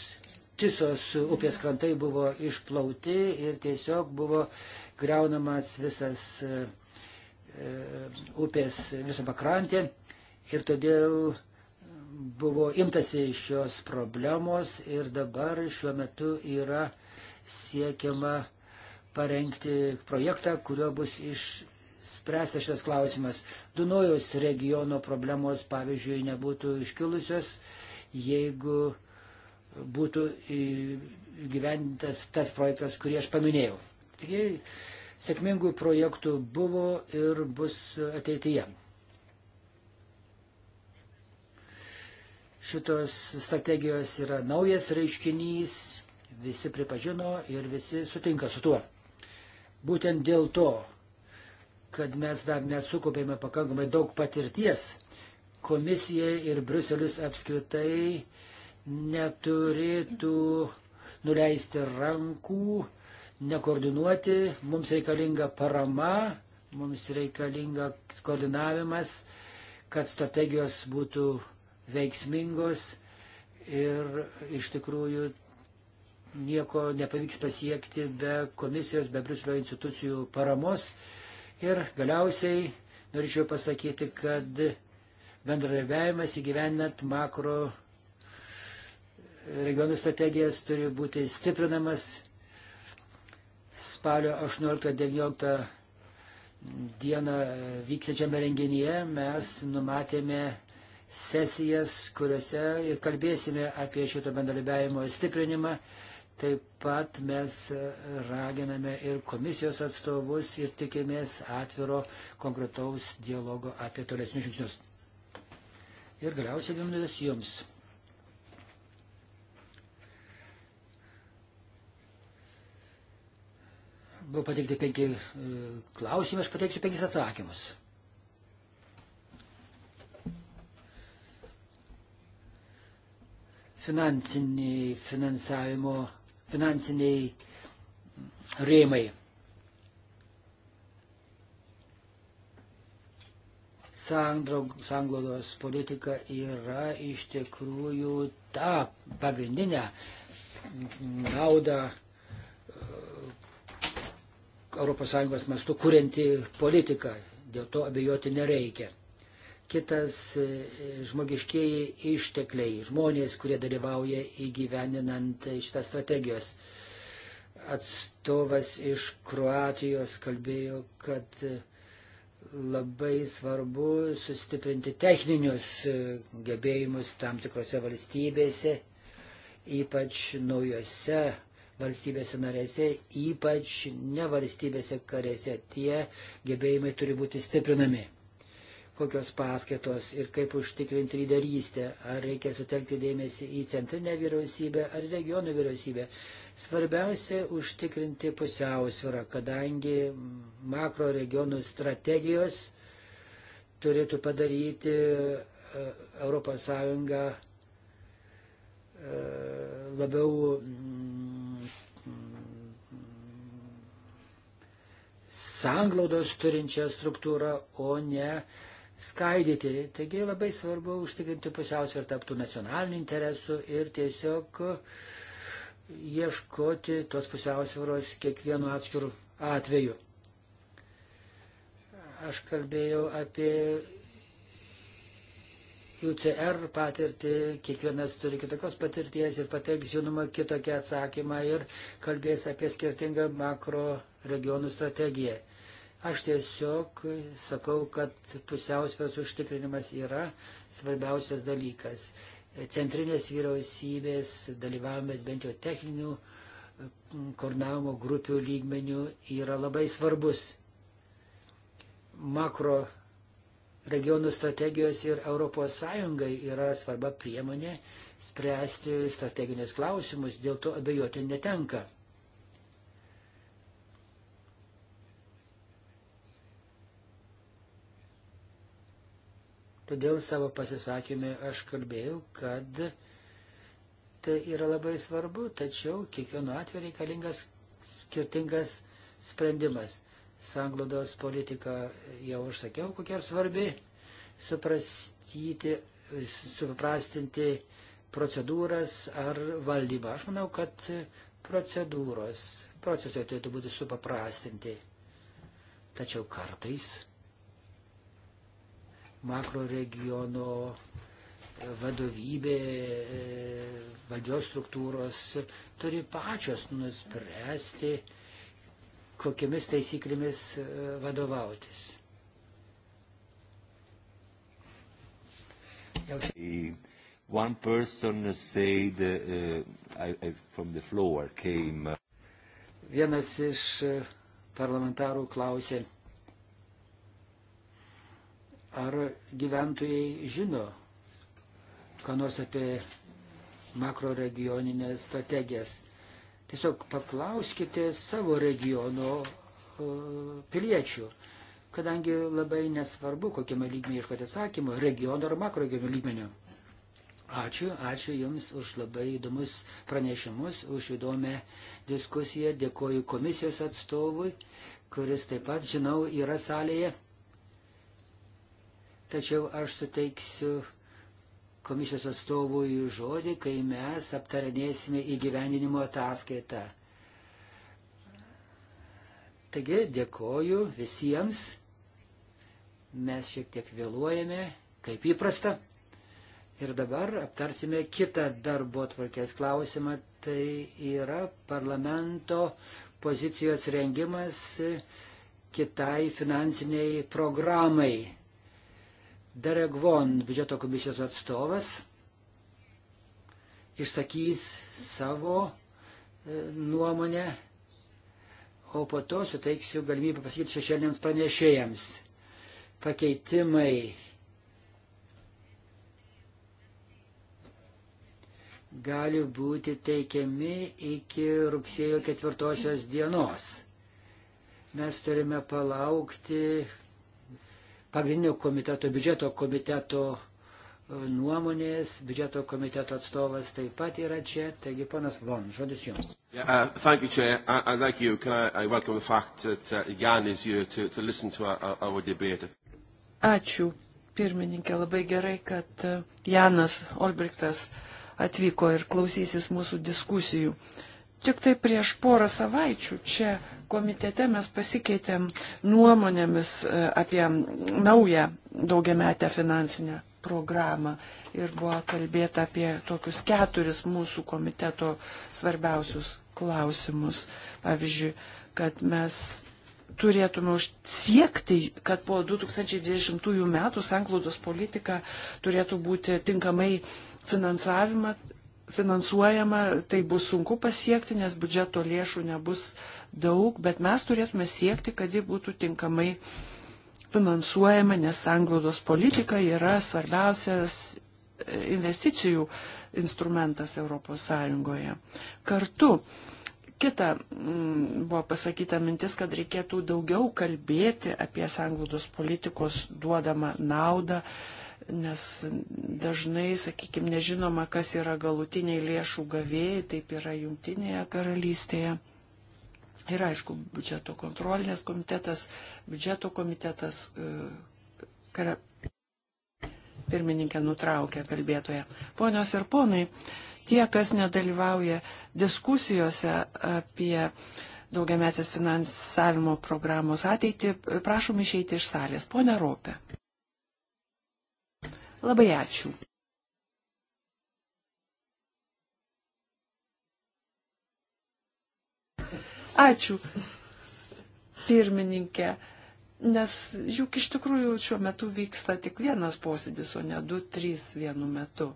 tisos upės krantai buvo išplauti ir tiesiog buvo greunamas visas uh, upės visą pakrantę ir todėl buvo imtasi šios problemos ir dabar šiuo metu yra uh, siekiama parengti projektą, kurio bus išspręsta šitas klausimas. Dunojaus regiono problemos, pavyzdžiui, nebūtų iškilusios, jeigu būtų gyventas tas projektas, kurį aš paminėjau. Taigi, sėkmingų projektų buvo ir bus ateityje. Šitos strategijos yra naujas reiškinys, visi pripažino ir visi sutinka su tuo. Būtent dėl to, kad mes dar nesukupėme pakankamai daug patirties, komisija ir Bruselis apskritai neturėtų nuleisti rankų, nekoordinuoti, mums reikalinga parama, mums reikalinga koordinavimas, kad strategijos būtų veiksmingos ir iš tikrųjų nieko nepavyks pasiekti be komisijos, be Briuselio institucijų paramos. Ir galiausiai norėčiau pasakyti, kad bendradarbiavimas įgyvendinant makro regionų strategijas turi būti stiprinamas. Spalio 18-19 dieną vyksiančiame renginyje mes numatėme sesijas, kuriuose ir kalbėsime apie šito bendradarbiavimo stiprinimą. Taip pat mes raginame ir komisijos atstovus ir tikimės atviro konkretaus dialogo apie tolesnius žingsnius. Ir galiausiai gaminės jums. Buvo pateikti penki e, klausimai, aš pateiksiu penkis atsakymus. Finansiniai finansavimo finansiniai rėmai. Sanglodos politika yra iš tikrųjų ta pagrindinė nauda ES mastu kurianti politika. Dėl to abejoti nereikia. Kitas e, e, žmogiškieji ištekliai, žmonės, kurie dalyvauja įgyveninant šitas strategijos. Atstovas iš Kroatijos kalbėjo, kad e, labai svarbu sustiprinti techninius gebėjimus tam tikrose valstybėse, ypač naujose valstybėse narėse, ypač ne valstybėse karėse. Tie gebėjimai turi būti stiprinami kokios paskaitos ir kaip užtikrinti lyderystę, ar reikia sutelkti dėmesį į centrinę vyriausybę ar regionų vyriausybę. Svarbiausia užtikrinti pusiausvyrą, kadangi makro regionų strategijos turėtų padaryti ES e, labiau mm, sanglaudos turinčią struktūrą, o ne uh, skaidyti. Taigi labai svarbu užtikrinti pusiausvyrą taptų nacionalinių interesų ir tiesiog ieškoti tos pusiausvyros kiekvienu atskiru atveju. Aš kalbėjau apie UCR patirtį, kiekvienas turi kitokios patirties ir pateiks, žinoma, kitokią atsakymą ir kalbės apie skirtingą makro regionų strategiją. Aš tiesiog sakau, kad pusiausvės užtikrinimas yra svarbiausias dalykas. Centrinės vyriausybės dalyvavimas bent jau techninių koordinavimo grupių lygmenių yra labai svarbus. Makro regionų strategijos ir ES yra svarba priemonė spręsti strateginius klausimus, dėl to abejoti netenka. Todėl savo pasisakymę aš kalbėjau, kad tai yra labai svarbu, tačiau kiekvienu atveju reikalingas skirtingas sprendimas. Sanglodos politika jau užsakiau, kokia svarbi, suprastyti, suprastinti procedūras ar valdybą. Aš manau, kad procedūros, procesai turėtų būti supaprastinti. Tačiau kartais makro regiono e, vadovybė, e, valdžios struktūros turi pačios nuspręsti, kokiamis taisyklėmis e, vadovautis. One person said uh, I, I, from the floor came. Uh, Vienas iš parlamentarų klausė, Ar gyventojai žino, ką nors apie makroregioninės strategijas? Tiesiog paklauskite savo regiono e, piliečių, kadangi labai nesvarbu, kokiame lygmenyje iškoti atsakymą, regiono ar makroregiono lygmenio. Ačiū, ačiū Jums už labai įdomus pranešimus, už įdomią diskusiją. Dėkoju komisijos atstovui, kuris taip pat, žinau, yra salėje tačiau aš suteiksiu komisijos atstovui žodį, kai mes aptarinėsime įgyvendinimo ataskaitą. Taigi dėkoju visiems. Mes šiek tiek vėluojame, kaip įprasta. Ir dabar aptarsime kitą darbo tvarkės klausimą. Tai yra parlamento pozicijos rengimas kitai finansiniai programai Daregvon biudžeto komisijos atstovas išsakys savo e, nuomonę, o po to suteiksiu galimybę pasakyti šešėliniams pranešėjams. Pakeitimai gali būti teikiami iki rugsėjo ketvirtosios dienos. Mes turime palaukti pagrindinio komiteto, biudžeto komiteto e, nuomonės, biudžeto komiteto atstovas taip pat yra čia, taigi ponas Von, žodis jums. Yeah, uh, you, Chair. I, I like you. Can I, I welcome the fact that uh, Jan is here to, to listen to our, our debate. Ačiū, pirmininkė, labai gerai, kad uh, Janas Olbrichtas atvyko ir klausysis mūsų diskusijų. Uh, Tik tai prieš porą savaičių čia komitete mes pasikeitėm nuomonėmis e, apie naują daugiametę finansinę programą ir buvo kalbėta apie tokius keturis mūsų komiteto svarbiausius klausimus. Pavyzdžiui, kad mes turėtume siekti, kad po 2020 metų sanklaudos politika turėtų būti tinkamai finansavimą finansuojama, tai bus sunku pasiekti, nes biudžeto lėšų nebus daug, bet mes turėtume siekti, kad ji būtų tinkamai finansuojama, nes sanglaudos politika yra svarbiausias e, investicijų instrumentas ES. Kartu kita mm, buvo pasakyta mintis, kad reikėtų daugiau kalbėti apie sanglaudos politikos duodamą naudą nes dažnai, sakykime, nežinoma, kas yra galutiniai lėšų gavėjai, taip yra jungtinėje karalystėje. Ir aišku, biudžeto kontrolinės komitetas, biudžeto komitetas, e, kar... pirmininkė nutraukė kalbėtoje. Ponios ir ponai, tie, kas nedalyvauja diskusijose apie daugiametės finansavimo programos ateitį, prašom išeiti iš salės. Pone Ropė. Labai ačiū. Ačiū, pirmininkė, nes juk iš tikrųjų šiuo metu vyksta tik vienas posėdis, o ne du, trys vienu metu.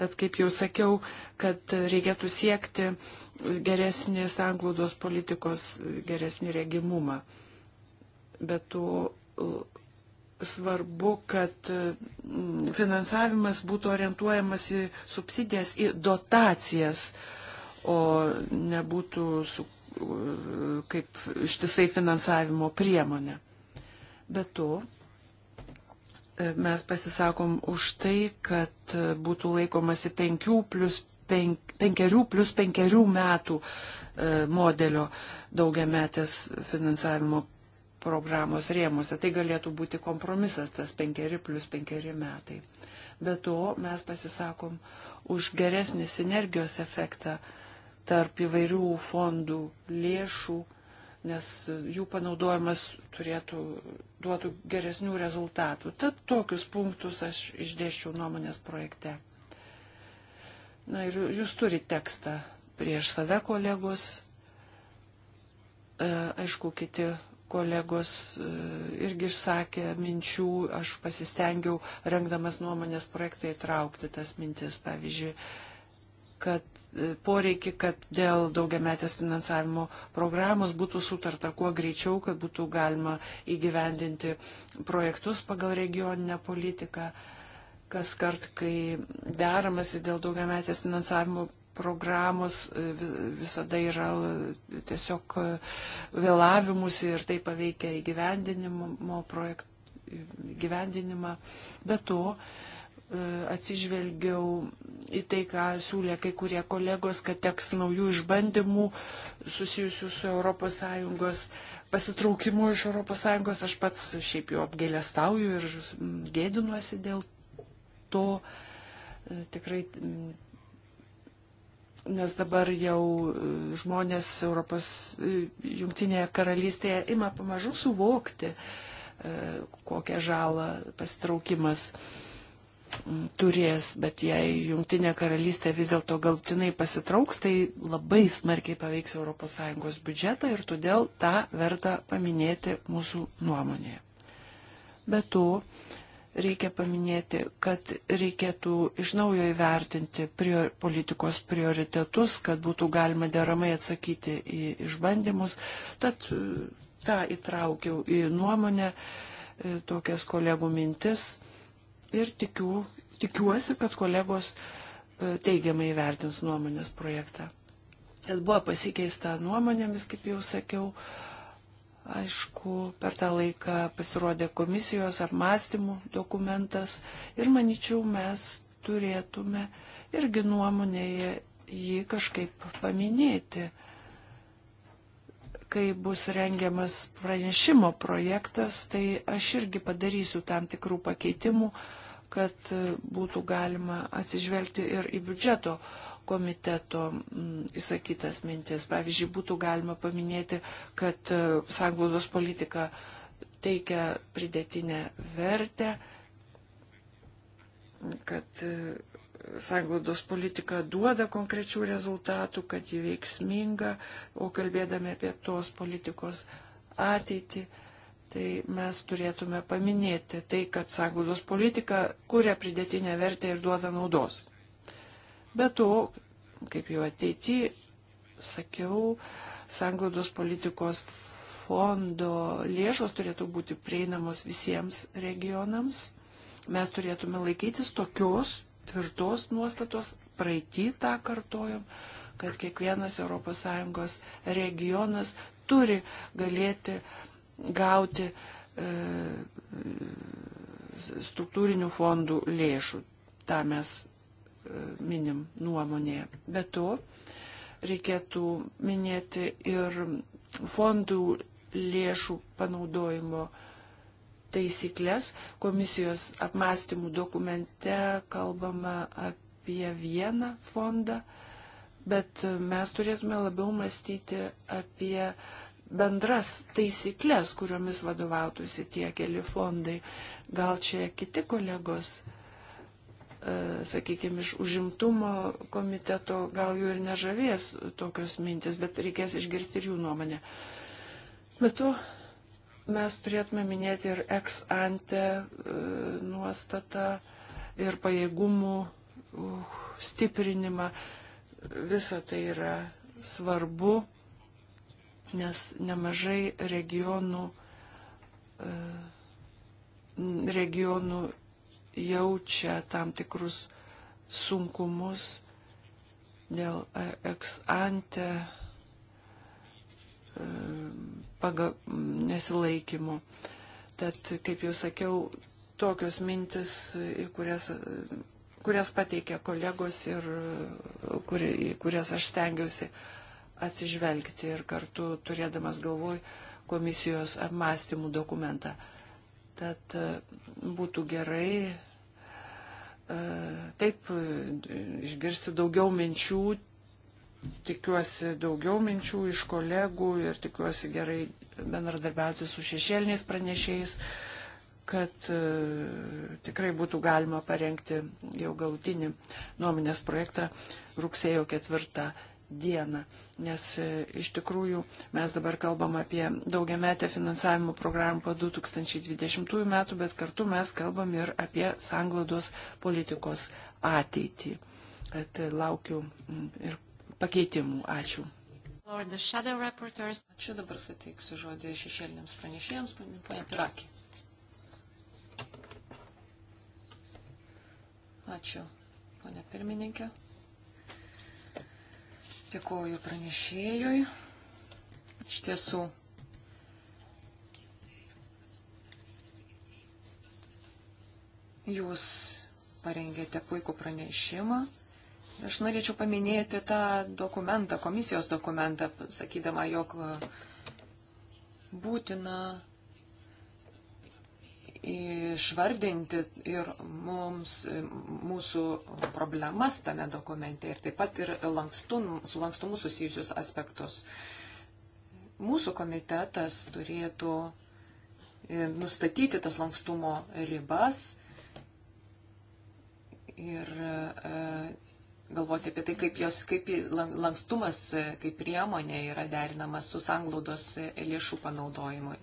Tad, kaip jau sakiau, kad reikėtų siekti geresnės anglūdos politikos, geresnį regimumą. Bet tu svarbu, kad mm, finansavimas būtų orientuojamas į subsidijas, į dotacijas, o nebūtų su, mm, kaip ištisai finansavimo priemonė. Be to, e, mes pasisakom už tai, kad būtų laikomasi 5 plus 5, 5 plus 5 metų e, modelio daugiametės finansavimo programos rėmose. Tai galėtų būti kompromisas tas penkeri plus penkeri metai. Be to mes pasisakom už geresnį sinergijos efektą tarp įvairių fondų lėšų, nes jų panaudojimas turėtų duotų geresnių rezultatų. Tad tokius punktus aš išdėščiau nuomonės projekte. Na ir jūs turite tekstą prieš save kolegos, e, aišku, kiti kolegos e, irgi išsakė minčių, aš pasistengiau, rengdamas nuomonės projektą, įtraukti tas mintis, pavyzdžiui, kad e, poreikį, kad dėl daugiametės finansavimo programos būtų sutarta kuo greičiau, kad būtų galima įgyvendinti projektus pagal regioninę politiką. Kas kart, kai deramasi dėl daugiametės finansavimo programos e, visada yra e, tiesiog e, vėlavimus ir tai paveikia įgyvendinimo projektų gyvendinimą. Be to, atsižvelgiau į tai, ką siūlė kai kurie kolegos, kad teks naujų išbandymų susijusių su ES pasitraukimu iš ES. Aš pats šiaip jau apgėlestauju ir mm, gėdinuosi dėl to. Tikrai nes dabar jau e, žmonės Europos e, jungtinėje karalystėje ima pamažu suvokti, e, kokią žalą pasitraukimas turės, bet jei jungtinė karalystė vis dėlto galtinai pasitrauks, tai labai smarkiai paveiks ES biudžetą ir todėl tą verta paminėti mūsų nuomonėje. Be to, reikia paminėti, kad reikėtų iš naujo įvertinti prior, politikos prioritetus, kad būtų galima deramai atsakyti į išbandymus. Tad e, tą įtraukiau į nuomonę, e, tokias kolegų mintis ir tikiu, tikiuosi, kad kolegos e, teigiamai įvertins nuomonės projektą. Kad buvo pasikeista nuomonėmis, kaip jau sakiau, uh, Aišku, per tą laiką pasirodė komisijos apmąstymų dokumentas ir manyčiau, mes turėtume irgi nuomonėje jį kažkaip paminėti, kai bus rengiamas pranešimo projektas, tai aš irgi padarysiu tam tikrų pakeitimų, kad būtų galima atsižvelgti ir į biudžeto komiteto įsakytas mm, mintis. Pavyzdžiui, būtų galima paminėti, kad e, sanglaudos politika teikia pridėtinę vertę, kad e, sanglaudos politika duoda konkrečių rezultatų, kad ji veiksminga, o kalbėdami apie tos politikos ateitį, tai mes turėtume paminėti tai, kad sanglaudos politika kuria pridėtinę vertę ir duoda naudos. Be to, kaip jau ateity sakiau, sanglaudos politikos fondo lėšos turėtų būti prieinamos visiems regionams. Mes turėtume laikytis tokios tvirtos nuostatos, praeitį tą kartojom, kad kiekvienas ES regionas turi galėti gauti e, struktūrinių fondų lėšų. Ta mes E, minim nuomonėje. Be to, reikėtų minėti ir fondų lėšų panaudojimo taisyklės. Komisijos apmąstymų dokumente kalbama apie vieną fondą, bet mes turėtume labiau mąstyti apie bendras taisyklės, kuriomis vadovautųsi tie keli fondai. Gal čia kiti kolegos E, sakykime, iš užimtumo komiteto gal jų ir nežavės tokios mintis, bet reikės išgirsti ir jų nuomonę. Bet tu mes turėtume minėti ir ex ante e, nuostatą ir pajėgumų uh, stiprinimą. Visa tai yra svarbu, nes nemažai regionų, uh, regionų jaučia tam tikrus sunkumus dėl eksante e, nesilaikymo. Tad, kaip jau sakiau, tokios mintis, kurias, kurias pateikė kolegos ir kur, kurias aš stengiausi atsižvelgti ir kartu turėdamas galvoj komisijos apmąstymų dokumentą. Tad būtų gerai e, taip išgirsti daugiau minčių, tikiuosi daugiau minčių iš kolegų ir tikiuosi gerai bendradarbiauti su šešėliniais pranešėjais, kad e, tikrai būtų galima parengti jau galutinį nuomonės projektą rugsėjo ketvirtą dieną, nes e, iš tikrųjų mes dabar kalbam apie daugiametę finansavimo programą po 2020 metų, bet kartu mes kalbam ir apie sanglados politikos ateitį. Bet laukiu ir pakeitimų. Ačiū. Ačiū dabar suteiksiu žodį šešėliniams pranešėjams, ponia Pirakė. Ačiū, ponia pirmininkė. Dėkuoju pranešėjui. Iš tiesų. Jūs parengėte puikų pranešimą. Aš norėčiau paminėti tą dokumentą, komisijos dokumentą, sakydama, jog būtina išvardinti ir mums, mūsų problemas tame dokumente ir taip pat ir lankstum, su lankstumu susijusius aspektus. Mūsų komitetas turėtų e, nustatyti tas lankstumo ribas ir e, galvoti apie tai, kaip, jos, kaip lankstumas e, kaip priemonė yra derinamas su sanglaudos lėšų panaudojimui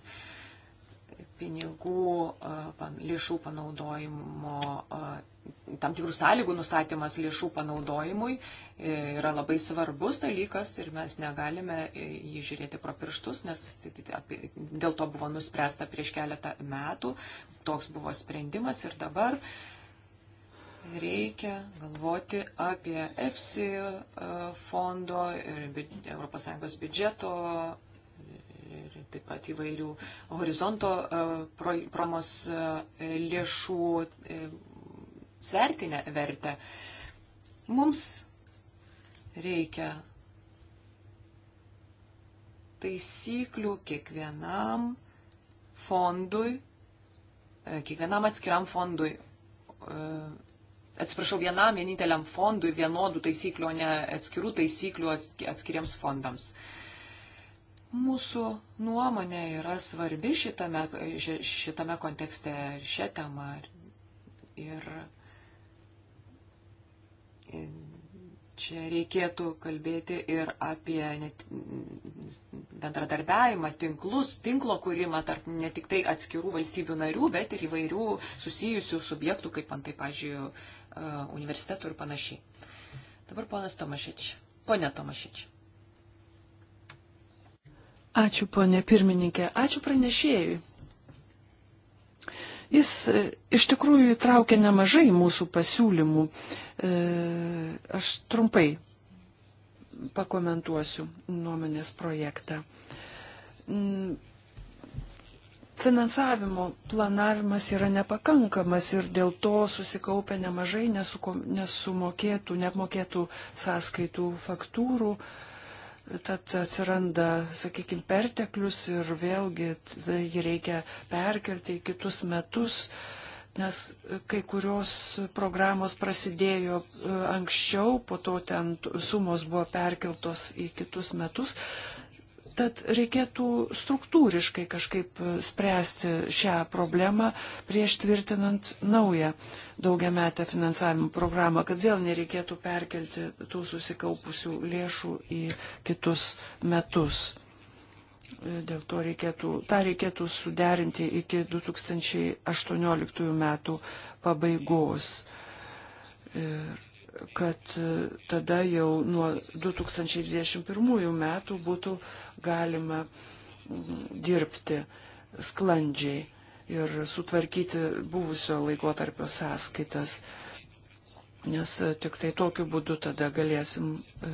pinigų, lėšų panaudojimo, tam tikrų sąlygų nustatymas lėšų panaudojimui e, yra labai svarbus dalykas ir mes negalime e, jį žiūrėti pro pirštus, nes tai, tai, tai dėl to buvo nuspręsta prieš keletą metų, toks buvo sprendimas ir dabar reikia galvoti apie EFSI fondo ir ES biudžeto taip pat įvairių horizonto e, promos e, lėšų e, svertinę vertę. Mums reikia taisyklių kiekvienam fondui, kiekvienam atskiram fondui atsiprašau, vienam vieninteliam fondui vienodų taisyklių, o ne atskirų taisyklių atskiriems fondams. Mūsų nuomonė yra svarbi šitame, šitame kontekste ir šią temą. Ir, ir čia reikėtų kalbėti ir apie net, bendradarbiavimą, tinklus, tinklo kūrimą tarp ne tik tai atskirų valstybių narių, bet ir įvairių susijusių subjektų, kaip antai, pažiūrėjau, e, universitetų ir panašiai. Dabar ponas Tomašič. Pone Tomašič. Ačiū, ponė pirmininkė. Ačiū pranešėjui. Jis e, iš tikrųjų įtraukė nemažai mūsų pasiūlymų. E, aš trumpai pakomentuosiu nuomonės projektą. Finansavimo planavimas yra nepakankamas ir dėl to susikaupia nemažai nesumokėtų, neapmokėtų sąskaitų faktūrų. Uh, Tad atsiranda, sakykime, perteklius ir vėlgi tai jį reikia perkelti į kitus metus, nes kai kurios programos prasidėjo e, anksčiau, po to ten sumos buvo perkeltos į kitus metus. Tad reikėtų struktūriškai kažkaip spręsti šią problemą prieš tvirtinant naują daugiametę finansavimo programą, kad vėl nereikėtų perkelti tų susikaupusių lėšų į kitus metus. Dėl to reikėtų, tą reikėtų suderinti iki 2018 metų pabaigos. Ir kad e, tada jau nuo 2021 metų būtų galima mm, dirbti sklandžiai ir sutvarkyti buvusio laikotarpio sąskaitas, nes e, tik tai tokiu būdu tada galėsim e,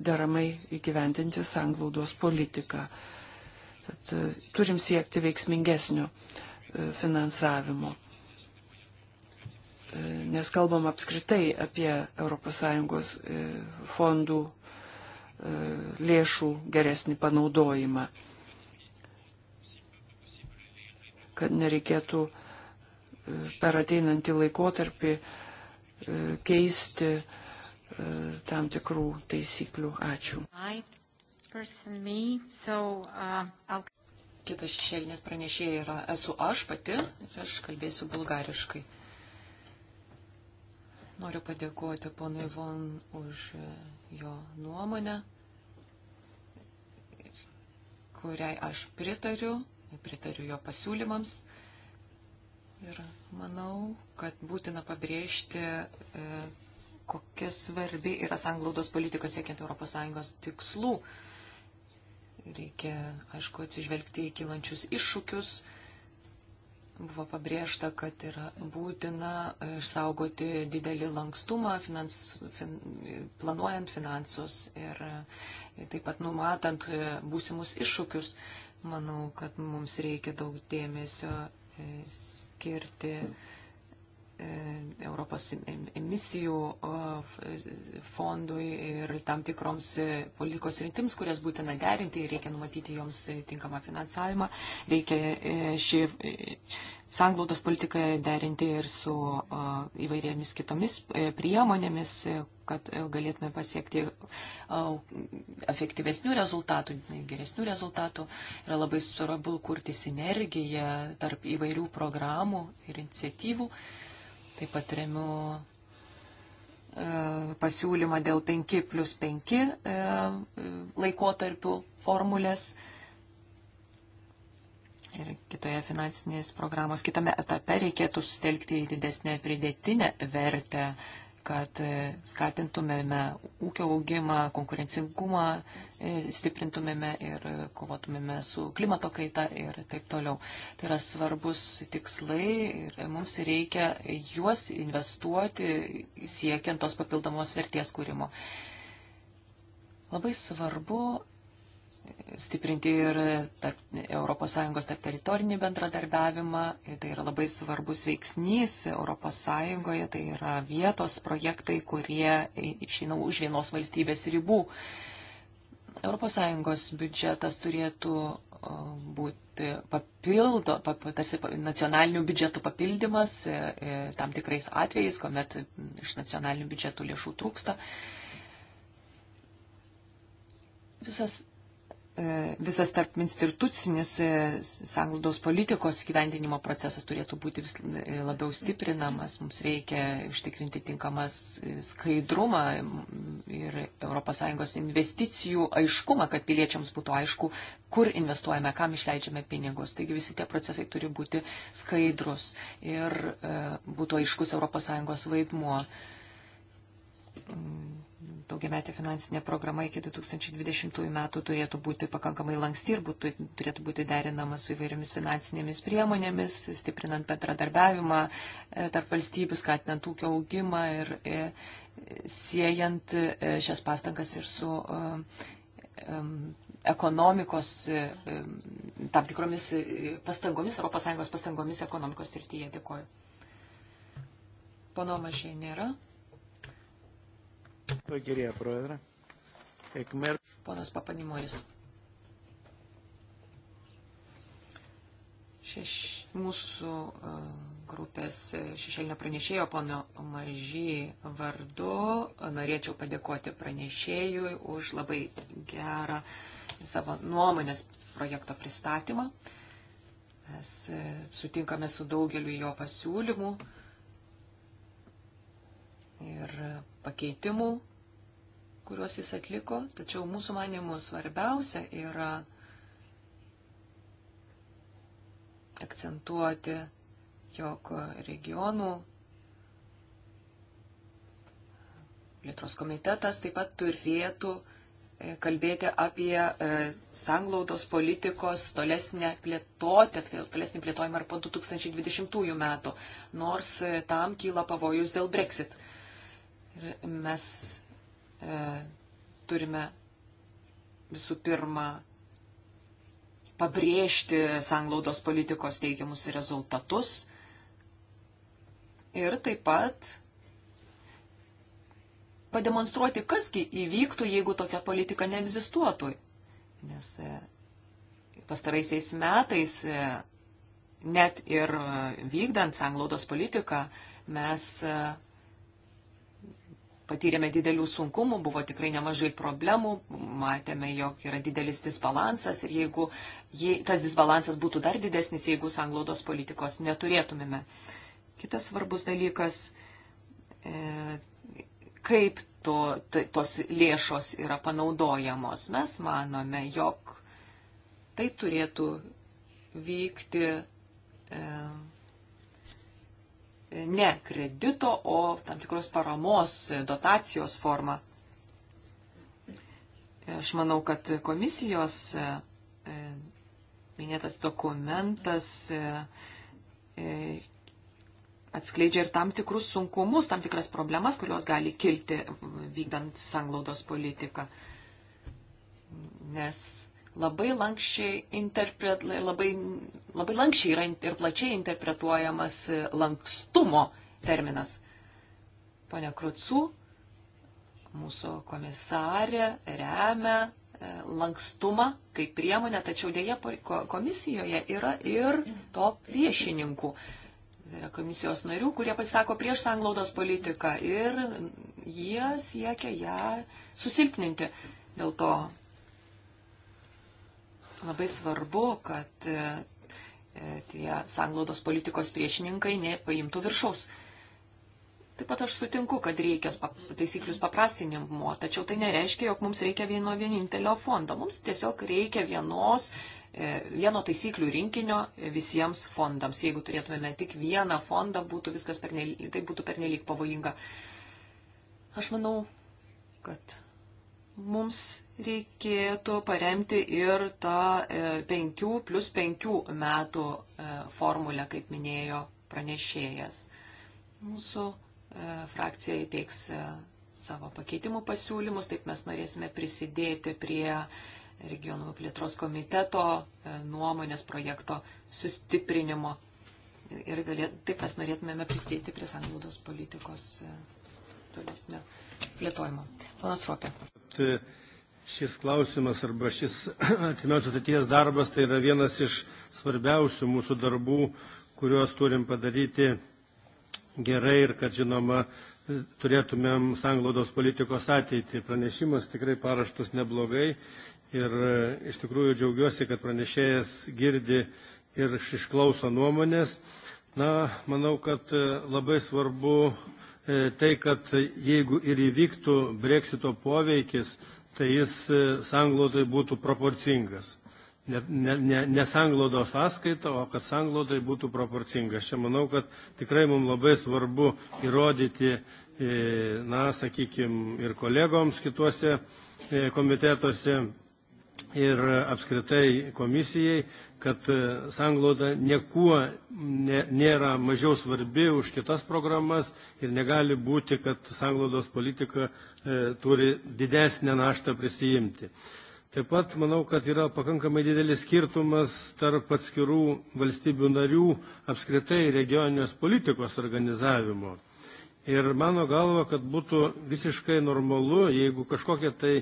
deramai įgyvendinti sanglaudos politiką. Tad turim siekti veiksmingesnio finansavimo nes kalbam apskritai apie ES e, fondų e, lėšų geresnį panaudojimą, kad nereikėtų e, per ateinantį laikotarpį keisti tam tikrų taisyklių. Ačiū. Uh, Kitas šešėlinės pranešėjas yra esu aš pati ir aš kalbėsiu bulgariškai. Noriu padėkoti ponui Von už jo nuomonę, kuriai aš pritariu, pritariu jo pasiūlymams. Ir manau, kad būtina pabrėžti, e, kokia svarbi yra sanglaudos politika siekiant ES tikslų. Reikia, aišku, atsižvelgti į kilančius iššūkius Buvo pabrėžta, kad yra būtina išsaugoti didelį lankstumą, finans, fin, planuojant finansus ir taip pat numatant būsimus iššūkius. Manau, kad mums reikia daug dėmesio skirti. Mm Europos emisijų fondui ir tam tikroms e, politikos rintims, kurias būtina derinti ir reikia numatyti joms e, tinkamą finansavimą. Reikia e, šį sanglaudos politiką derinti ir su įvairiomis kitomis priemonėmis, kad galėtume pasiekti efektyvesnių rezultatų, geresnių rezultatų. Yra labai svarbu kurti sinergiją tarp įvairių programų ir iniciatyvų. Uh, Taip pat remiu e, pasiūlymą dėl 5 plus 5 e, laikotarpių formulės. Ir kitoje finansinės programos, kitame etape reikėtų sustelkti į didesnę pridėtinę vertę kad e, skatintumėme ūkio augimą, konkurencingumą, e, stiprintumėme ir e, kovotumėme su klimato kaita ir taip toliau. Tai yra svarbus tikslai ir mums reikia juos investuoti siekiant tos papildomos vertės kūrimo. Labai svarbu stiprinti ir tarp ES tarp teritorinį bendradarbiavimą. Tai yra labai svarbus veiksnys ES, tai yra vietos projektai, kurie išeina už vienos valstybės ribų. ES biudžetas turėtų būti papildo, pap, tarsi nacionalinių biudžetų papildymas e, e, tam tikrais atvejais, kuomet iš nacionalinių biudžetų lėšų trūksta. Visas E, visas tarp institucinis e, sanglaudos politikos gyvendinimo procesas turėtų būti vis e, labiau stiprinamas. Mums reikia užtikrinti tinkamas skaidrumą ir ES investicijų aiškumą, kad piliečiams būtų aišku, kur investuojame, kam išleidžiame pinigus. Taigi visi tie procesai turi būti skaidrus ir būtų aiškus ES vaidmuo mm daugiametė finansinė programa iki 2020 metų turėtų būti pakankamai lanksti ir būtų, turėtų būti derinama su įvairiomis finansinėmis priemonėmis, stiprinant bendradarbiavimą e, tarp valstybių, skatinant ūkio augimą ir e, siejant e, šias pastangas ir su ekonomikos, tam tikromis pastangomis, ES pastangomis ekonomikos srityje. Dėkuoju. Pono mažai nėra. Κυρία Πρόεδρε, εκ μέρου... Πόνας Παπανημόρης. Šeš, mūsų e, grupės šešėlinio pranešėjo pono Mažy vardu norėčiau padėkoti pranešėjui už labai gerą savo nuomonės projekto pristatymą. Mes e, sutinkame su daugeliu jo pasiūlymų ir pakeitimų, kuriuos jis atliko, tačiau mūsų manimų svarbiausia yra akcentuoti, jog regionų plėtros komitetas taip pat turėtų e, kalbėti apie e, sanglaudos politikos tolesnę plėtotę, tolesnį plėtojimą ar po 2020 metų, nors e, tam kyla pavojus dėl Brexit. Ir mes e, turime visų pirma pabrėžti sanglaudos politikos teigiamus rezultatus ir taip pat pademonstruoti, kasgi įvyktų, jeigu tokia politika neegzistuotų. Nes e, pastaraisiais metais, e, net ir vykdant sanglaudos politiką, mes e, patyrėme didelių sunkumų, buvo tikrai nemažai problemų, matėme, jog yra didelis disbalansas ir jeigu jį, tas disbalansas būtų dar didesnis, jeigu sanglaudos politikos neturėtumėme. Kitas svarbus dalykas, e, kaip to, t, tos lėšos yra panaudojamos. Mes manome, jog tai turėtų vykti. E, ne kredito, o tam tikros paramos, dotacijos forma. Aš manau, kad komisijos e, e, minėtas dokumentas e, atskleidžia ir tam tikrus sunkumus, tam tikras problemas, kurios gali kilti vykdant sanglaudos politiką. Nes labai lankščiai, interpret, labai, labai lankščiai yra ir plačiai interpretuojamas e, lankstumo terminas. Pone Krutsų, mūsų komisarė remia e, lankstumą kaip priemonę, tačiau dėja komisijoje yra ir to priešininkų. Tai yra komisijos narių, kurie pasisako prieš sanglaudos politiką ir jie siekia ją susilpninti. Dėl to Labai svarbu, kad e, e, tie sanglaudos politikos priešininkai nepaimtų viršaus. Taip pat aš sutinku, kad reikia taisyklių paprastinimo, tačiau tai nereiškia, jog mums reikia vieno vienintelio fondo. Mums tiesiog reikia vienos, e, vieno taisyklių rinkinio visiems fondams. Jeigu turėtumėme tik vieną fondą, būtų viskas pernelyg, tai būtų pernelyg pavojinga. Aš manau, kad mums reikėtų paremti ir tą 5 e, plus 5 metų e, formulę, kaip minėjo pranešėjas. Mūsų e, frakcija įteiks savo pakeitimų pasiūlymus, taip mes norėsime prisidėti prie regionų plėtros komiteto nuomonės projekto sustiprinimo. Ir galėt, taip mes norėtumėme prisidėti prie sanglaudos politikos tolesnio plėtojimo. Ponas Ropė. Tai šis klausimas arba šis atimiausios ateities darbas tai yra vienas iš svarbiausių mūsų darbų, kuriuos turim padaryti gerai ir kad žinoma turėtumėm sanglaudos politikos ateitį. Pranešimas tikrai paraštas neblogai ir e, iš tikrųjų džiaugiuosi, kad pranešėjas girdi ir išklauso nuomonės. Na, manau, kad e, labai svarbu e, tai, kad jeigu ir įvyktų breksito poveikis, tai jis e, sanglaudai būtų proporcingas. Ne, ne, ne, ne sanglaudo sąskaita, o kad sanglaudai būtų proporcingas. Čia manau, kad tikrai mums labai svarbu įrodyti, e, na, sakykime, ir kolegoms kituose e, komitetuose ir apskritai komisijai, kad sanglauda niekuo ne, nėra mažiau svarbi už kitas programas ir negali būti, kad sanglaudos politika E, turi didesnę naštą prisijimti. Taip pat manau, kad yra pakankamai didelis skirtumas tarp atskirų valstybių narių apskritai regioninės politikos organizavimo. Ir mano galva, kad būtų visiškai normalu, jeigu kažkokia tai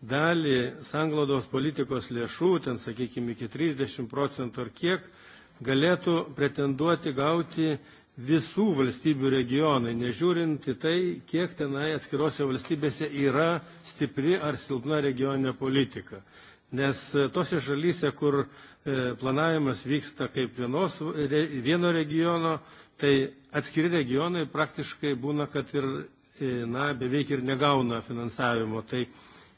dalį sanglaudos politikos lėšų, ten sakykime iki 30 procentų ar kiek, galėtų pretenduoti gauti visų valstybių regionai, nežiūrint į tai, kiek tenai atskirose valstybėse yra stipri ar silpna regioninė politika. Nes e, tose šalyse, kur e, planavimas vyksta kaip vienos, vieno regiono, tai atskiri regionai praktiškai būna, kad ir e, na, beveik ir negauna finansavimo. Tai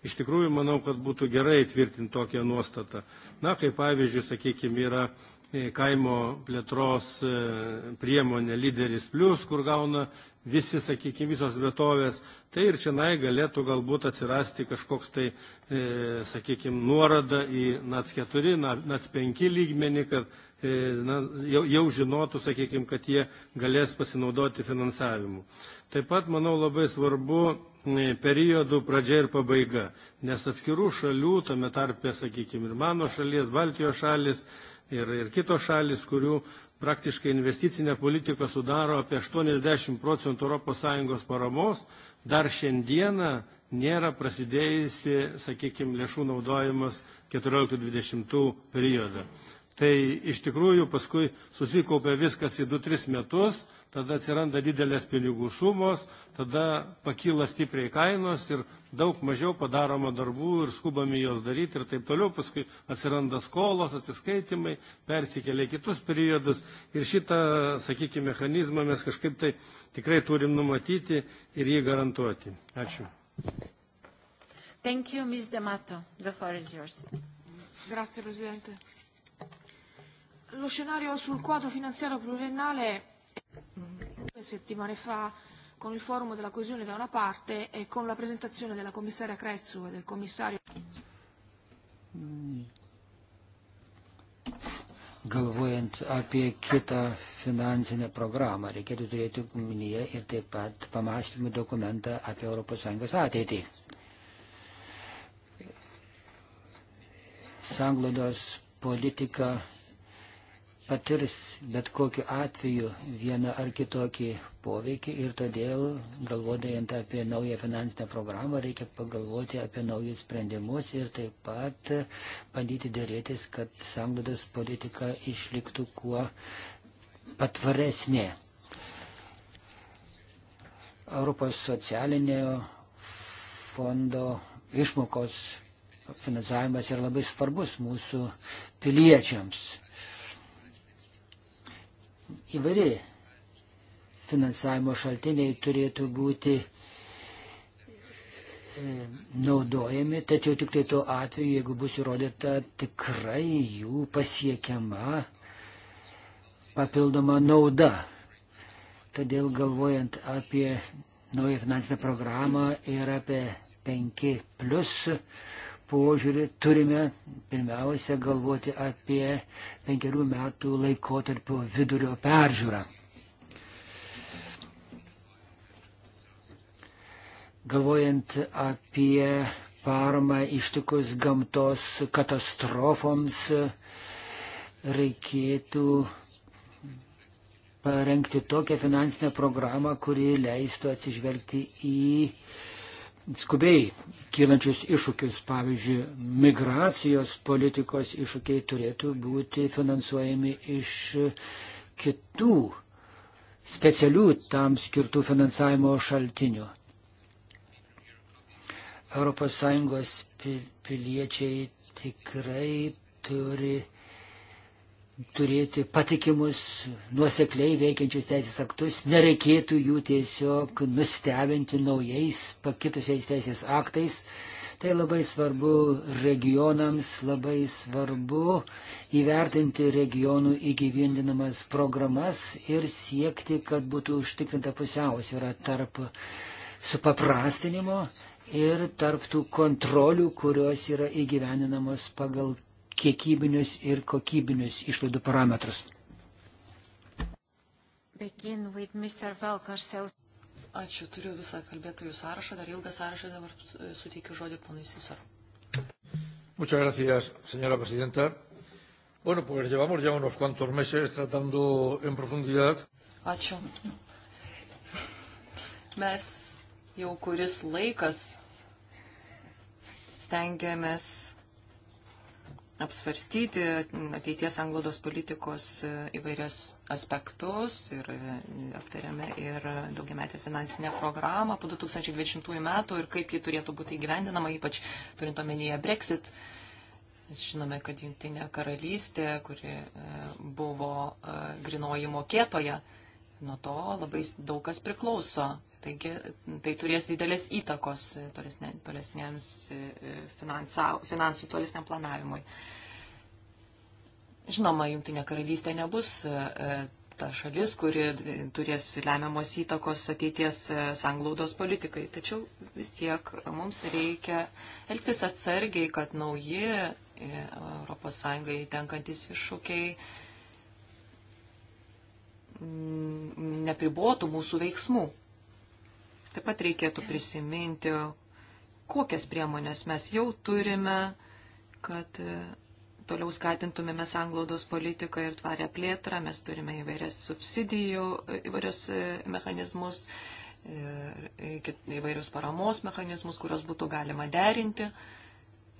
iš tikrųjų manau, kad būtų gerai tvirtinti tokią nuostatą. Na, kaip pavyzdžiui, sakykime, yra E, kaimo plėtros e, priemonė Lyderis Plus, kur gauna visi, sakykime, visos vietovės, tai ir čionai galėtų galbūt atsirasti kažkoks tai, e, sakykime, nuorada į NAC 4, NAC 5 lygmenį, kad na, jau, jau žinotų, sakykime, kad jie galės pasinaudoti finansavimu. Taip pat, manau, labai svarbu periodų pradžia ir pabaiga, nes atskirų šalių, tame tarpe, sakykime, ir mano šalies, Baltijos šalis, ir, ir kitos šalis, kurių praktiškai investicinė politika sudaro apie 80 procentų ES paramos, dar šiandieną nėra prasidėjusi, sakykime, lėšų naudojimas 14-20 periodą. Tai iš tikrųjų paskui susikaupia viskas į 2-3 metus, tada atsiranda didelės pinigų sumos, tada pakyla stipriai kainos ir daug mažiau padaroma darbų ir skubami jos daryti ir taip toliau, paskui atsiranda skolos, atsiskaitimai, persikelia į kitus periodus ir šitą, sakykime, mechanizmą mes kažkaip tai tikrai turim numatyti ir jį garantuoti. Ačiū. Thank you, Ms. D'Amato. The floor is yours. Grazie, Presidente. Lo scenario sul quadro finanziario pluriennale Settimane fa con il forum della coesione da una parte e con la presentazione della commissaria Crezzu e del commissario. Galvojant apie kitą finansinę programą, reikėtų turėti minėje ir taip pat pamastymų dokumentą apie ES ateitį. Sanglodos politika patirs bet kokiu atveju vieną ar kitokį poveikį ir todėl, galvodant apie naują finansinę programą, reikia pagalvoti apie naujus sprendimus ir taip pat bandyti dėrėtis, kad sanglados politika išliktų kuo patvaresnė. Europos socialinio fondo išmokos finansavimas yra labai svarbus mūsų piliečiams įvairi. Finansavimo šaltiniai turėtų būti e, naudojami, tačiau tik tai tuo atveju, jeigu bus įrodyta tikrai jų pasiekiama papildoma nauda. Todėl galvojant apie naują finansinę programą ir apie 5 plus, požiūrį turime pirmiausia galvoti apie penkerių metų laikotarpio vidurio peržiūrą. Galvojant apie paramą ištikus gamtos katastrofoms, reikėtų parengti tokią finansinę programą, kuri leistų atsižvelgti į skubiai kylančius iššūkius. Pavyzdžiui, migracijos politikos iššūkiai turėtų būti finansuojami iš kitų specialių tam skirtų finansavimo šaltinių. ES piliečiai tikrai turi turėti patikimus, nuosekliai veikiančius teisės aktus, nereikėtų jų tiesiog nustebinti naujais pakitusiais teisės aktais. Tai labai svarbu regionams, labai svarbu įvertinti regionų įgyvendinamas programas ir siekti, kad būtų užtikrinta pusiausvyrą tarp supaprastinimo ir tarptų kontrolių, kurios yra įgyveninamos pagal kiekybinius ir kokybinius išlaidų parametrus. Ačiū, turiu visą kalbėtojų sąrašą, dar ilgą sąrašą dabar suteikiu žodį ponui Sisar. Muchas gracias, señora presidenta. Bueno, pues llevamos ya unos cuantos meses tratando en profundidad. Ačiū. Mes jau kuris laikas stengiamės apsvarstyti ateities anglodos politikos e, įvairias aspektus ir e, aptarėme ir daugiametę finansinę programą po 2020 metų ir kaip ji turėtų būti įgyvendinama, ypač turint omenyje Brexit. Mes žinome, kad Junktinė karalystė, kuri e, buvo grinoji mokėtoja, nuo to labai daug kas priklauso. Taigi tai turės didelės įtakos tolesnė, tolesnėms e, e, finansa, finansų tolesniam planavimui. Žinoma, Junktinė karalystė nebus e, ta šalis, kuri turės lemiamos įtakos ateities sanglaudos politikai. Tačiau vis tiek mums reikia elgtis atsargiai, kad nauji ES tenkantis iššūkiai nepribotų mūsų veiksmų. Taip pat reikėtų prisiminti, kokias priemonės mes jau turime, kad e, toliau skatintumėme sanglaudos politiką ir tvarę plėtrą. Mes turime įvairias subsidijų, e, įvairias e, mechanizmus, įvairius paramos mechanizmus, kuriuos būtų galima derinti.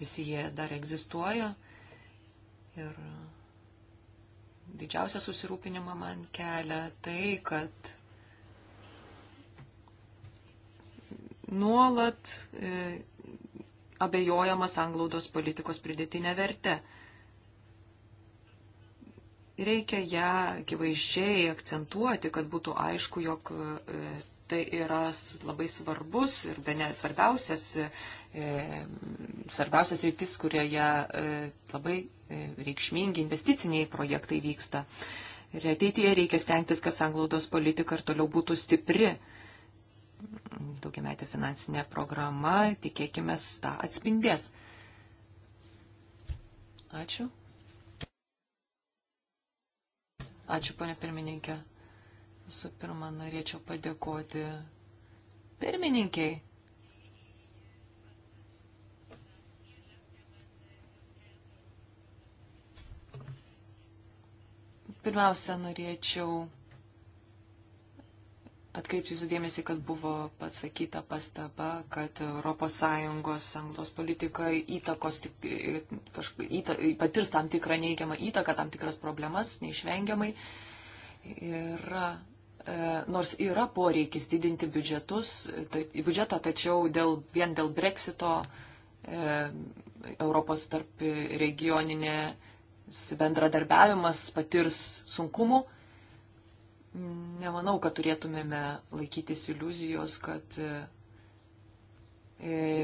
Visi jie dar egzistuoja. Ir didžiausia susirūpinima man kelia tai, kad nuolat e, abejojamas anglaudos politikos pridėtinė verte. Reikia ją akivaizdžiai akcentuoti, kad būtų aišku, jog e, tai yra labai svarbus ir be nesvarbiausias, e, svarbiausias rytis, kurioje e, labai e, reikšmingi investiciniai projektai vyksta. Ir ateityje reikia stengtis, kad sanglaudos politika ir toliau būtų stipri. E, daugiametė finansinė programa, tikėkime, tą atspindės. Ačiū. Ačiū, ponė pirmininkė. Visų pirma, norėčiau padėkoti pirmininkiai. Pirmiausia, norėčiau atkreipti jūsų dėmesį, kad buvo pasakyta pastaba, kad ES anglos politika įtakos, kažk, įta, patirs tam tikrą neigiamą įtaką, tam tikras problemas, neišvengiamai. Ir e, nors yra poreikis didinti biudžetus, tai, biudžetą, tačiau dėl, vien dėl breksito e, Europos tarp regioninės bendradarbiavimas patirs sunkumų nemanau, kad turėtumėme laikytis iliuzijos, kad e,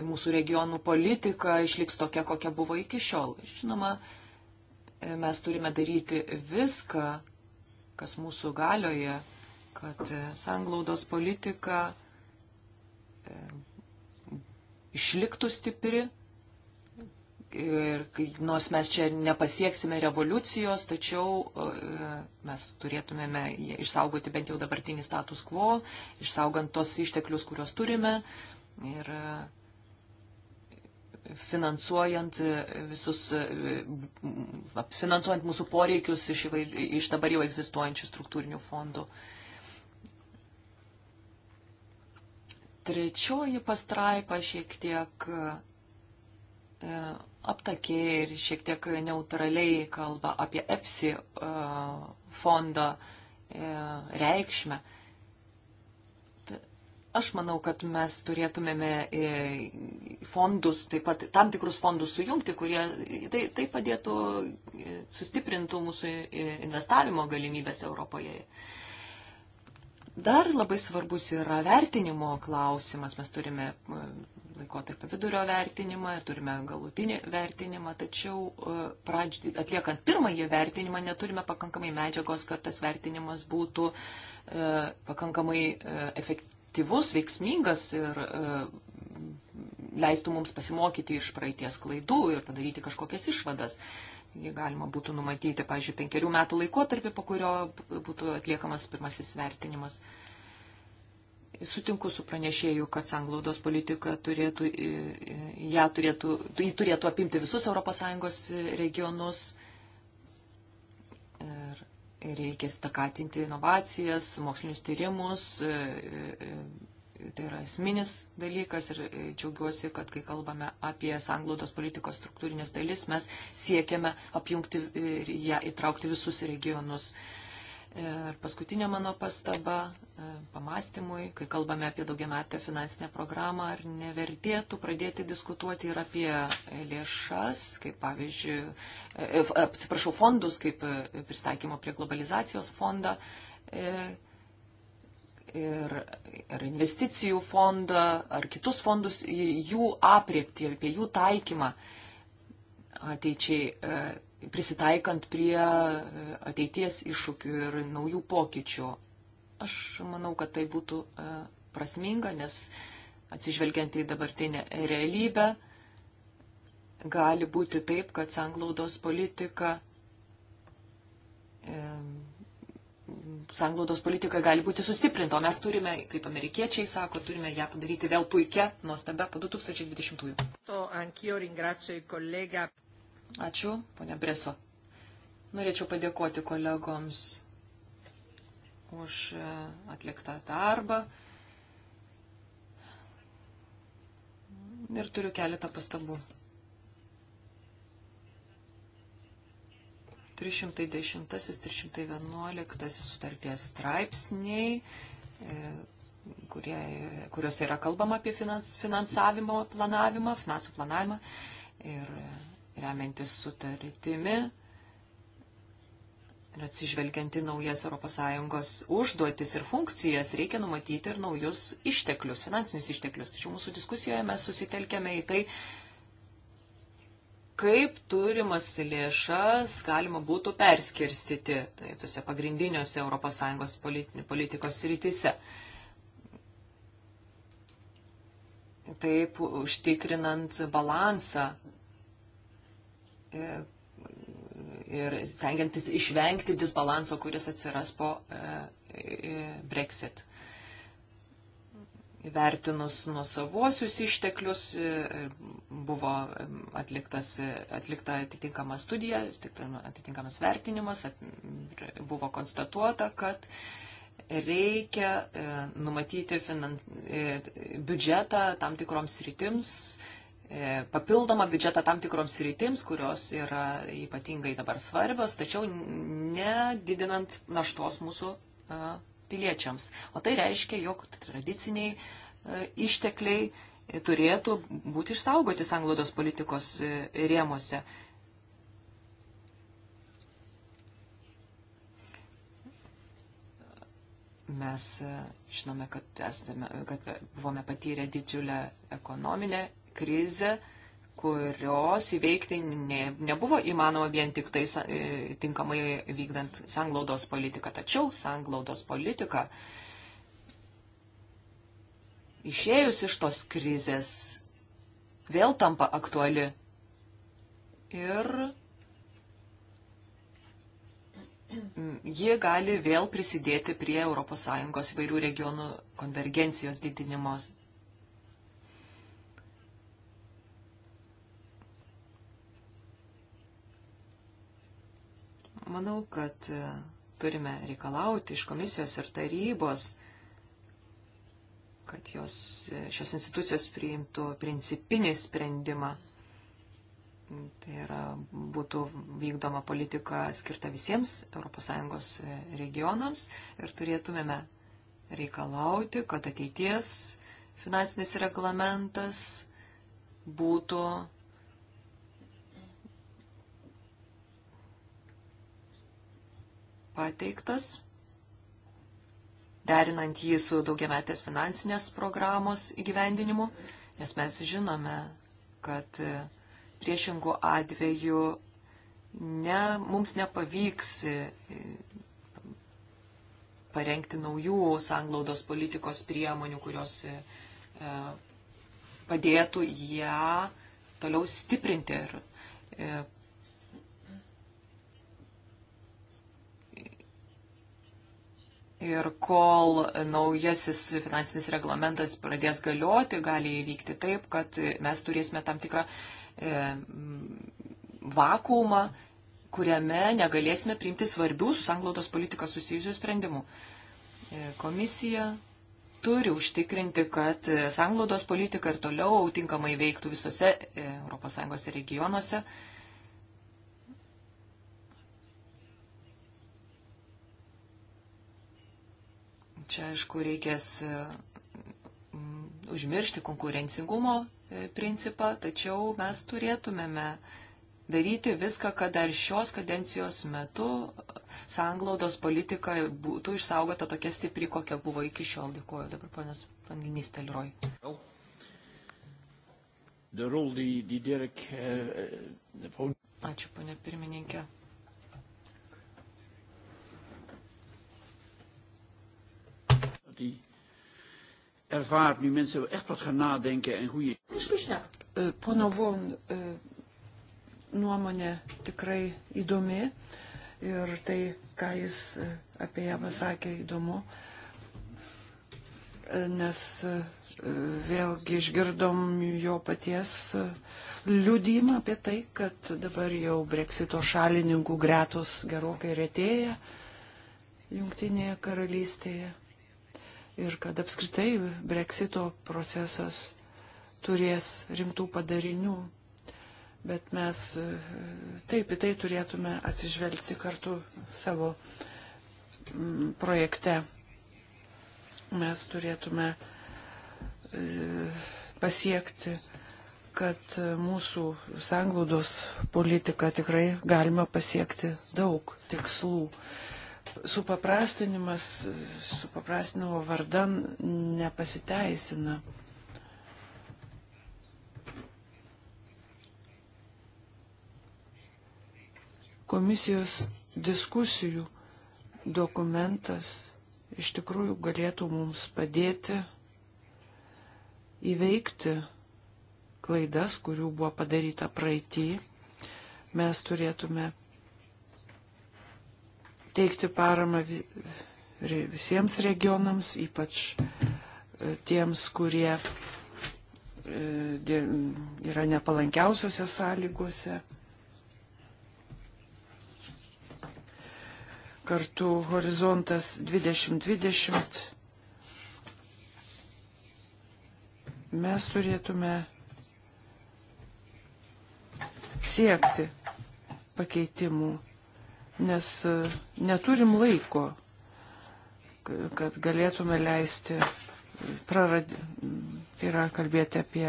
mūsų regionų politika išliks tokia, kokia buvo iki šiol. Žinoma, e, mes turime daryti viską, kas mūsų galioje, kad e, sanglaudos politika išliktų stipri Ir nors mes čia nepasieksime revoliucijos, tačiau e, mes turėtumėme išsaugoti bent jau dabartinį status quo, išsaugant tos išteklius, kuriuos turime ir e, finansuojant e, visus, finansuojant mūsų poreikius iš, įvair, iš dabar jau egzistuojančių struktūrinių fondų. Trečioji pastraipa šiek tiek aptakiai ir šiek tiek neutraliai kalba apie EFSI e, fondo e, reikšmę. Aš manau, kad mes turėtumėme e, fondus, taip pat tam tikrus fondus sujungti, kurie tai, tai padėtų, sustiprintų mūsų investavimo galimybės Europoje. Dar labai svarbus yra vertinimo klausimas. Mes turime laikotarpio vidurio vertinimą, turime galutinį vertinimą, tačiau e, pradži, atliekant pirmąjį vertinimą neturime pakankamai medžiagos, kad tas vertinimas būtų e, pakankamai e, efektyvus, veiksmingas ir leistų mums pasimokyti iš praeities klaidų ir padaryti kažkokias išvadas. Jį galima būtų numatyti, pavyzdžiui, penkerių metų laikotarpį, po kurio būtų atliekamas pirmasis vertinimas. Uh, sutinku su pranešėju, kad sanglaudos politika turėtų, ją turėtų, jį tai turėtų apimti visus ES regionus ir, ir reikia stakatinti inovacijas, mokslinius tyrimus. Tai yra esminis dalykas ir džiaugiuosi, kad kai kalbame apie sanglaudos politikos struktūrinės dalis, mes siekiame apjungti ir ją įtraukti visus regionus. Uh, Ir paskutinė mano pastaba e, pamastymui, kai kalbame apie daugiametę finansinę programą, ar nevertėtų pradėti diskutuoti ir apie lėšas, kaip pavyzdžiui, e, e, atsiprašau, fondus, kaip pristaikymo prie globalizacijos fondą ir, ir investicijų fondą, ar kitus fondus, jų apriepti, apie jų taikymą ateičiai prisitaikant prie e, ateities iššūkių ir naujų pokyčių. Aš manau, kad tai būtų e, prasminga, nes atsižvelgiant į dabartinę realybę, gali būti taip, kad sanglaudos politika. E, sanglaudos politika gali būti sustiprinta, o mes turime, kaip amerikiečiai sako, turime ją padaryti vėl puikia, nuostabia po 2020-ųjų. Ačiū, ponia Breso. Norėčiau padėkoti kolegoms už e, atliktą darbą. Ir turiu keletą pastabų. 310-311 sutarties straipsniai, e, kurie, kuriuose yra kalbama apie finans, finansavimo planavimą, finansų planavimą. Ir e, remiantis sutartimi ir atsižvelgianti naujas ES užduotis ir funkcijas, reikia numatyti ir naujus išteklius, finansinius išteklius. Tačiau mūsų diskusijoje mes susitelkėme į tai, kaip turimas lėšas galima būtų perskirstyti tai, tose pagrindiniuose ES politikos rytise. Taip užtikrinant balansą E, ir stengiantis išvengti disbalanso, kuris atsiras po e, e, Brexit. Įvertinus nusavuosius išteklius buvo atliktas, atlikta atitinkama studija, atitinkamas vertinimas, buvo konstatuota, kad reikia numatyti finan... biudžetą tam tikroms rytims, E, papildomą biudžetą tam tikroms rytims, kurios yra ypatingai dabar svarbios, tačiau nedidinant naštos mūsų e, piliečiams. O tai reiškia, jog tradiciniai e, ištekliai turėtų būti išsaugoti sanglaudos politikos rėmose. Mes žinome, kad, esame, kad buvome patyrę didžiulę ekonominę krizę, kurios įveikti ne, nebuvo įmanoma vien tik tai e, tinkamai vykdant sanglaudos politiką. Tačiau sanglaudos politika išėjus iš tos krizės vėl tampa aktuali. Ir ji gali vėl prisidėti prie ES įvairių regionų konvergencijos didinimos. Manau, kad e, turime reikalauti iš komisijos ir tarybos, kad jos, e, šios institucijos priimtų principinį sprendimą. Tai yra, būtų vykdoma politika skirta visiems ES e, regionams ir turėtumėme reikalauti, kad ateities finansinis reglamentas būtų pateiktas, derinant jį su daugiametės finansinės programos įgyvendinimu, nes mes žinome, kad priešingų atveju ne, mums nepavyks e, parengti naujų sanglaudos politikos priemonių, kurios e, e, padėtų ją toliau stiprinti ir Ir kol naujasis finansinis reglamentas pradės galioti, gali įvykti taip, kad mes turėsime tam tikrą e, vakumą, kuriame negalėsime priimti svarbių su sanglaudos politika susijusių sprendimų. Ir e, komisija turi užtikrinti, kad sanglaudos politika ir toliau tinkamai veiktų visose ES regionuose. E, Čia, aišku, reikės e, užmiršti konkurencingumo e, principą, tačiau mes turėtumėme daryti viską, kad dar šios kadencijos metu e, sanglaudos politika būtų išsaugota tokia stipri, kokia buvo iki šiol. Dėkuoju dabar, ponas Panginys Teliroj. Uh, uh, Ačiū, ponė pirmininkė. die ervaart nu mensen echt wat gaan nadenken en goede... Pono Von nuomonė tikrai įdomi ir tai, ką jis eh, apie ją pasakė, įdomu, eh, nes eh, vėlgi išgirdom jo paties liudymą apie tai, kad dabar jau breksito šalininkų gretos gerokai retėja Jungtinėje karalystėje ir kad apskritai breksito procesas turės rimtų padarinių. Bet mes e, taip į tai turėtume atsižvelgti kartu savo mm, projekte. Mes turėtume e, pasiekti, kad mūsų sanglaudos politika tikrai galima pasiekti daug tikslų supaprastinimas, supaprastinimo vardan nepasiteisina. Komisijos diskusijų dokumentas iš tikrųjų galėtų mums padėti įveikti klaidas, kurių buvo padaryta praeitį. Mes turėtume teikti paramą visiems regionams, ypač e, tiems, kurie e, yra nepalankiausiose sąlygose. Kartu horizontas 2020 mes turėtume siekti pakeitimų nes e, neturim laiko, kad galėtume leisti praradi, tai yra kalbėti apie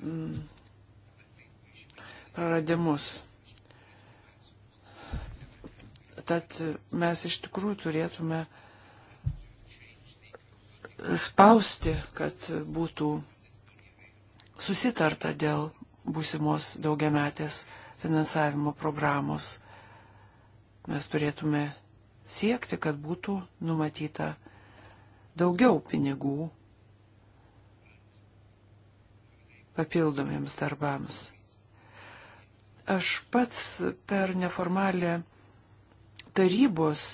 mm, praradimus. Tad mes iš tikrųjų turėtume spausti, kad būtų susitarta dėl būsimos daugiametės finansavimo programos. Mes turėtume siekti, kad būtų numatyta daugiau pinigų papildomiems darbams. Aš pats per neformalę tarybos,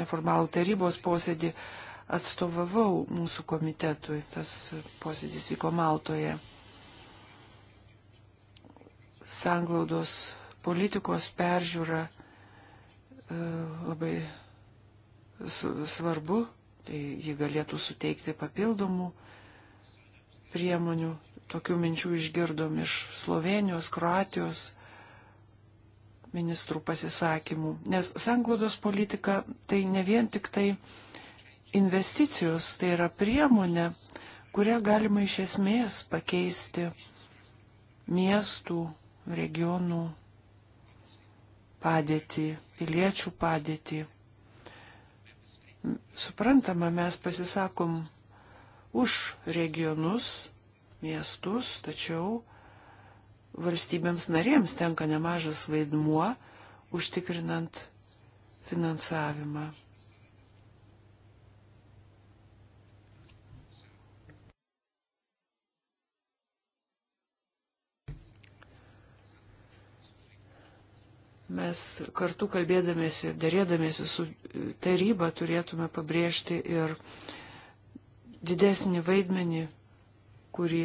neformalų tarybos posėdį atstovavau mūsų komitetui. Tas posėdis vyko Maltoje. Sanglaudos politikos peržiūra e, labai svarbu, tai ji galėtų suteikti papildomų priemonių. Tokių minčių išgirdom iš Slovenijos, Kroatijos ministrų pasisakymų. Nes sanglaudos politika tai ne vien tik tai investicijos, tai yra priemonė, kurią galima iš esmės pakeisti miestų, regionų padėtį, piliečių padėtį. Suprantama, mes pasisakom už regionus, miestus, tačiau valstybėms narėms tenka nemažas vaidmuo užtikrinant finansavimą. Mes kartu kalbėdamėsi, dėrėdamėsi su e, taryba turėtume pabrėžti ir didesnį vaidmenį, kurį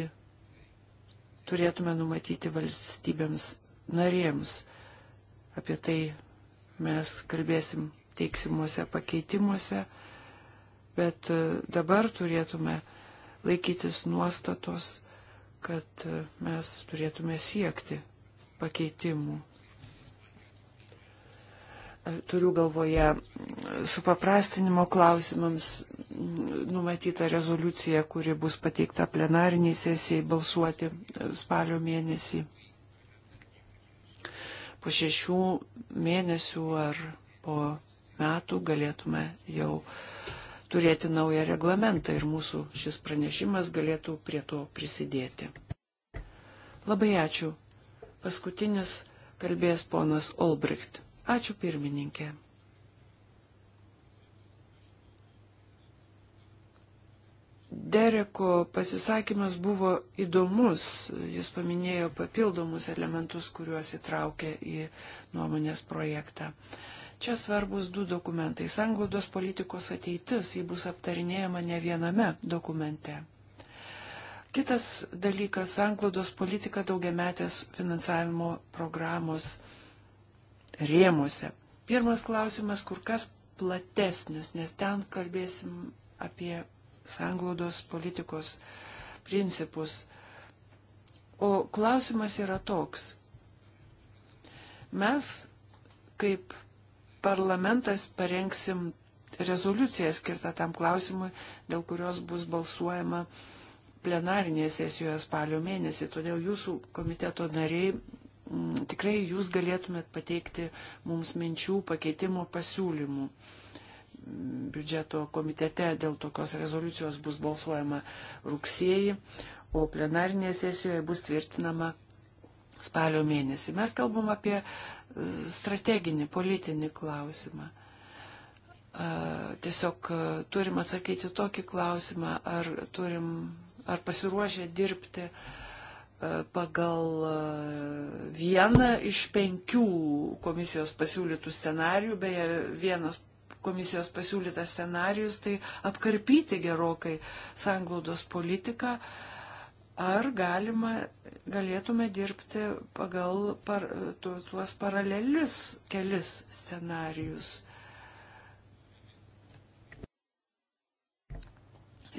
turėtume numatyti valstybėms narėms. Apie tai mes kalbėsim teiksimuose pakeitimuose, bet e, dabar turėtume laikytis nuostatos, kad e, mes turėtume siekti pakeitimų. Turiu galvoje supaprastinimo klausimams numatyta rezoliucija, kuri bus pateikta plenariniai sesijai balsuoti spalio mėnesį. Po šešių mėnesių ar po metų galėtume jau turėti naują reglamentą ir mūsų šis pranešimas galėtų prie to prisidėti. Labai ačiū. Paskutinis kalbės ponas Olbricht. Ačiū pirmininkė. Dereko pasisakymas buvo įdomus, jis paminėjo papildomus elementus, kuriuos įtraukė į nuomonės projektą. Čia svarbus du dokumentai. Sanglaudos politikos ateitis, jį bus aptarinėjama ne viename dokumente. Kitas dalykas - sanglaudos politika daugiametės finansavimo programos rėmuose. Pirmas klausimas kur kas platesnis, nes ten kalbėsim apie sanglaudos politikos principus. O klausimas yra toks. Mes kaip parlamentas parengsim rezoliuciją skirtą tam klausimui, dėl kurios bus balsuojama plenarinėje sesijoje spalio mėnesį. Todėl jūsų komiteto nariai Mm, tikrai jūs galėtumėt pateikti mums minčių, pakeitimo pasiūlymų. Mm, biudžeto komitete dėl tokios rezoliucijos bus balsuojama rugsėjį, o plenarinėje sesijoje bus tvirtinama spalio mėnesį. Mes kalbam apie e, strateginį, politinį klausimą. Tiesiog e, turim atsakyti tokį klausimą, ar, turim, ar pasiruošę dirbti uh, pagal e, vieną iš penkių komisijos pasiūlytų scenarių, beje, vienas komisijos pasiūlytas scenarius, tai apkarpyti gerokai sanglaudos politiką, ar galima, galėtume dirbti pagal par, tu, tuos paralelius kelis scenarius.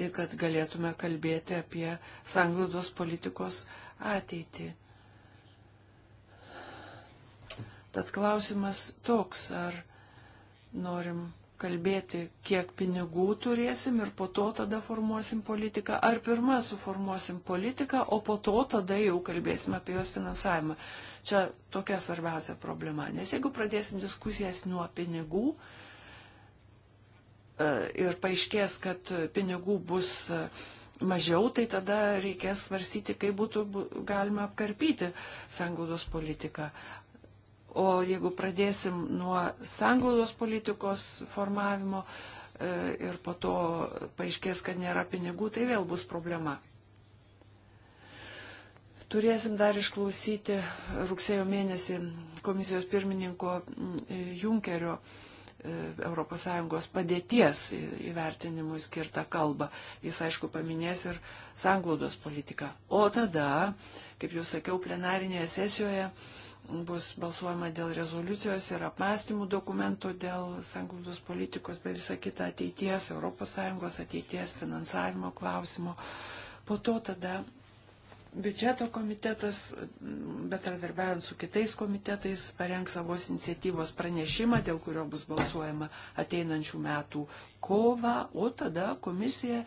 Ir kad galėtume kalbėti apie sanglaudos politikos ateitį. Tad klausimas toks, ar norim kalbėti, kiek pinigų turėsim ir po to tada formuosim politiką, ar pirmą suformuosim politiką, o po to tada jau kalbėsim apie jos finansavimą. Čia tokia svarbiausia problema, nes jeigu pradėsim diskusijas nuo pinigų e, ir paaiškės, kad pinigų bus e, mažiau, tai tada reikės svarstyti, kaip būtų galima apkarpyti sanglaudos politiką. O jeigu pradėsim nuo sanglaudos politikos formavimo e, ir po to paaiškės, kad nėra pinigų, tai vėl bus problema. Turėsim dar išklausyti rugsėjo mėnesį komisijos pirmininko Junkerio ES padėties įvertinimui skirtą kalbą. Jis, aišku, paminės ir sanglaudos politiką. O tada, kaip jau sakiau, plenarinėje sesijoje bus balsuojama dėl rezoliucijos ir apmąstymų dokumentų dėl sanglaudos politikos, be visą kitą ateities, ES ateities, finansavimo klausimo. Po to tada biudžeto komitetas, mm, betradarbiaujant su kitais komitetais, parengs savos iniciatyvos pranešimą, dėl kurio bus balsuojama ateinančių metų kovą, o tada komisija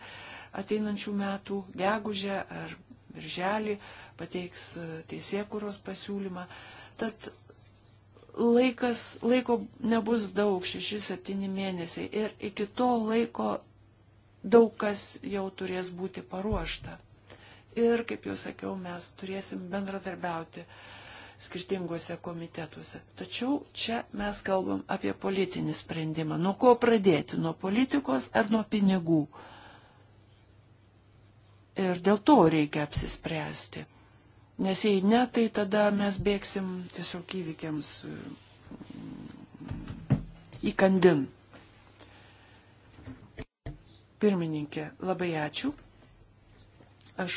ateinančių metų gegužę ar birželį pateiks e, teisėkuros pasiūlymą. Tad laikas, laiko nebus daug, 6-7 mėnesiai ir iki to laiko daug kas jau turės būti paruošta ir, kaip jau sakiau, mes turėsim bendradarbiauti skirtinguose komitetuose. Tačiau čia mes kalbam apie politinį sprendimą. Nuo ko pradėti? Nuo politikos ar nuo pinigų? Ir dėl to reikia apsispręsti. Nes jei ne, tai tada mes bėgsim tiesiog įvykiams mm, įkandin. Pirmininkė, labai ačiū. Aš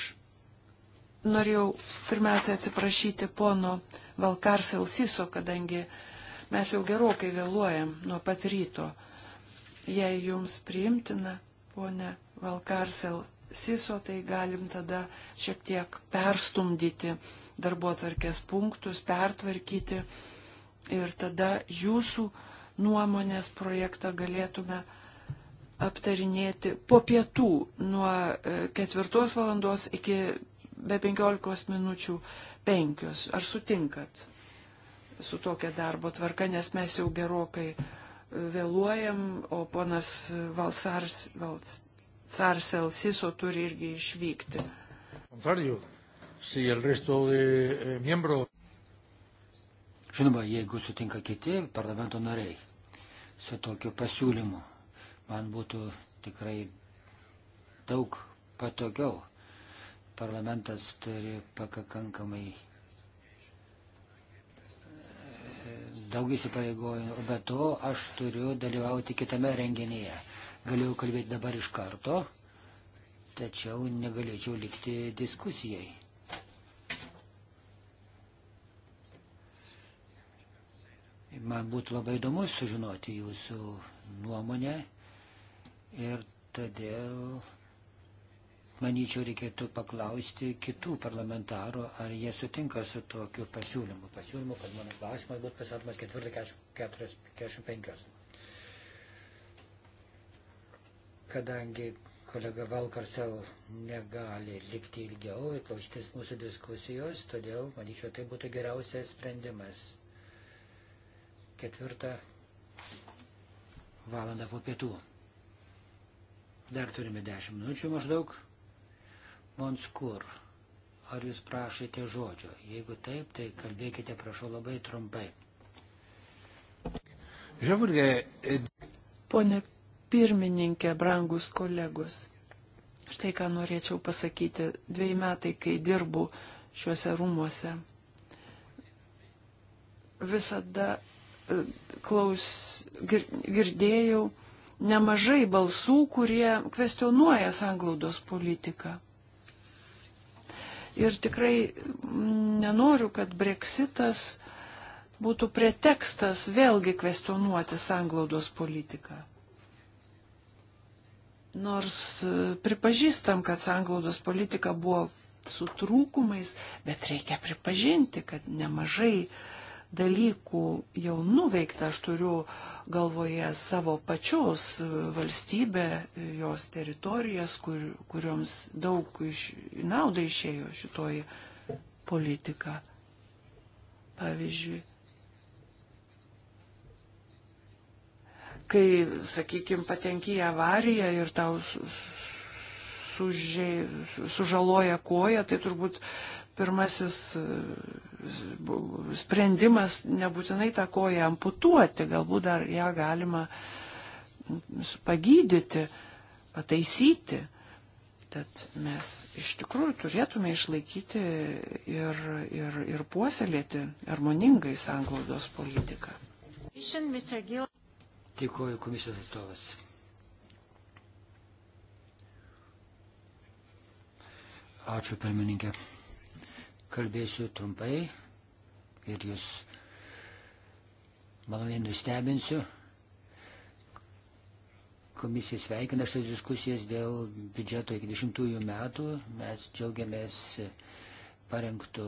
norėjau pirmiausia atsiprašyti pono Valkarsel Siso, kadangi mes jau gerokai vėluojam nuo pat ryto. Jei jums priimtina, ponė Valkarsel Siso, tai galim tada šiek tiek perstumdyti darbuotvarkės punktus, pertvarkyti ir tada jūsų nuomonės projektą galėtume aptarinėti po pietų nuo e, ketvirtos valandos iki be 15 minučių 5. Ar sutinkat su tokia darbo tvarka, nes mes jau gerokai e, vėluojam, o ponas Valsars, Valsarsel Siso turi irgi išvykti. Contrario, si el resto de eh, miembro... Žinoma, jeigu sutinka kiti parlamento nariai su tokiu pasiūlymu, man būtų tikrai daug patogiau parlamentas turi pakankamai daug įsipareigojimų, bet to aš turiu dalyvauti kitame renginyje. Galėjau kalbėti dabar iš karto, tačiau negalėčiau likti diskusijai. Man būtų labai įdomu sužinoti jūsų nuomonę ir todėl Manyčiau, reikėtų paklausti kitų parlamentarų, ar jie sutinka su tokiu pasiūlymu. Pasiūlymu, kad mano klausimas būtų pasakomas 4.45. Kadangi kolega Valkarsel negali likti ilgiau ir klausytis mūsų diskusijos, todėl, manyčiau, tai būtų geriausias sprendimas. Ketvirtą valandą po pietų. Dar turime 10 minučių maždaug. Monskur, ar jūs prašote žodžio? Jeigu taip, tai kalbėkite, prašau, labai trumpai. Pone pirmininkė, brangus kolegos, štai ką norėčiau pasakyti. Dviejai metai, kai dirbu šiuose rūmuose, visada e, klaus, gir, girdėjau nemažai balsų, kurie kvestionuoja sanglaudos politiką. Ir tikrai nenoriu, kad breksitas būtų pretekstas vėlgi kvestionuoti sanglaudos politiką. Nors pripažįstam, kad sanglaudos politika buvo su trūkumais, bet reikia pripažinti, kad nemažai uh, dalykų jau nuveikta, aš turiu galvoje savo pačios valstybę, jos teritorijas, kur, kurioms daug iš, naudai išėjo šitoji politika. Pavyzdžiui, kai, sakykime, patenki į avariją ir tau sužė, sužaloja koją, tai turbūt pirmasis sprendimas nebūtinai tą koją amputuoti, galbūt dar ją galima pagydyti, pataisyti. Tad mes iš tikrųjų turėtume išlaikyti ir, ir, ir puoselėti harmoningai sanglaudos politiką. Dėkuoju komisijos atstovas. Ačiū, pirmininkė kalbėsiu trumpai ir jūs maloniai nustebinsiu. Komisija sveikina šias diskusijas dėl biudžeto iki 20 metų. Mes džiaugiamės parengtų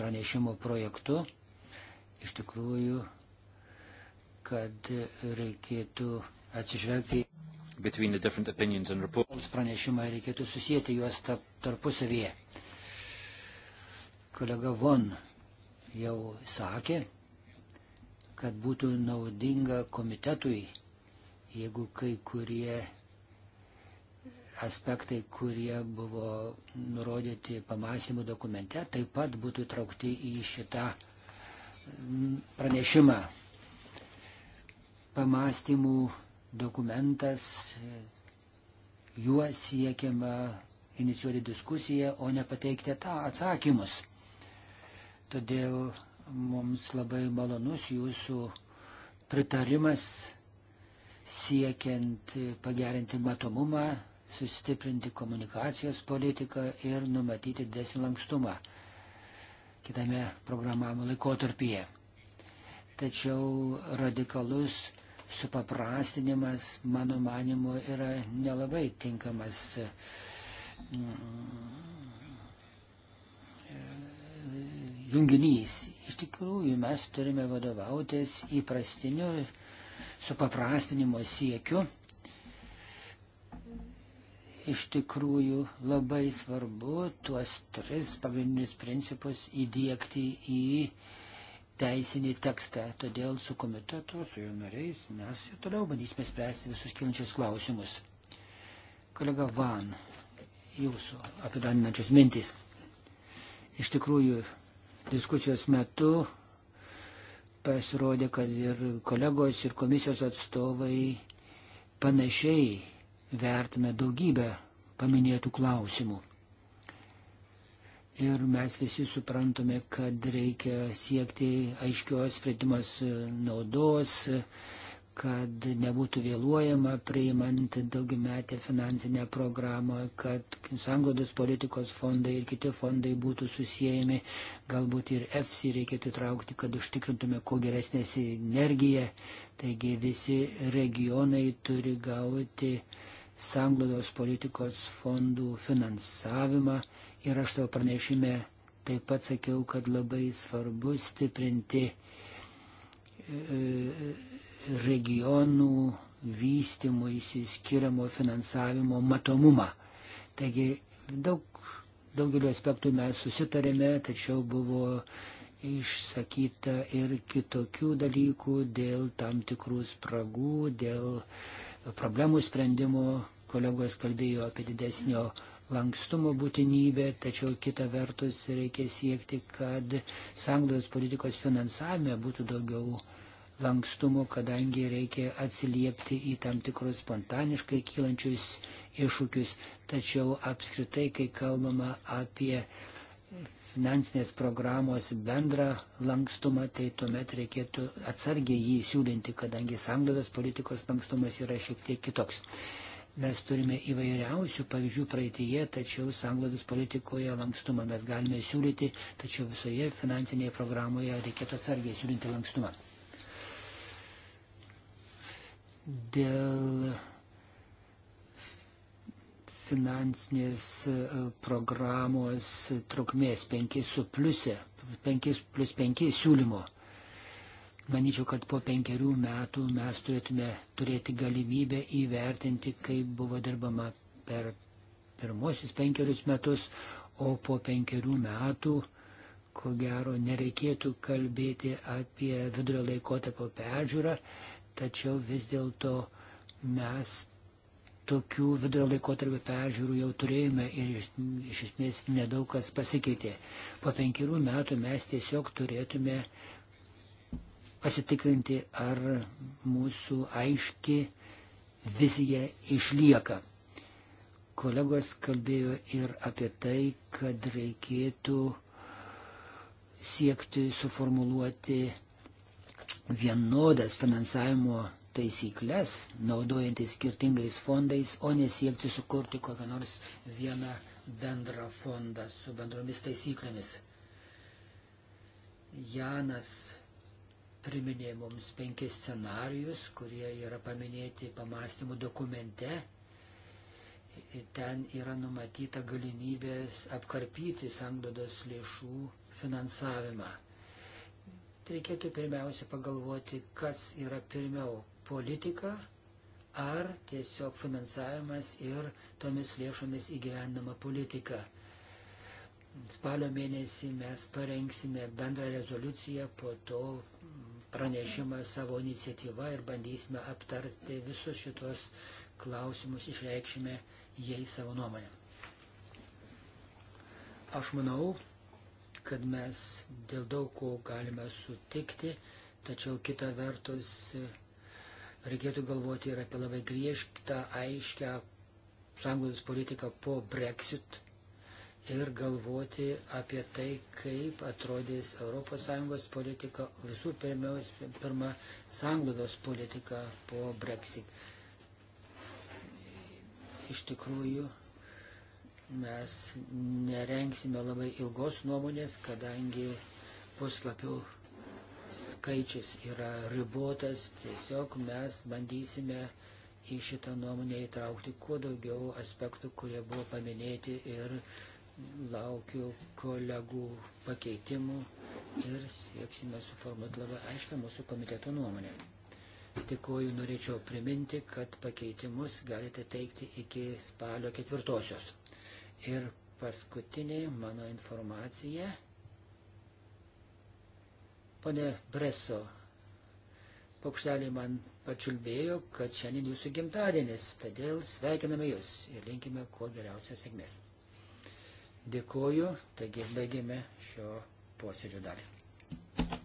pranešimų projektu. Iš tikrųjų, kad reikėtų atsižvelgti. Between the different opinions and reports. Pranešimą reikėtų susijęti juos tarpusavyje. Kolega Von jau sakė, kad būtų naudinga komitetui, jeigu kai kurie aspektai, kurie buvo nurodyti pamąstymų dokumente, taip pat būtų traukti į šitą mm, pranešimą. Pamąstymų dokumentas, juo siekiama inicijuoti diskusiją, o ne pateikti tą atsakymus. Todėl mums labai malonus jūsų pritarimas siekiant pagerinti matomumą, sustiprinti komunikacijos politiką ir numatyti desnį lankstumą kitame programavimo laikotarpyje. Tačiau radikalus supaprastinimas, mano manimu, yra nelabai tinkamas mm, junginys. Iš tikrųjų, mes turime vadovautis įprastiniu supaprastinimo siekiu. Iš tikrųjų, labai svarbu tuos tris pagrindinius principus įdėkti į teisinį tekstą. Todėl su komitetu, su jo nariais mes ir toliau bandysime spręsti visus kilančius klausimus. Kolega Van, jūsų apibendinančios mintys. Iš tikrųjų, diskusijos metu pasirodė, kad ir kolegos, ir komisijos atstovai panašiai vertina daugybę paminėtų klausimų. Ir mes visi suprantame, kad reikia siekti aiškios sprendimas naudos, kad nebūtų vėluojama priimant daugiametę finansinę programą, kad sanglodos politikos fondai ir kiti fondai būtų susijęjami, galbūt ir EFSI reikėtų traukti, kad užtikrintume kuo geresnę sinergiją. Taigi visi regionai turi gauti sanglodos politikos fondų finansavimą ir aš savo pranešime taip pat sakiau, kad labai svarbu stiprinti e, e, regionų vystimui įsiskiriamo finansavimo matomumą. Taigi daug, daugeliu aspektų mes susitarėme, tačiau buvo išsakyta ir kitokių dalykų dėl tam tikrų spragų, dėl problemų sprendimo. Kolegos kalbėjo apie didesnio lankstumo būtinybę, tačiau kita vertus reikia siekti, kad sanglaus politikos finansavime būtų daugiau lankstumo, kadangi reikia atsiliepti į tam tikrus spontaniškai kylančius iššūkius. Tačiau apskritai, kai kalbama apie finansinės programos bendrą lankstumą, tai tuomet reikėtų atsargiai jį siūlinti, kadangi sanglados politikos lankstumas yra šiek tiek kitoks. Mes turime įvairiausių pavyzdžių praeitie, tačiau sanglados politikoje lankstumą mes galime siūlyti, tačiau visoje finansinėje programoje reikėtų atsargiai siūlinti lankstumą dėl finansinės e, programos trukmės 5 su pliusė, 5 plus 5 siūlymo. Manyčiau, kad po penkerių metų mes turėtume turėti galimybę įvertinti, kaip buvo dirbama per pirmosius penkerius metus, o po penkerių metų, ko gero, nereikėtų kalbėti apie vidurio laikotarpio peržiūrą, tačiau vis dėlto mes tokių vidurio laikotarpio peržiūrų jau turėjome ir iš, iš esmės nedaug kas pasikeitė. Po penkerių metų mes tiesiog turėtume pasitikrinti, ar mūsų aiški vizija išlieka. Kolegos kalbėjo ir apie tai, kad reikėtų siekti suformuluoti vienodas finansavimo taisyklės, naudojantis skirtingais fondais, o nesiekti sukurti kokią nors vieną bendrą fondą su bendromis taisyklėmis. Janas priminė mums penkis scenarius, kurie yra paminėti pamastymų dokumente. Ten yra numatyta galimybė apkarpyti sanglodos lėšų finansavimą tai reikėtų pirmiausia pagalvoti, kas yra pirmiau - politika ar tiesiog finansavimas ir tomis lėšomis įgyvendama politika. Spalio mėnesį mes parengsime bendrą rezoliuciją, po to pranešimą savo iniciatyvą ir bandysime aptarti visus šitos klausimus, išreikšime jai savo nuomonę. Aš manau, kad mes dėl daug ko galime sutikti, tačiau kita vertus e, reikėtų galvoti ir apie labai griežtą, aiškę sąjungos politiką po Brexit ir galvoti apie tai, kaip atrodys ES politika, visų pirmiaus, pirma, sąjungos politika po Brexit. Iš tikrųjų, Mes nerenksime labai ilgos nuomonės, kadangi puslapių skaičius yra ribotas, tiesiog mes bandysime į šitą nuomonę įtraukti kuo daugiau aspektų, kurie buvo paminėti ir laukiu kolegų pakeitimų ir sieksime suformuoti labai aiškę mūsų komiteto nuomonę. Tikoju, norėčiau priminti, kad pakeitimus galite teikti iki spalio ketvirtosios. Ir paskutinė mano informacija. Pone Breso, paukštelį man pačiulbėjo, kad šiandien jūsų gimtadienis, todėl sveikiname jūs ir linkime kuo geriausios sėkmės. Dėkuoju, taigi baigėme šio posėdžio dalį.